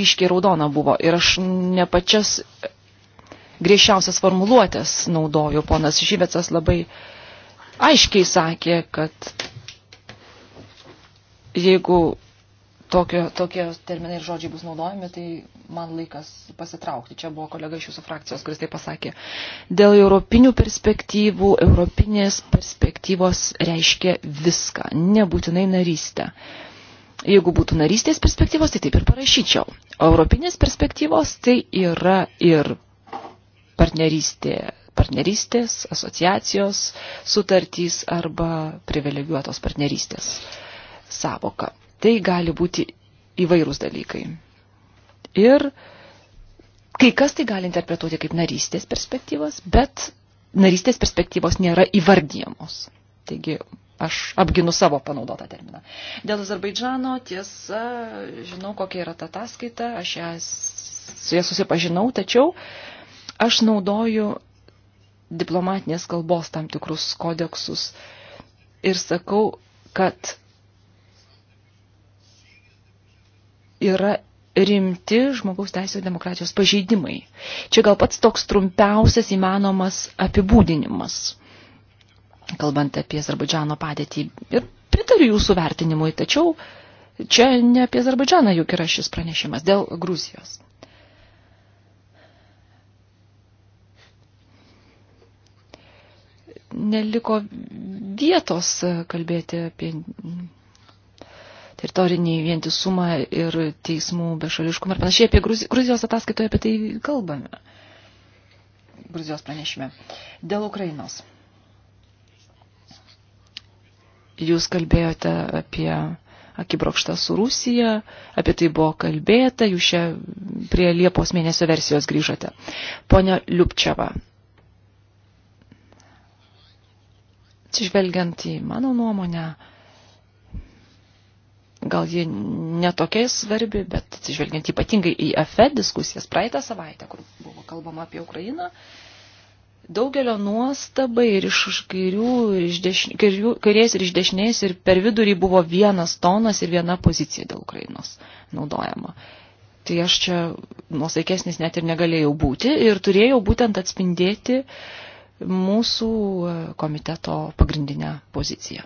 ryškiai raudona buvo. Ir aš ne pačias griežčiausias formuluotės naudoju. Ponas Žyvecas labai aiškiai sakė, kad jeigu tokio, tokie terminai ir žodžiai bus naudojami, tai man laikas pasitraukti. Čia buvo kolega iš jūsų frakcijos, kuris tai pasakė. Dėl europinių perspektyvų, europinės perspektyvos reiškia viską, nebūtinai narystę. Jeigu būtų narystės perspektyvos, tai taip ir parašyčiau. Europinės perspektyvos tai yra ir partnerystė partnerystės, asociacijos sutartys arba privilegijuotos partnerystės savoka tai gali būti įvairūs dalykai. Ir kai kas tai gali interpretuoti kaip narystės perspektyvas, bet narystės perspektyvos nėra įvardyjamos. Taigi aš apginu savo panaudotą terminą. Dėl Azerbaidžano tiesa, žinau, kokia yra ta ataskaita, aš ją, su ja susipažinau, tačiau aš naudoju diplomatinės kalbos tam tikrus kodeksus ir sakau, kad yra rimti žmogaus teisės ir demokratijos pažeidimai. Čia gal pats toks trumpiausias įmanomas apibūdinimas, kalbant apie Azerbaidžano padėtį. Ir pritariu jūsų vertinimui, tačiau čia ne apie Azerbaidžaną juk yra šis pranešimas dėl Gruzijos. Neliko vietos kalbėti apie teritorinį vientisumą ir teismų bešališkumą ir panašiai. Apie Gruzijos ataskaitoje apie tai kalbame. Gruzijos pranešime. Dėl Ukrainos. Jūs kalbėjote apie akibrokštą su Rusija, apie tai buvo kalbėta, jūs čia prie Liepos mėnesio versijos grįžote. Pone Liupčiava, atsižvelgiant į mano nuomonę, gal ji netokia svarbi, bet atsižvelgiant ypatingai į AFE diskusijas praeitą savaitę, kur buvo kalbama apie Ukrainą, daugelio nuostabai ir iš kairių, iš dešinės, kairių, kairės ir iš dešinės ir per vidurį buvo vienas tonas ir viena pozicija dėl Ukrainos naudojama. Tai aš čia nuosaikesnis net ir negalėjau būti ir turėjau būtent atspindėti mūsų e, komiteto pagrindinę poziciją.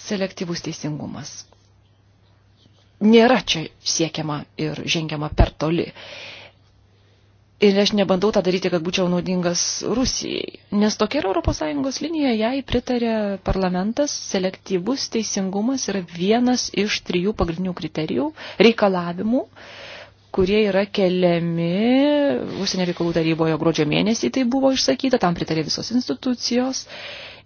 Selektyvus teisingumas nėra čia siekiama ir žengiama per toli. Ir aš nebandau tą daryti, kad būčiau naudingas Rusijai, nes tokia yra ES linija, jai pritarė parlamentas, selektyvus teisingumas yra vienas iš trijų pagrindinių kriterijų, reikalavimų, kurie yra keliami užsienio reikalų taryboje gruodžio mėnesį, tai buvo išsakyta, tam pritarė visos institucijos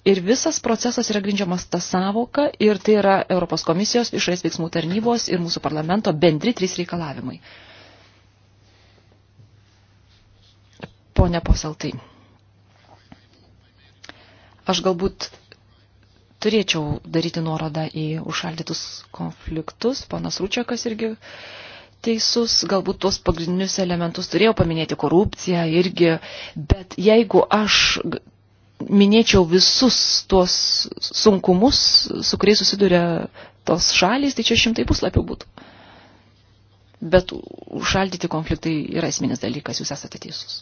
Ir visas procesas yra grindžiamas tą savoką ir tai yra Europos komisijos išorės veiksmų tarnybos ir mūsų parlamento bendri trys reikalavimai. Pone Poseltai, aš galbūt turėčiau daryti nuorodą į užšaldytus konfliktus. Ponas Rūčiakas irgi teisus, galbūt tuos pagrindinius elementus turėjau paminėti korupciją irgi, bet jeigu aš minėčiau visus tuos sunkumus, su kuriais susiduria tos šalys, tai čia šimtai puslapių būtų. Bet užšaldyti konfliktai yra esminis dalykas, jūs esate teisus.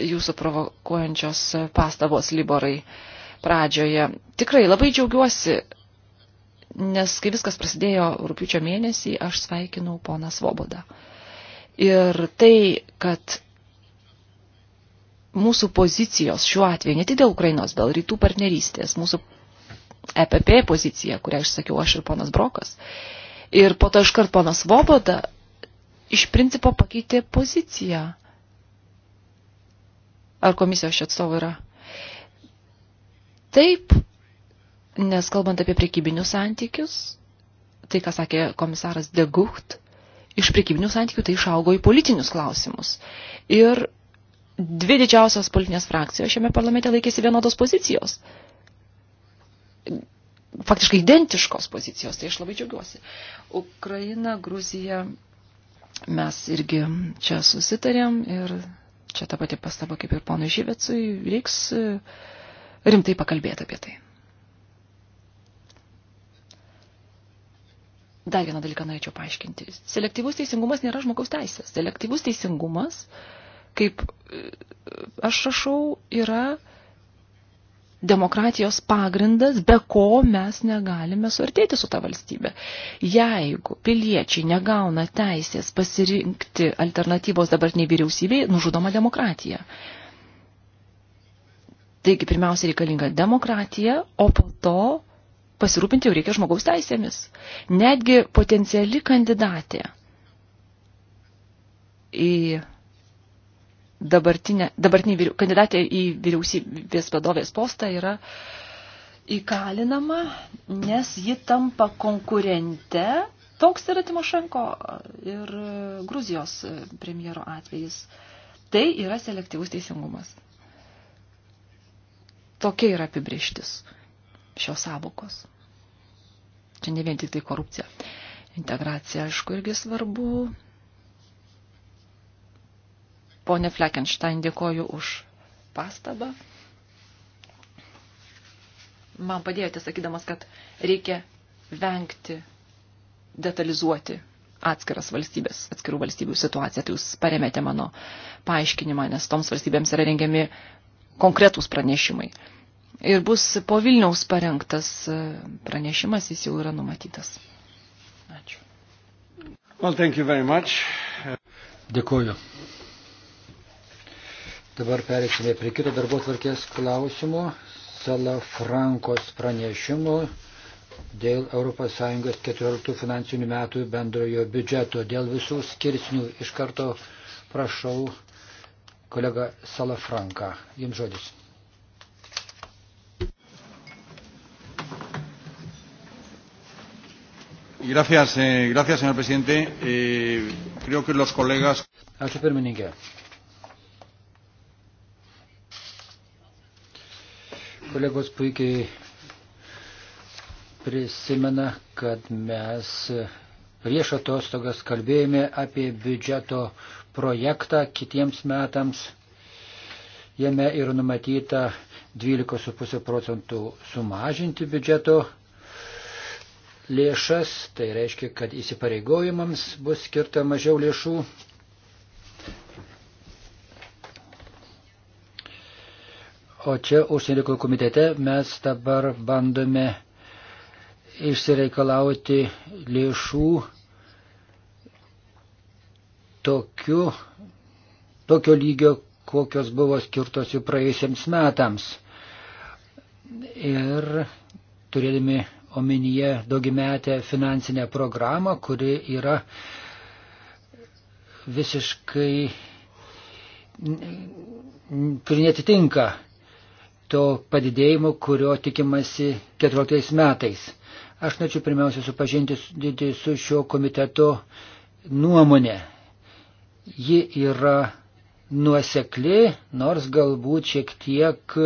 Jūsų provokuojančios pastabos Liborai pradžioje. Tikrai labai džiaugiuosi, nes kai viskas prasidėjo rūpiučio mėnesį, aš sveikinau poną Svobodą. Ir tai, kad mūsų pozicijos šiuo atveju, ne tik dėl Ukrainos, dėl rytų partnerystės, mūsų EPP pozicija, kurią išsakiau aš ir ponas Brokas. Ir po to iškart ponas Voboda iš principo pakeitė poziciją. Ar komisijos šio atstovų yra? Taip, nes kalbant apie prekybinius santykius, tai, ką sakė komisaras Degucht, iš prekybinių santykių tai išaugo į politinius klausimus. Ir dvi didžiausios politinės frakcijos šiame parlamente laikėsi vienodos pozicijos. Faktiškai identiškos pozicijos, tai aš labai džiaugiuosi. Ukraina, Gruzija, mes irgi čia susitarėm ir čia ta pati pastaba kaip ir ponui Žyvecui, reiks e, rimtai pakalbėti apie tai. Dar vieną dalyką norėčiau paaiškinti. Selektyvus teisingumas nėra žmogaus teisės. Selektyvus teisingumas uh, kaip e, aš rašau, yra demokratijos pagrindas, be ko mes negalime suartėti su ta valstybė. Jeigu piliečiai negauna teisės pasirinkti alternatyvos dabartiniai vyriausybei, nužudoma demokratija. Taigi pirmiausia reikalinga demokratija, o po to pasirūpinti jau reikia žmogaus teisėmis. Netgi potenciali kandidatė į dabartinė, dabartinė kandidatė į vyriausybės vadovės postą yra įkalinama, nes ji tampa konkurente. Toks yra Timošenko ir Gruzijos premjero atvejis. Tai yra selektyvus teisingumas. Tokia yra apibrieštis šios savokos. Čia ne vien tik tai korupcija. Integracija, aišku, irgi svarbu, Pone Fleckenstein, dėkoju už pastabą. Man padėjote sakydamas, kad reikia vengti detalizuoti atskiras valstybės, atskirų valstybių situaciją. Tai jūs paremėte mano paaiškinimą, nes toms valstybėms yra rengiami konkretūs pranešimai. Ir bus po Vilniaus parengtas e, pranešimas, jis jau yra numatytas. Ačiū. Well, thank you very much. Dėkuoju. Dabar perėsime prie kito darbo tvarkės klausimo. Sala Frankos pranešimo dėl ES 14 finansinių metų bendrojo biudžeto. Dėl visų skirsnių iš karto prašau kolega Sala Franka. Jums žodis. Gracias, eh, gracias, señor presidente. Eh, creo que los colegas. Ačiū pirmininkė. Kolegos puikiai prisimena, kad mes prieš atostogas kalbėjome apie biudžeto projektą kitiems metams. Jame yra numatyta 12,5 procentų sumažinti biudžeto lėšas, tai reiškia, kad įsipareigojimams bus skirta mažiau lėšų. O čia užsienio reikalų komitete mes dabar bandome išsireikalauti lėšų tokiu, tokio lygio, kokios buvo skirtos jau praėjusiems metams. Ir turėdami omenyje daugiametę finansinę programą, kuri yra visiškai, kuri netitinka to padidėjimo, kurio tikimasi 14 metais. Aš norėčiau pirmiausia supažinti su šio komiteto nuomonė. Ji yra nuosekli, nors galbūt šiek tiek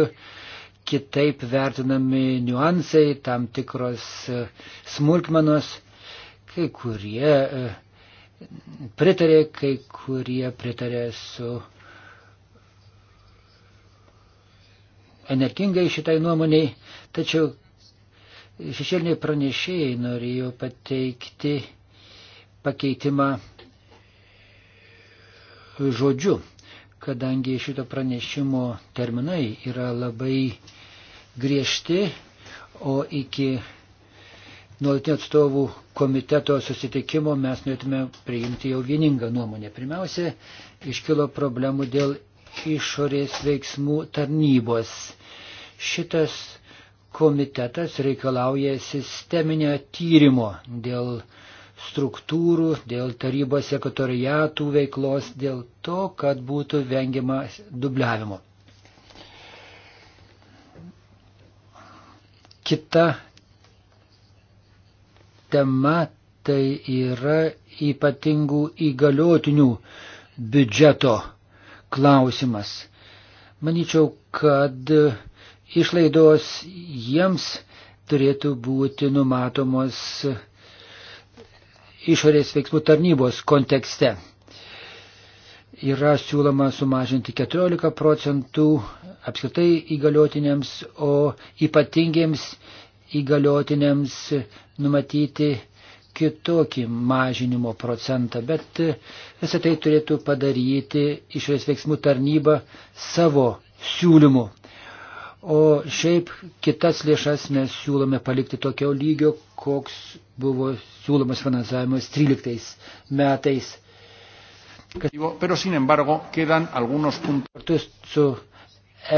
kitaip vertinami niuansai, tam tikros e, smulkmenos, kai kurie e, pritarė, kai kurie pritarė su energingai šitai nuomoniai, tačiau šešėliniai pranešėjai norėjo pateikti pakeitimą žodžiu, kadangi šito pranešimo terminai yra labai griežti, o iki nuolatinio atstovų komiteto susitikimo mes norėtume priimti jau vieningą nuomonę. Pirmiausia, iškilo problemų dėl išorės veiksmų tarnybos. Šitas komitetas reikalauja sisteminio tyrimo dėl struktūrų, dėl tarybos sekretoriatų veiklos, dėl to, kad būtų vengiama dubliavimo. Kita tema tai yra ypatingų įgaliotinių biudžeto klausimas. Manyčiau, kad išlaidos jiems turėtų būti numatomos išorės veiksmų tarnybos kontekste. Yra siūloma sumažinti 14 procentų apskritai įgaliotinėms, o ypatingiems įgaliotinėms numatyti kitokį mažinimo procentą, bet visą tai turėtų padaryti išorės veiksmų tarnyba savo siūlymu. O šiaip kitas lėšas mes siūlome palikti tokio lygio, koks buvo siūlomas finansavimas 13 metais. Pero, sin embargo, quedan algunos puntos. Su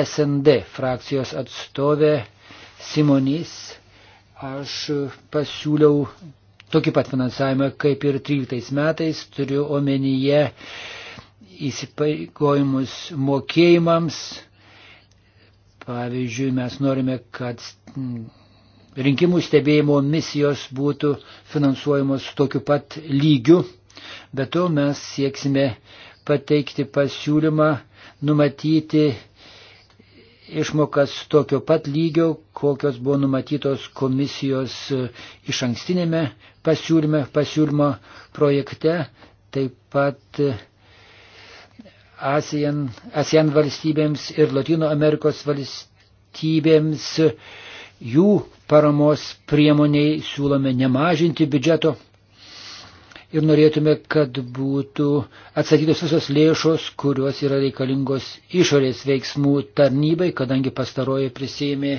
SND frakcijos atstovė Simonys aš pasiūliau tokį pat finansavimą kaip ir 13 metais, turiu omenyje įsipaigojimus mokėjimams. Pavyzdžiui, mes norime, kad rinkimų stebėjimo misijos būtų finansuojamos tokiu pat lygiu, bet to mes sieksime pateikti pasiūlymą numatyti išmokas tokio pat lygio, kokios buvo numatytos komisijos e, iš ankstinėme pasiūlyme, pasiūlymo projekte, taip pat e, ASEAN, ASEAN valstybėms ir Latino Amerikos valstybėms jų paramos priemoniai siūlome nemažinti biudžeto ir norėtume, kad būtų atsakytos visos lėšos, kurios yra reikalingos išorės veiksmų tarnybai, kadangi pastaroji prisėmė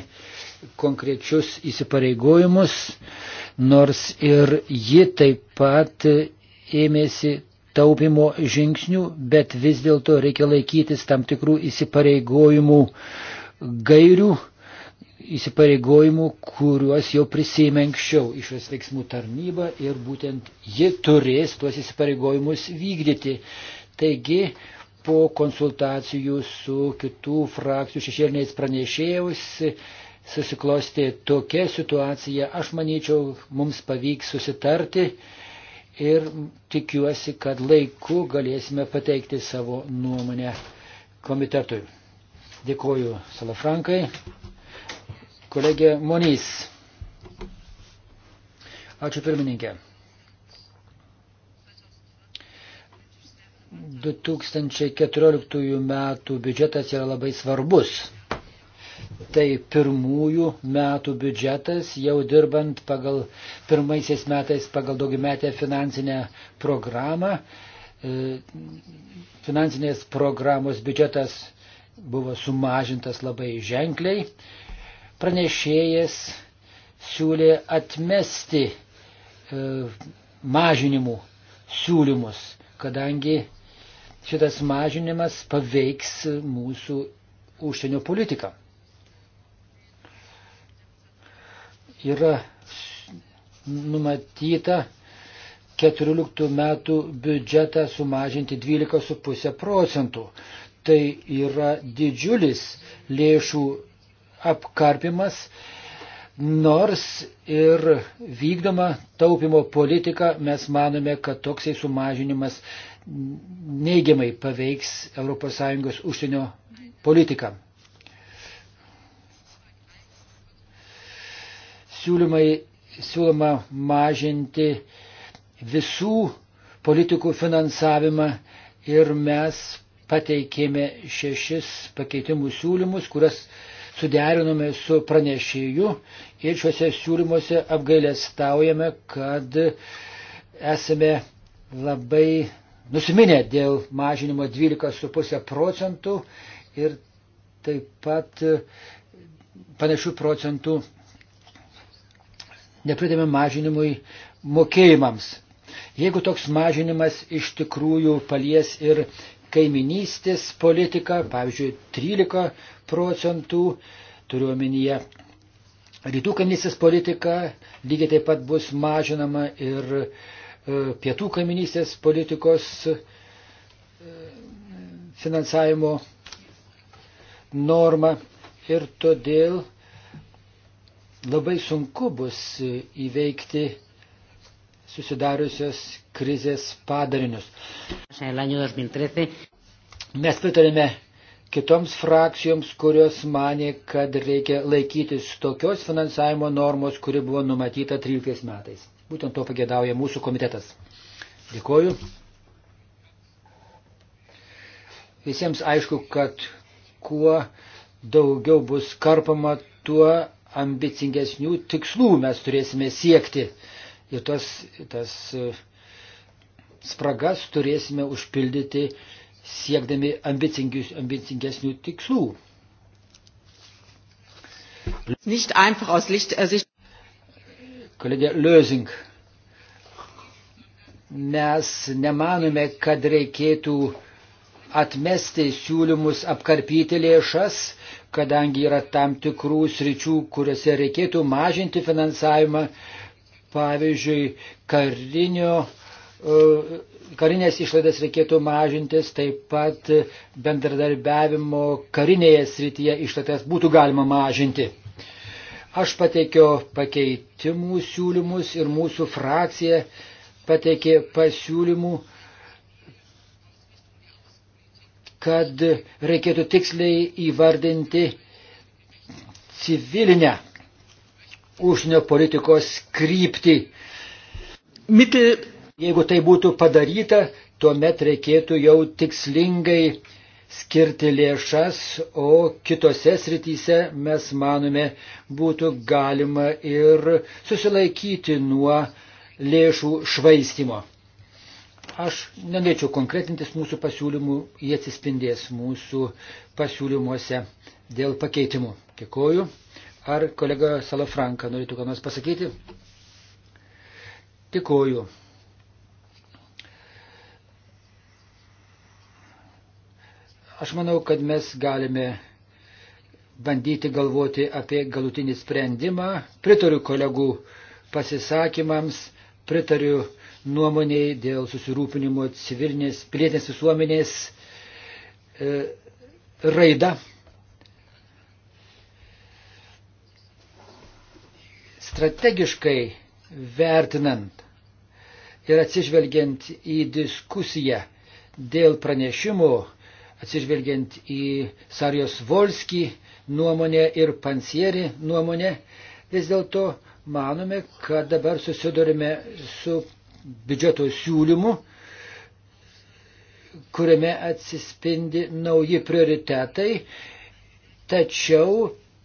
konkrečius įsipareigojimus, nors ir ji taip pat ėmėsi taupimo žingsnių, bet vis dėlto reikia laikytis tam tikrų įsipareigojimų gairių įsipareigojimų, kuriuos jau prisėmė anksčiau išorės veiksmų tarnyba ir būtent ji turės tuos įsipareigojimus vykdyti. Taigi, po konsultacijų su kitų frakcijų šešėliniais pranešėjus susiklosti tokia situacija, aš manyčiau, mums pavyks susitarti ir tikiuosi, kad laiku galėsime pateikti savo nuomonę komitetui. Dėkoju Salafrankai. Kolegė Monys. Ačiū pirmininkė. 2014 metų biudžetas yra labai svarbus. Tai pirmųjų metų biudžetas, jau dirbant pagal pirmaisiais metais pagal daugiametę finansinę programą. E, finansinės programos biudžetas buvo sumažintas labai ženkliai pranešėjas siūlė atmesti e, mažinimų siūlymus, kadangi šitas mažinimas paveiks mūsų užsienio politiką. Yra numatyta 14 metų biudžetą sumažinti 12,5 procentų. Tai yra didžiulis lėšų apkarpimas, nors ir vykdoma taupimo politika mes manome, kad toksai sumažinimas neigiamai paveiks ES užsienio politiką. Siūlymai, siūloma mažinti visų politikų finansavimą ir mes pateikėme šešis pakeitimų siūlymus, kurias suderinome su pranešėju ir šiuose siūlymuose apgailestaujame, kad esame labai nusiminę dėl mažinimo 12,5 procentų ir taip pat panašių procentų nepridėme mažinimui mokėjimams. Jeigu toks mažinimas iš tikrųjų palies ir kaiminystės politiką, pavyzdžiui, 13 procentų, turiuomenyje rytų kaiminystės politika, lygiai taip pat bus mažinama ir e, pietų kaiminystės politikos e, finansavimo norma ir todėl labai sunku bus įveikti susidariusios krizės padarinius. Mes pritarėme kitoms frakcijoms, kurios manė, kad reikia laikytis tokios finansavimo normos, kuri buvo numatyta 13 metais. Būtent to pagėdauja mūsų komitetas. Dėkoju. Visiems aišku, kad kuo daugiau bus karpama, tuo ambicingesnių tikslų mes turėsime siekti. Ir tas, tas spragas turėsime užpildyti siekdami ambicingesnių tikslų. Nicht einfach aus Lichtersicht. Äh, Kolegė Lösing, mes nemanome, kad reikėtų atmesti siūlymus apkarpyti lėšas, kadangi yra tam tikrų sričių, kuriuose reikėtų mažinti finansavimą, pavyzdžiui, karinio E, karinės išlaidas reikėtų mažintis, taip pat bendradarbiavimo karinėje srityje išlaidas būtų galima mažinti. Aš pateikiau pakeitimų siūlymus ir mūsų frakcija pateikė pasiūlymų, kad reikėtų tiksliai įvardinti civilinę užsienio politikos kryptį. Mittel Jeigu tai būtų padaryta, tuomet reikėtų jau tikslingai skirti lėšas, o kitose srityse mes manome būtų galima ir susilaikyti nuo lėšų švaistimo. Aš nenorėčiau konkretintis mūsų pasiūlymų, jie atsispindės mūsų pasiūlymuose dėl pakeitimų. Dėkoju. Ar kolega Salafranka norėtų ką nors pasakyti? Dėkoju. Aš manau, kad mes galime bandyti galvoti apie galutinį sprendimą. Pritariu kolegų pasisakymams, pritariu nuomoniai dėl susirūpinimo civilinės, pilietinės visuomenės e, raida. Strategiškai vertinant ir atsižvelgiant į diskusiją dėl pranešimo atsižvelgiant į Sarijos Volskį nuomonę ir Pansierį nuomonę, vis dėlto manome, kad dabar susidurime su biudžeto siūlymu, kuriame atsispindi nauji prioritetai, tačiau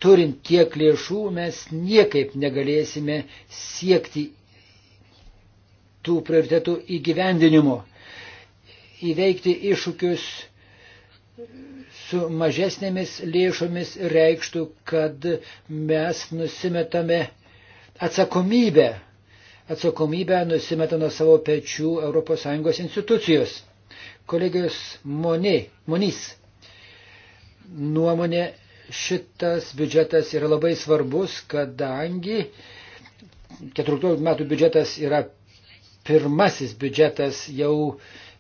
turint tiek lėšų mes niekaip negalėsime siekti tų prioritetų įgyvendinimo, įveikti iššūkius su mažesnėmis lėšomis reikštų, kad mes nusimetame atsakomybę. Atsakomybę nusimeta nuo savo pečių ES institucijos. Kolegijos Monė, Monys nuomonė šitas biudžetas yra labai svarbus, kadangi 14 metų biudžetas yra pirmasis biudžetas jau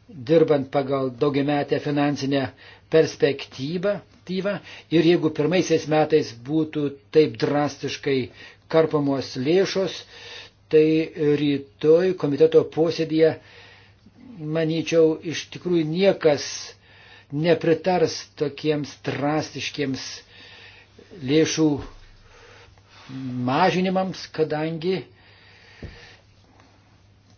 dirbant pagal daugiametę finansinę perspektyvą. Ir jeigu pirmaisiais metais būtų taip drastiškai karpamos lėšos, tai rytoj komiteto posėdėje, manyčiau, iš tikrųjų niekas nepritars tokiems drastiškiems lėšų mažinimams, kadangi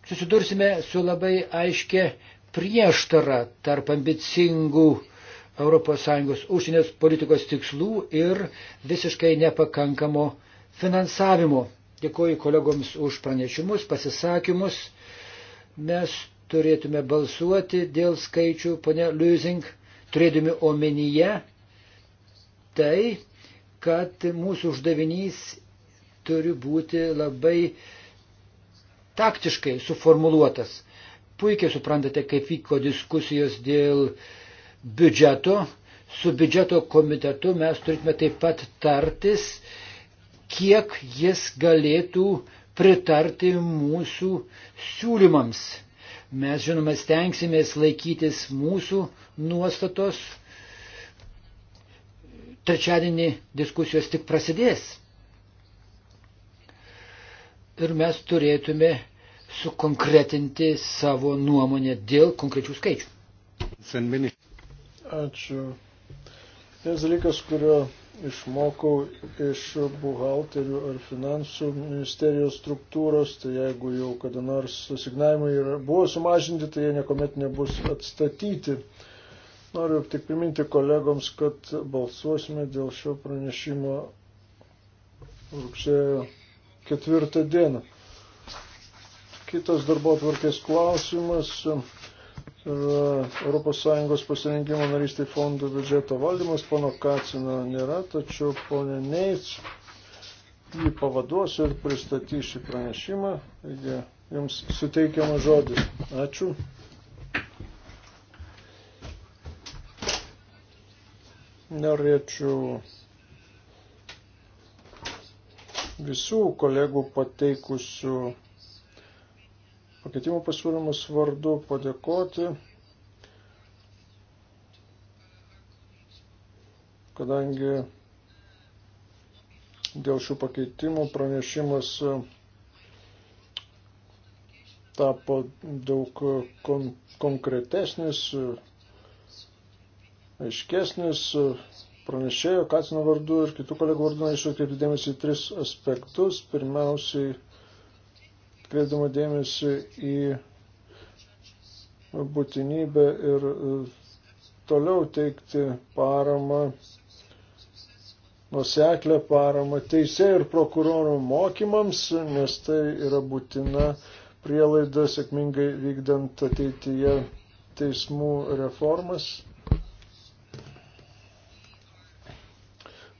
susidursime su labai aiškia prieštara tarp ambicingų ES užsienės politikos tikslų ir visiškai nepakankamo finansavimo. Dėkuoju kolegoms už pranešimus, pasisakymus. Mes turėtume balsuoti dėl skaičių, ponia Liuzing, turėdami omenyje tai, kad mūsų uždavinys turi būti labai taktiškai suformuluotas puikiai suprantate, kaip vyko diskusijos dėl biudžeto. Su biudžeto komitetu mes turėtume taip pat tartis, kiek jis galėtų pritarti mūsų siūlymams. Mes, žinoma, stengsimės laikytis mūsų nuostatos. Trečiadienį diskusijos tik prasidės. Ir mes turėtume sukonkretinti savo nuomonę dėl konkrečių skaičių. Ačiū. Vienas dalykas, kurio išmokau iš buhalterių ar finansų ministerijos struktūros, tai jeigu jau kada nors asignavimai yra, buvo sumažinti, tai jie niekuomet nebus atstatyti. Noriu tik priminti kolegoms, kad balsuosime dėl šio pranešimo rugsėjo ketvirtą dieną. Kitas darbo atvarkės klausimas. E, ES pasirinkimo narystai fondo biudžeto valdymas, pono Kacino nėra, tačiau ponė Neits jį pavaduos ir pristatys šį pranešimą. Taigi, jums suteikiamas žodis. Ačiū. Norėčiau visų kolegų pateikusių pakeitimų pasiūlymus vardu padėkoti, kadangi dėl šių pakeitimų pranešimas tapo daug kon konkretesnis, aiškesnis pranešėjo Katino vardu ir kitų kolegų vardu norėčiau atkreipti dėmesį į tris aspektus. Pirmiausiai kreipdama dėmesį į būtinybę ir e, toliau teikti paramą, nuseklę paramą teisėjų ir prokurorų mokymams, nes tai yra būtina prielaida sėkmingai vykdant ateityje teismų reformas.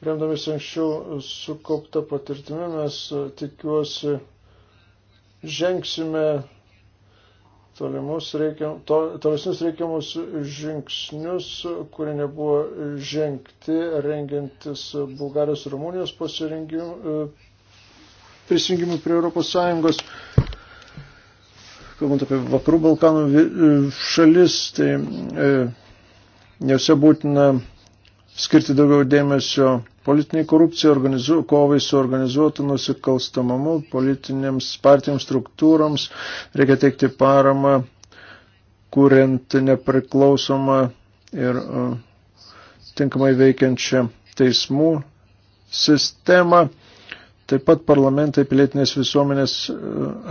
Remdamis anksčiau sukauptą patirtimį, mes e, tikiuosi Žengsime tolimus reikiam, to, tolesnius reikiamus žingsnius, kurie nebuvo žengti rengiantis Bulgarijos ir Rumunijos e, prisijungimui prie Europos Sąjungos. Kalbant apie vakarų Balkanų e, šalis, tai e, jose būtina skirti daugiau dėmesio politiniai korupcijai, organizu, kovai su organizuotu nusikalstamamu, politinėms partijoms struktūroms reikia teikti paramą, kuriant nepriklausomą ir uh, tinkamai veikiančią teismų sistemą. Taip pat parlamentai pilietinės visuomenės uh,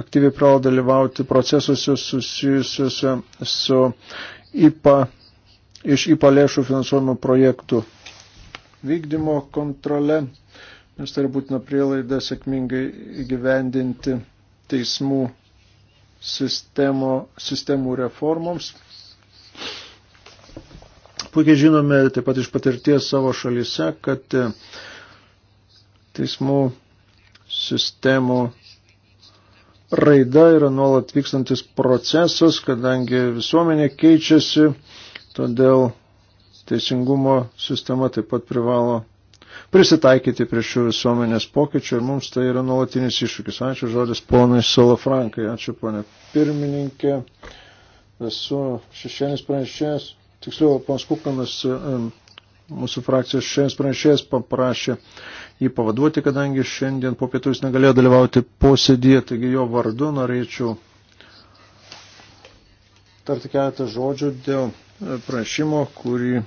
aktyviai privalo dalyvauti procesuose susijusiuose su IPA, iš IPA lėšų finansuojimo projektų vykdymo kontrole, nes tai yra būtina prielaida sėkmingai įgyvendinti teismų sistemo, sistemų reformoms. Puikiai žinome taip pat iš patirties savo šalyse, kad e, teismų sistemų raida yra nuolat vykstantis procesas, kadangi visuomenė keičiasi, todėl Teisingumo sistema taip pat privalo prisitaikyti prie šių visuomenės pokyčių ir mums tai yra nuolatinis iššūkis. Ačiū žodis ponai Salafrankai, ačiū ponė pirmininkė, esu šešienis pranešėjas, tiksliau ponas Kukanas, mūsų frakcijos šešienis pranešėjas paprašė jį pavaduoti, kadangi šiandien po pietų jis negalėjo dalyvauti posėdėje, taigi jo vardu norėčiau tarti keletą žodžių dėl prašymo, kurį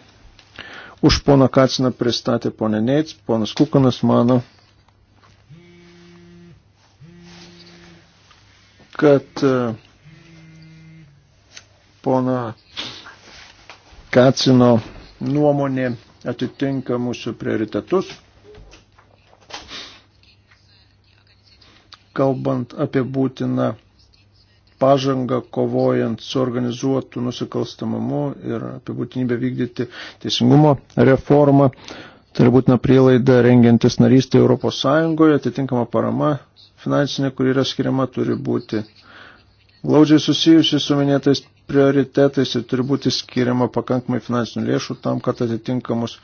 už poną Kaciną pristatė ponė Neits, ponas Kukanas mano, kad e, pona Kacino nuomonė atitinka mūsų prioritetus. Kalbant apie būtiną pažangą kovojant su organizuotu nusikalstamumu ir apie būtinybę vykdyti teisingumo reformą. Tai yra būtina prielaida rengiantis narystė Europos Sąjungoje, atitinkama parama finansinė, kuri yra skiriama, turi būti glaudžiai susijusi su minėtais prioritetais ir turi būti skiriama pakankamai finansinių lėšų tam, kad atitinkamus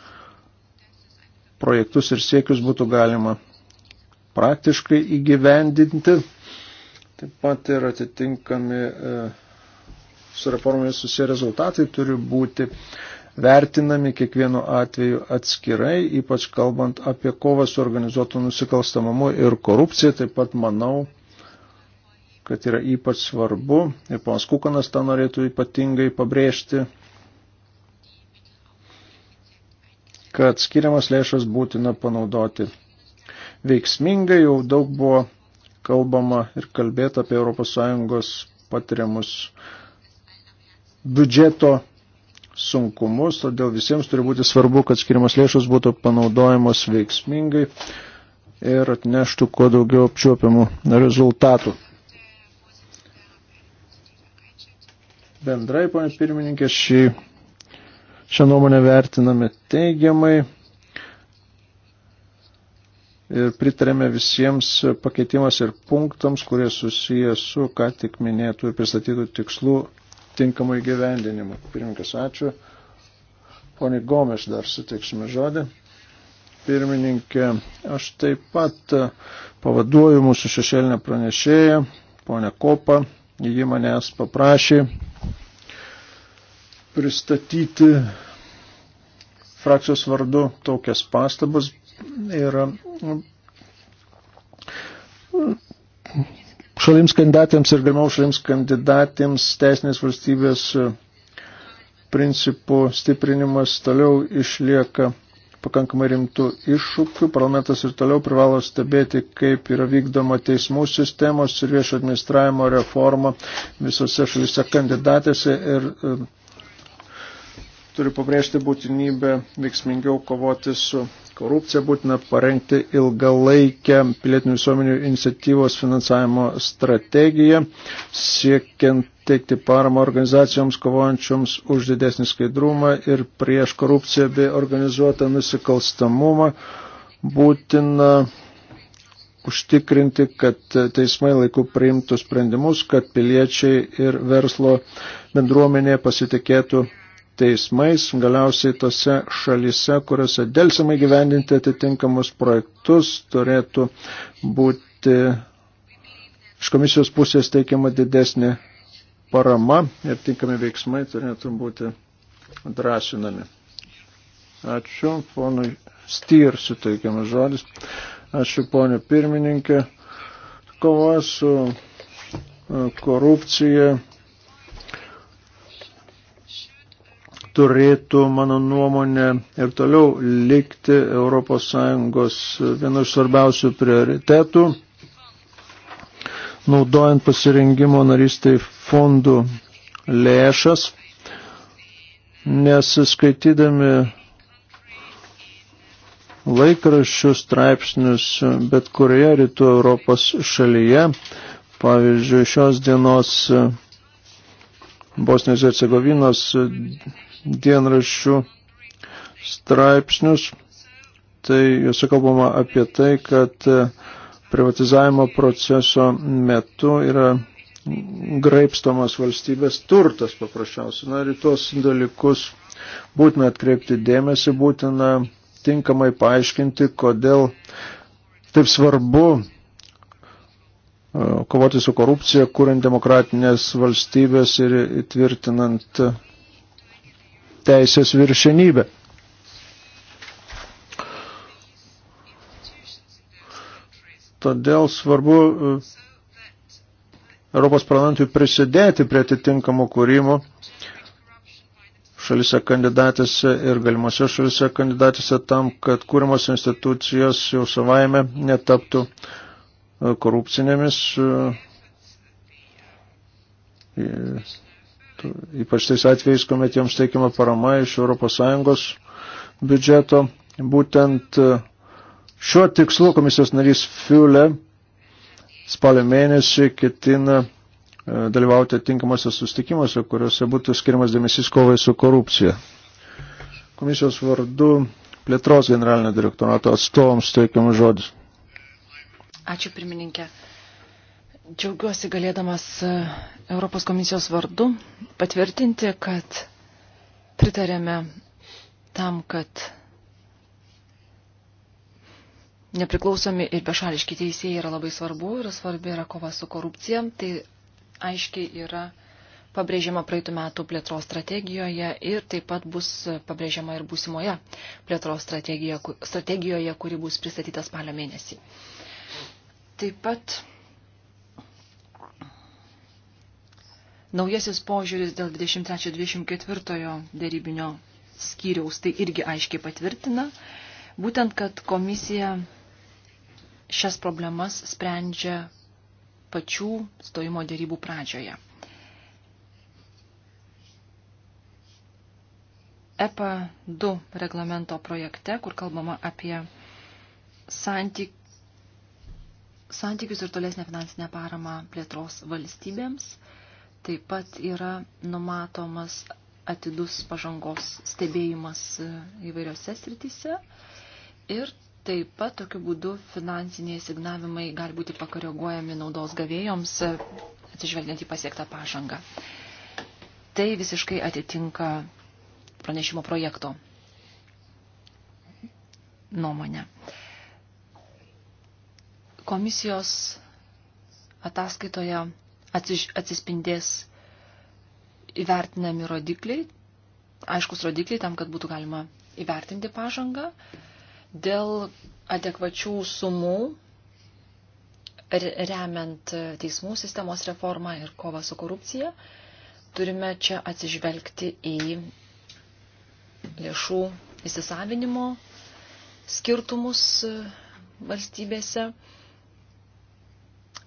projektus ir siekius būtų galima praktiškai įgyvendinti. Taip pat ir atitinkami e, su reformomis susiję rezultatai turi būti vertinami kiekvienu atveju atskirai, ypač kalbant apie kovą su organizuotu nusikalstamamu ir korupcija. Taip pat manau, kad yra ypač svarbu ir ponas Kukanas tą norėtų ypatingai pabrėžti, kad skiriamas lėšas būtina panaudoti veiksmingai, jau daug buvo kalbama ir kalbėta apie ES patiriamus biudžeto sunkumus, todėl visiems turi būti svarbu, kad skirimas lėšos būtų panaudojamos veiksmingai ir atneštų kuo daugiau apčiuopiamų rezultatų. Bendrai, pane pirmininkė, šį, šią nuomonę vertiname teigiamai ir pritarėme visiems pakeitimas ir punktams, kurie susiję su ką tik minėtų ir pristatytų tikslų tinkamų įgyvendinimų. Pirmininkas, ačiū. Pone Gomes dar suteiksime žodį. Pirmininkė, aš taip pat e, pavaduoju mūsų šešėlinę pranešėją, ponę Kopą. Ji manęs paprašė pristatyti frakcijos vardu tokias pastabas Ir šalims kandidatėms ir galimau šalims kandidatėms teisinės valstybės principų stiprinimas toliau išlieka pakankamai rimtų iššūkių. Parlamentas ir toliau privalo stebėti, kaip yra vykdoma teismų sistemos ir viešo administravimo reforma visose šalyse kandidatėse ir turi pabrėžti būtinybę veiksmingiau kovoti su korupcija, būtina parengti ilgalaikę pilietinių visuomenių iniciatyvos finansavimo strategiją, siekiant teikti paramą organizacijoms kovojančioms už didesnį skaidrumą ir prieš korupciją bei organizuotą nusikalstamumą. Būtina užtikrinti, kad teismai laiku priimtų sprendimus, kad piliečiai ir verslo bendruomenė pasitikėtų teismais, galiausiai tose šalise, kuriuose dėlsimai gyvendinti atitinkamus projektus, turėtų būti iš komisijos pusės teikiama didesnė parama ir tinkami veiksmai turėtų būti drąsinami. Ačiū, ponui Styr suteikiamas žodis. Ačiū, ponė pirmininkė. Kova su e, korupcija turėtų, mano nuomonė, ir toliau likti ES vienu iš svarbiausių prioritetų, naudojant pasirengimo narystai fondų lėšas, nes skaitydami laikraščių straipsnius bet kurioje rytų Europos šalyje, pavyzdžiui, šios dienos Bosnijos ir Cegovinos dienraščių straipsnius. Tai juose kalbama apie tai, kad privatizavimo proceso metu yra graipstomas valstybės turtas paprasčiausiai. Na ir tuos dalykus būtina atkreipti dėmesį, būtina tinkamai paaiškinti, kodėl taip svarbu E, kovoti su korupcija, kuriant demokratinės valstybės ir tvirtinant teisės viršenybę. Todėl svarbu e, Europos parlamentui prisidėti prie atitinkamo kūrimo šalise kandidatėse ir galimose šalise kandidatėse tam, kad kūrimos institucijos jau savaime netaptų uh, korupcinėmis, e, e, ypač tais atvejais, kuomet joms teikiama parama iš ES biudžeto. Būtent e, šiuo tikslu komisijos narys Fiule spalio mėnesį ketina dalyvauti atinkamuose sustikimuose, kuriuose būtų skirimas dėmesys kovai su korupcija. Komisijos vardu plėtros generalinio direktorato atstovams teikiamas žodis. Ačiū pirmininkė. Džiaugiuosi galėdamas e, Europos komisijos vardu patvirtinti, kad pritarėme tam, kad nepriklausomi ir bešališki teisėjai yra labai svarbu ir svarbi yra kova su korupcija. Tai aiškiai yra pabrėžiama praeitų metų plėtros strategijoje ir taip pat bus pabrėžiama ir būsimoje plėtros strategijoje, strategijoje kuri bus pristatyta spalio mėnesį. Taip pat naujasis požiūris dėl 23-24 dėrybinio skyriaus tai irgi aiškiai patvirtina, būtent, kad komisija šias problemas sprendžia pačių stojimo dėrybų pradžioje. EPA 2 reglamento projekte, kur kalbama apie santykių santykius ir tolesnę finansinę paramą plėtros valstybėms. Taip pat yra numatomas atidus pažangos stebėjimas e, įvairiose srityse. Ir taip pat tokiu būdu finansiniai signavimai gali būti pakoreguojami naudos gavėjoms, e, atsižvelgiant į pasiektą pažangą. Tai visiškai atitinka pranešimo projekto nuomonę. No komisijos ataskaitoje atsispindės įvertinami rodikliai, aiškus rodikliai tam, kad būtų galima įvertinti pažangą. Dėl adekvačių sumų remiant teismų sistemos reformą ir kovą su korupcija, turime čia atsižvelgti į lėšų įsisavinimo skirtumus valstybėse.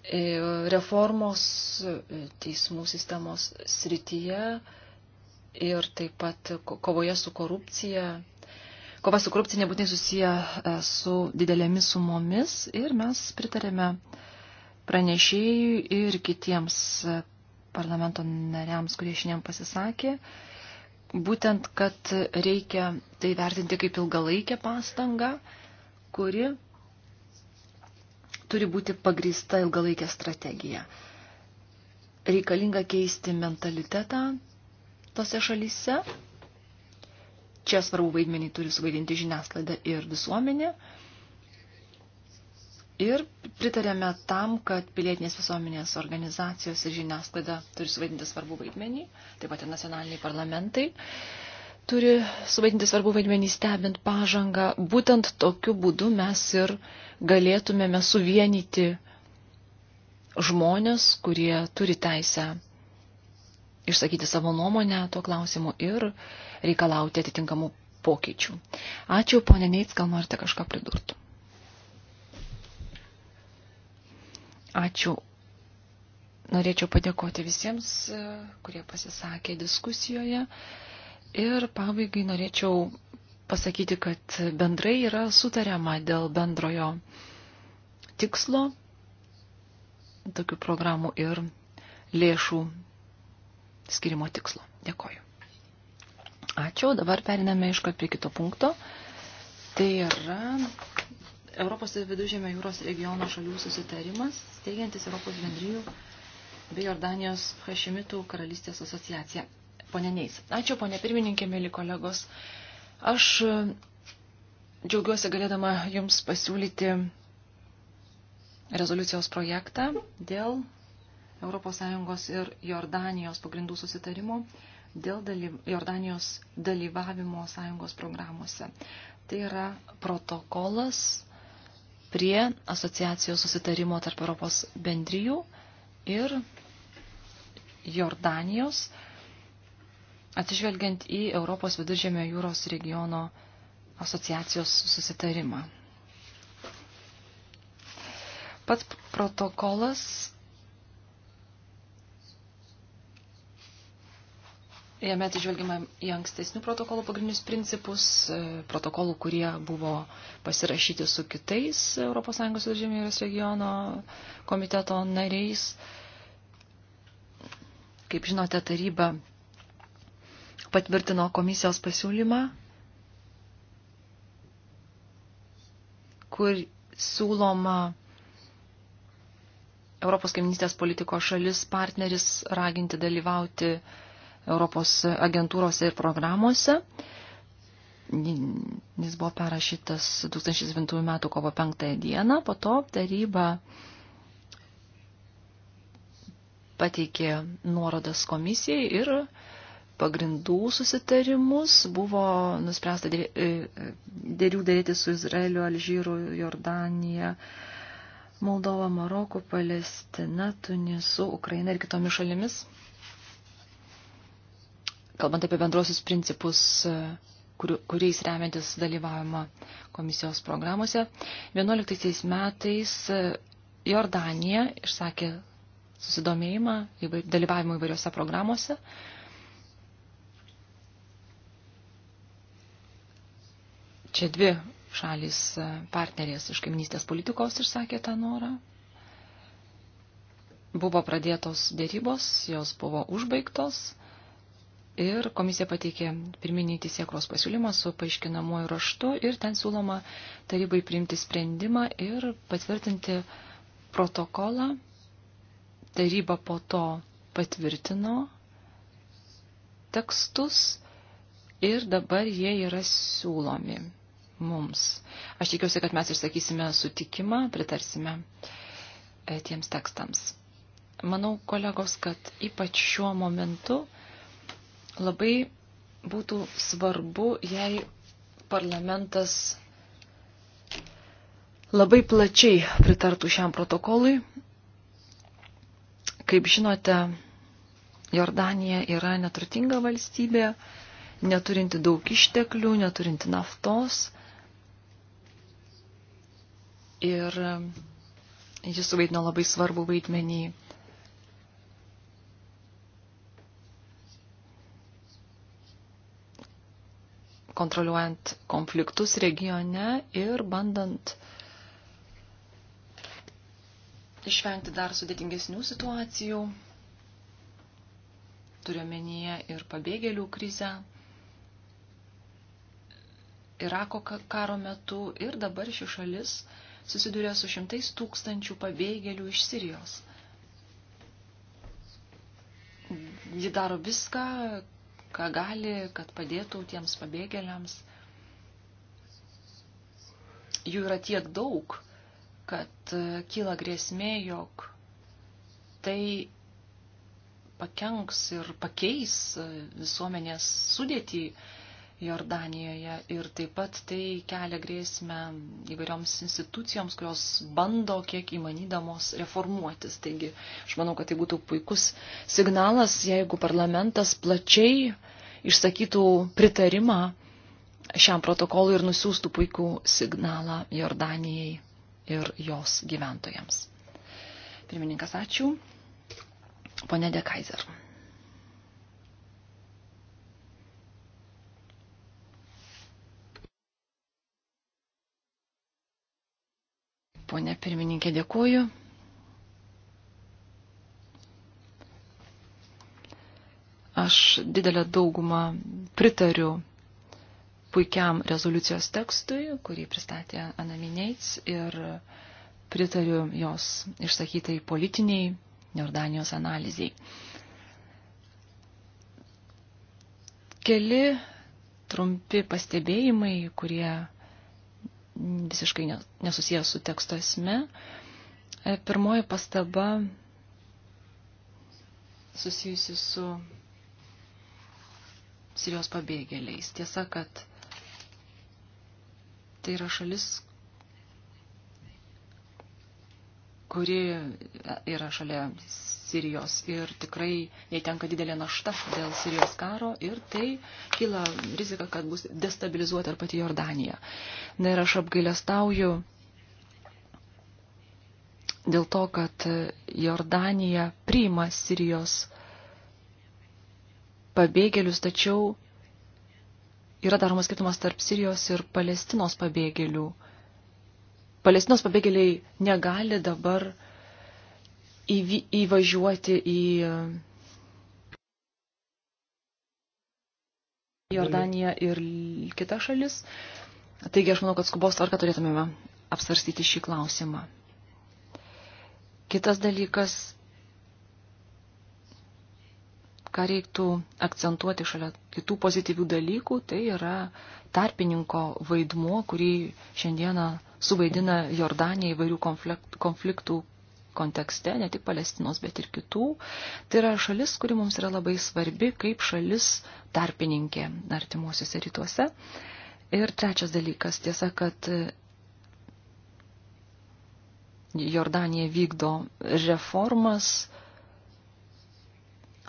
E, reformos e, teismų sistemos srityje ir taip pat kovoje su korupcija. Kova su korupcija nebūtinai susiję e, su didelėmis sumomis ir mes pritarėme pranešėjui ir kitiems parlamento nariams, kurie šiandien pasisakė, būtent, kad reikia tai vertinti kaip ilgalaikę pastangą, kuri turi būti pagrįsta ilgalaikė strategija. Reikalinga keisti mentalitetą tose šalyse. Čia svarbu vaidmenį turi suvaidinti žiniasklaida ir visuomenė. Ir pritarėme tam, kad pilietinės visuomenės organizacijos ir žiniasklaida turi suvaidinti svarbu vaidmenį, taip pat ir nacionaliniai parlamentai turi suvaidinti svarbu vaidmenį stebint pažangą. Būtent tokiu būdu mes ir uh, galėtumėme suvienyti žmonės, kurie turi teisę išsakyti savo nuomonę tuo klausimu ir reikalauti atitinkamų pokyčių. Ačiū, ponė Neits, gal norite kažką pridurti? Ačiū. Norėčiau padėkoti visiems, kurie pasisakė diskusijoje. Ir pabaigai norėčiau pasakyti, kad bendrai yra sutariama dėl bendrojo tikslo tokių programų ir lėšų skirimo tikslo. Dėkoju. Ačiū, dabar periname iškart prie kito punkto. Tai yra Europos ir Vidužėmio jūros regiono šalių susitarimas, steigiantis Europos bendrijų bei Jordanijos Hašimitų karalystės asociacija. Pone Neis. Ačiū, ponė pirmininkė, mėly kolegos. Uh, Aš e, džiaugiuosi galėdama Jums pasiūlyti rezoliucijos projektą dėl ES ir Jordanijos pagrindų susitarimo dėl dalyv Jordanijos dalyvavimo sąjungos programuose. Tai yra protokolas prie asociacijos susitarimo tarp Europos bendrijų ir Jordanijos, atsižvelgiant į Europos viduržėmio jūros regiono asociacijos susitarimą. Pats protokolas Jame atsižvelgiama į ankstesnių protokolų pagrindinius principus, e, protokolų, kurie buvo pasirašyti su kitais ES žemėjos regiono komiteto nariais. Kaip žinote, taryba patvirtino komisijos pasiūlymą, kur siūloma Europos kaiminystės politikos šalis partneris raginti dalyvauti Europos agentūrose ir programuose. Jis buvo perrašytas 2009 m. kovo 5 dieną, po to taryba pateikė nuorodas komisijai ir pagrindų susitarimus. Buvo nuspręsta e, dėrių daryti su Izraeliu, Alžyru, Jordanija, Moldova, Maroku, Palestina, Tunisu, Ukraina ir kitomis šalimis. Kalbant apie bendrosius principus, e, kur, kuriais remiantis dalyvavimą komisijos programuose, 11 metais e, Jordanija išsakė susidomėjimą dalyvavimo įvairiose programuose Čia dvi šalis e, partnerės iš kaiminystės politikos išsakė tą norą. Buvo pradėtos dėrybos, jos buvo užbaigtos ir komisija pateikė pirminį teisėkros pasiūlymą su paaiškinamuoju raštu ir ten siūloma tarybai priimti sprendimą ir patvirtinti protokolą. Taryba po to patvirtino tekstus ir dabar jie yra siūlomi mums. Aš tikiuosi, kad mes išsakysime sutikimą, pritarsime e, tiems tekstams. Manau, kolegos, kad ypač šiuo momentu labai būtų svarbu, jei parlamentas labai plačiai pritartų šiam protokolui. Kaip žinote, Jordanija yra neturtinga valstybė, neturinti daug išteklių, neturinti naftos ir um, jis suvaidino labai svarbu vaidmenį. kontroliuojant konfliktus regione ir bandant išvengti dar sudėtingesnių situacijų, turiuomenyje ir pabėgėlių krizę, Irako karo metu ir dabar ši šalis uh, susiduria su šimtais tūkstančių pabėgėlių iš Sirijos. Ji daro viską, ką gali, kad padėtų tiems pabėgėliams. Jų yra tiek daug, kad e, kyla grėsmė, jog tai pakenks ir pakeis e, visuomenės sudėtį, Jordanijoje ir taip pat tai kelia grėsmę įvairioms institucijoms, kurios bando kiek įmanydamos reformuotis. Taigi, aš manau, kad tai būtų puikus signalas, jeigu parlamentas plačiai išsakytų pritarimą šiam protokolui ir nusiųstų puikų signalą Jordanijai ir jos gyventojams. Pirmininkas, ačiū. Pone De Kaiser. Pone pirmininkė, dėkuoju. Aš didelę daugumą pritariu puikiam rezoliucijos tekstui, kurį pristatė Anaminėts ir pritariu jos išsakytai politiniai Jordanijos analizai. Keli trumpi pastebėjimai, kurie visiškai nesusijęs su teksto esme. E, pirmoji pastaba susijusi su Sirijos pabėgėliais. Tiesa, kad tai yra šalis, kuri yra šalia Sirijos ir tikrai jai tenka didelė našta dėl Sirijos karo ir tai kyla rizika, kad bus destabilizuota ir pati Jordanija. Na ir aš apgailestauju dėl to, kad Jordanija priima Sirijos pabėgėlius, tačiau yra daromas skirtumas tarp Sirijos ir Palestinos pabėgėlių Palestinos pabėgėliai negali dabar įvy, įvažiuoti į Jordaniją ir kitas šalis. Taigi aš manau, kad skubos tvarka turėtumėme apsvarstyti šį klausimą. Kitas dalykas ką reiktų akcentuoti šalia kitų pozityvių dalykų, tai yra tarpininko vaidmuo, kurį šiandieną suvaidina Jordanija įvairių konfliktų kontekste, ne tik Palestinos, bet ir kitų. Tai yra šalis, kuri mums yra labai svarbi kaip šalis tarpininkė artimuosiuose rytuose. Ir trečias dalykas, tiesa, kad Jordanija vykdo reformas,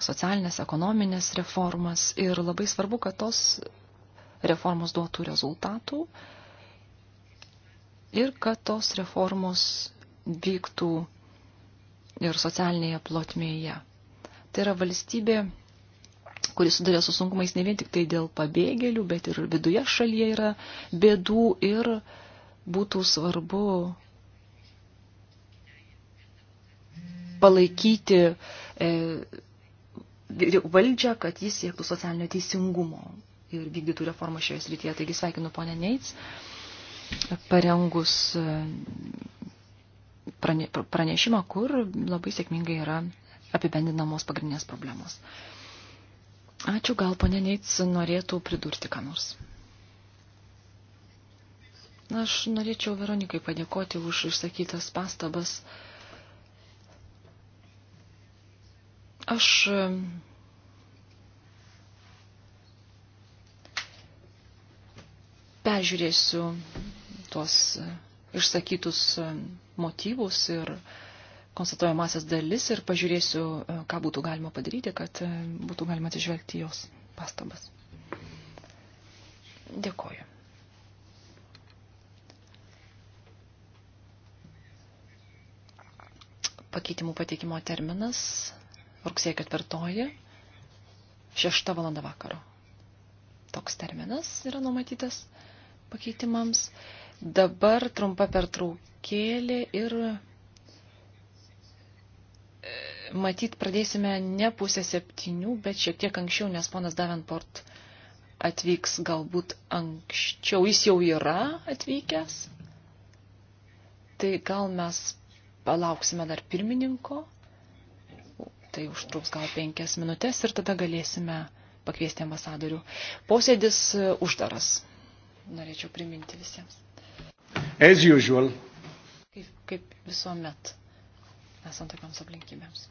socialinės, ekonominės reformas ir labai svarbu, kad tos reformos duotų rezultatų ir kad tos reformos vyktų ir socialinėje plotmėje. Tai yra valstybė, kuris sudarė su sunkumais ne vien tik tai dėl pabėgėlių, bet ir viduje šalyje yra bėdų ir būtų svarbu palaikyti e, valdžią, kad jis siektų socialinio teisingumo ir vykdytų reformą šioje srityje. Taigi sveikinu ponę Neits, parengus pranešimą, kur labai sėkmingai yra apibendinamos pagrindinės problemos. Ačiū, gal ponė Neits norėtų pridurti ką nors. Aš norėčiau Veronikai padėkoti už išsakytas pastabas. Aš peržiūrėsiu tuos išsakytus motyvus ir konstatuojamasias dalis ir pažiūrėsiu, ką būtų galima padaryti, kad būtų galima atsižvelgti jos pastabas. Dėkoju. Pakeitimų pateikimo terminas rugsėjo 4, 6 val. vakaro. Toks terminas yra numatytas pakeitimams. Dabar trumpa pertraukėlė ir e, matyt pradėsime ne pusę septynių, bet šiek tiek anksčiau, nes ponas Davenport atvyks galbūt anksčiau. Jis jau yra atvykęs. Tai gal mes palauksime dar pirmininko. Tai užtruks gal penkias minutės ir tada galėsime pakviesti ambasadorių. Posėdis e, uždaras norėčiau priminti visiems. As usual. Kaip, kaip visuomet, esant tokiams aplinkybėms.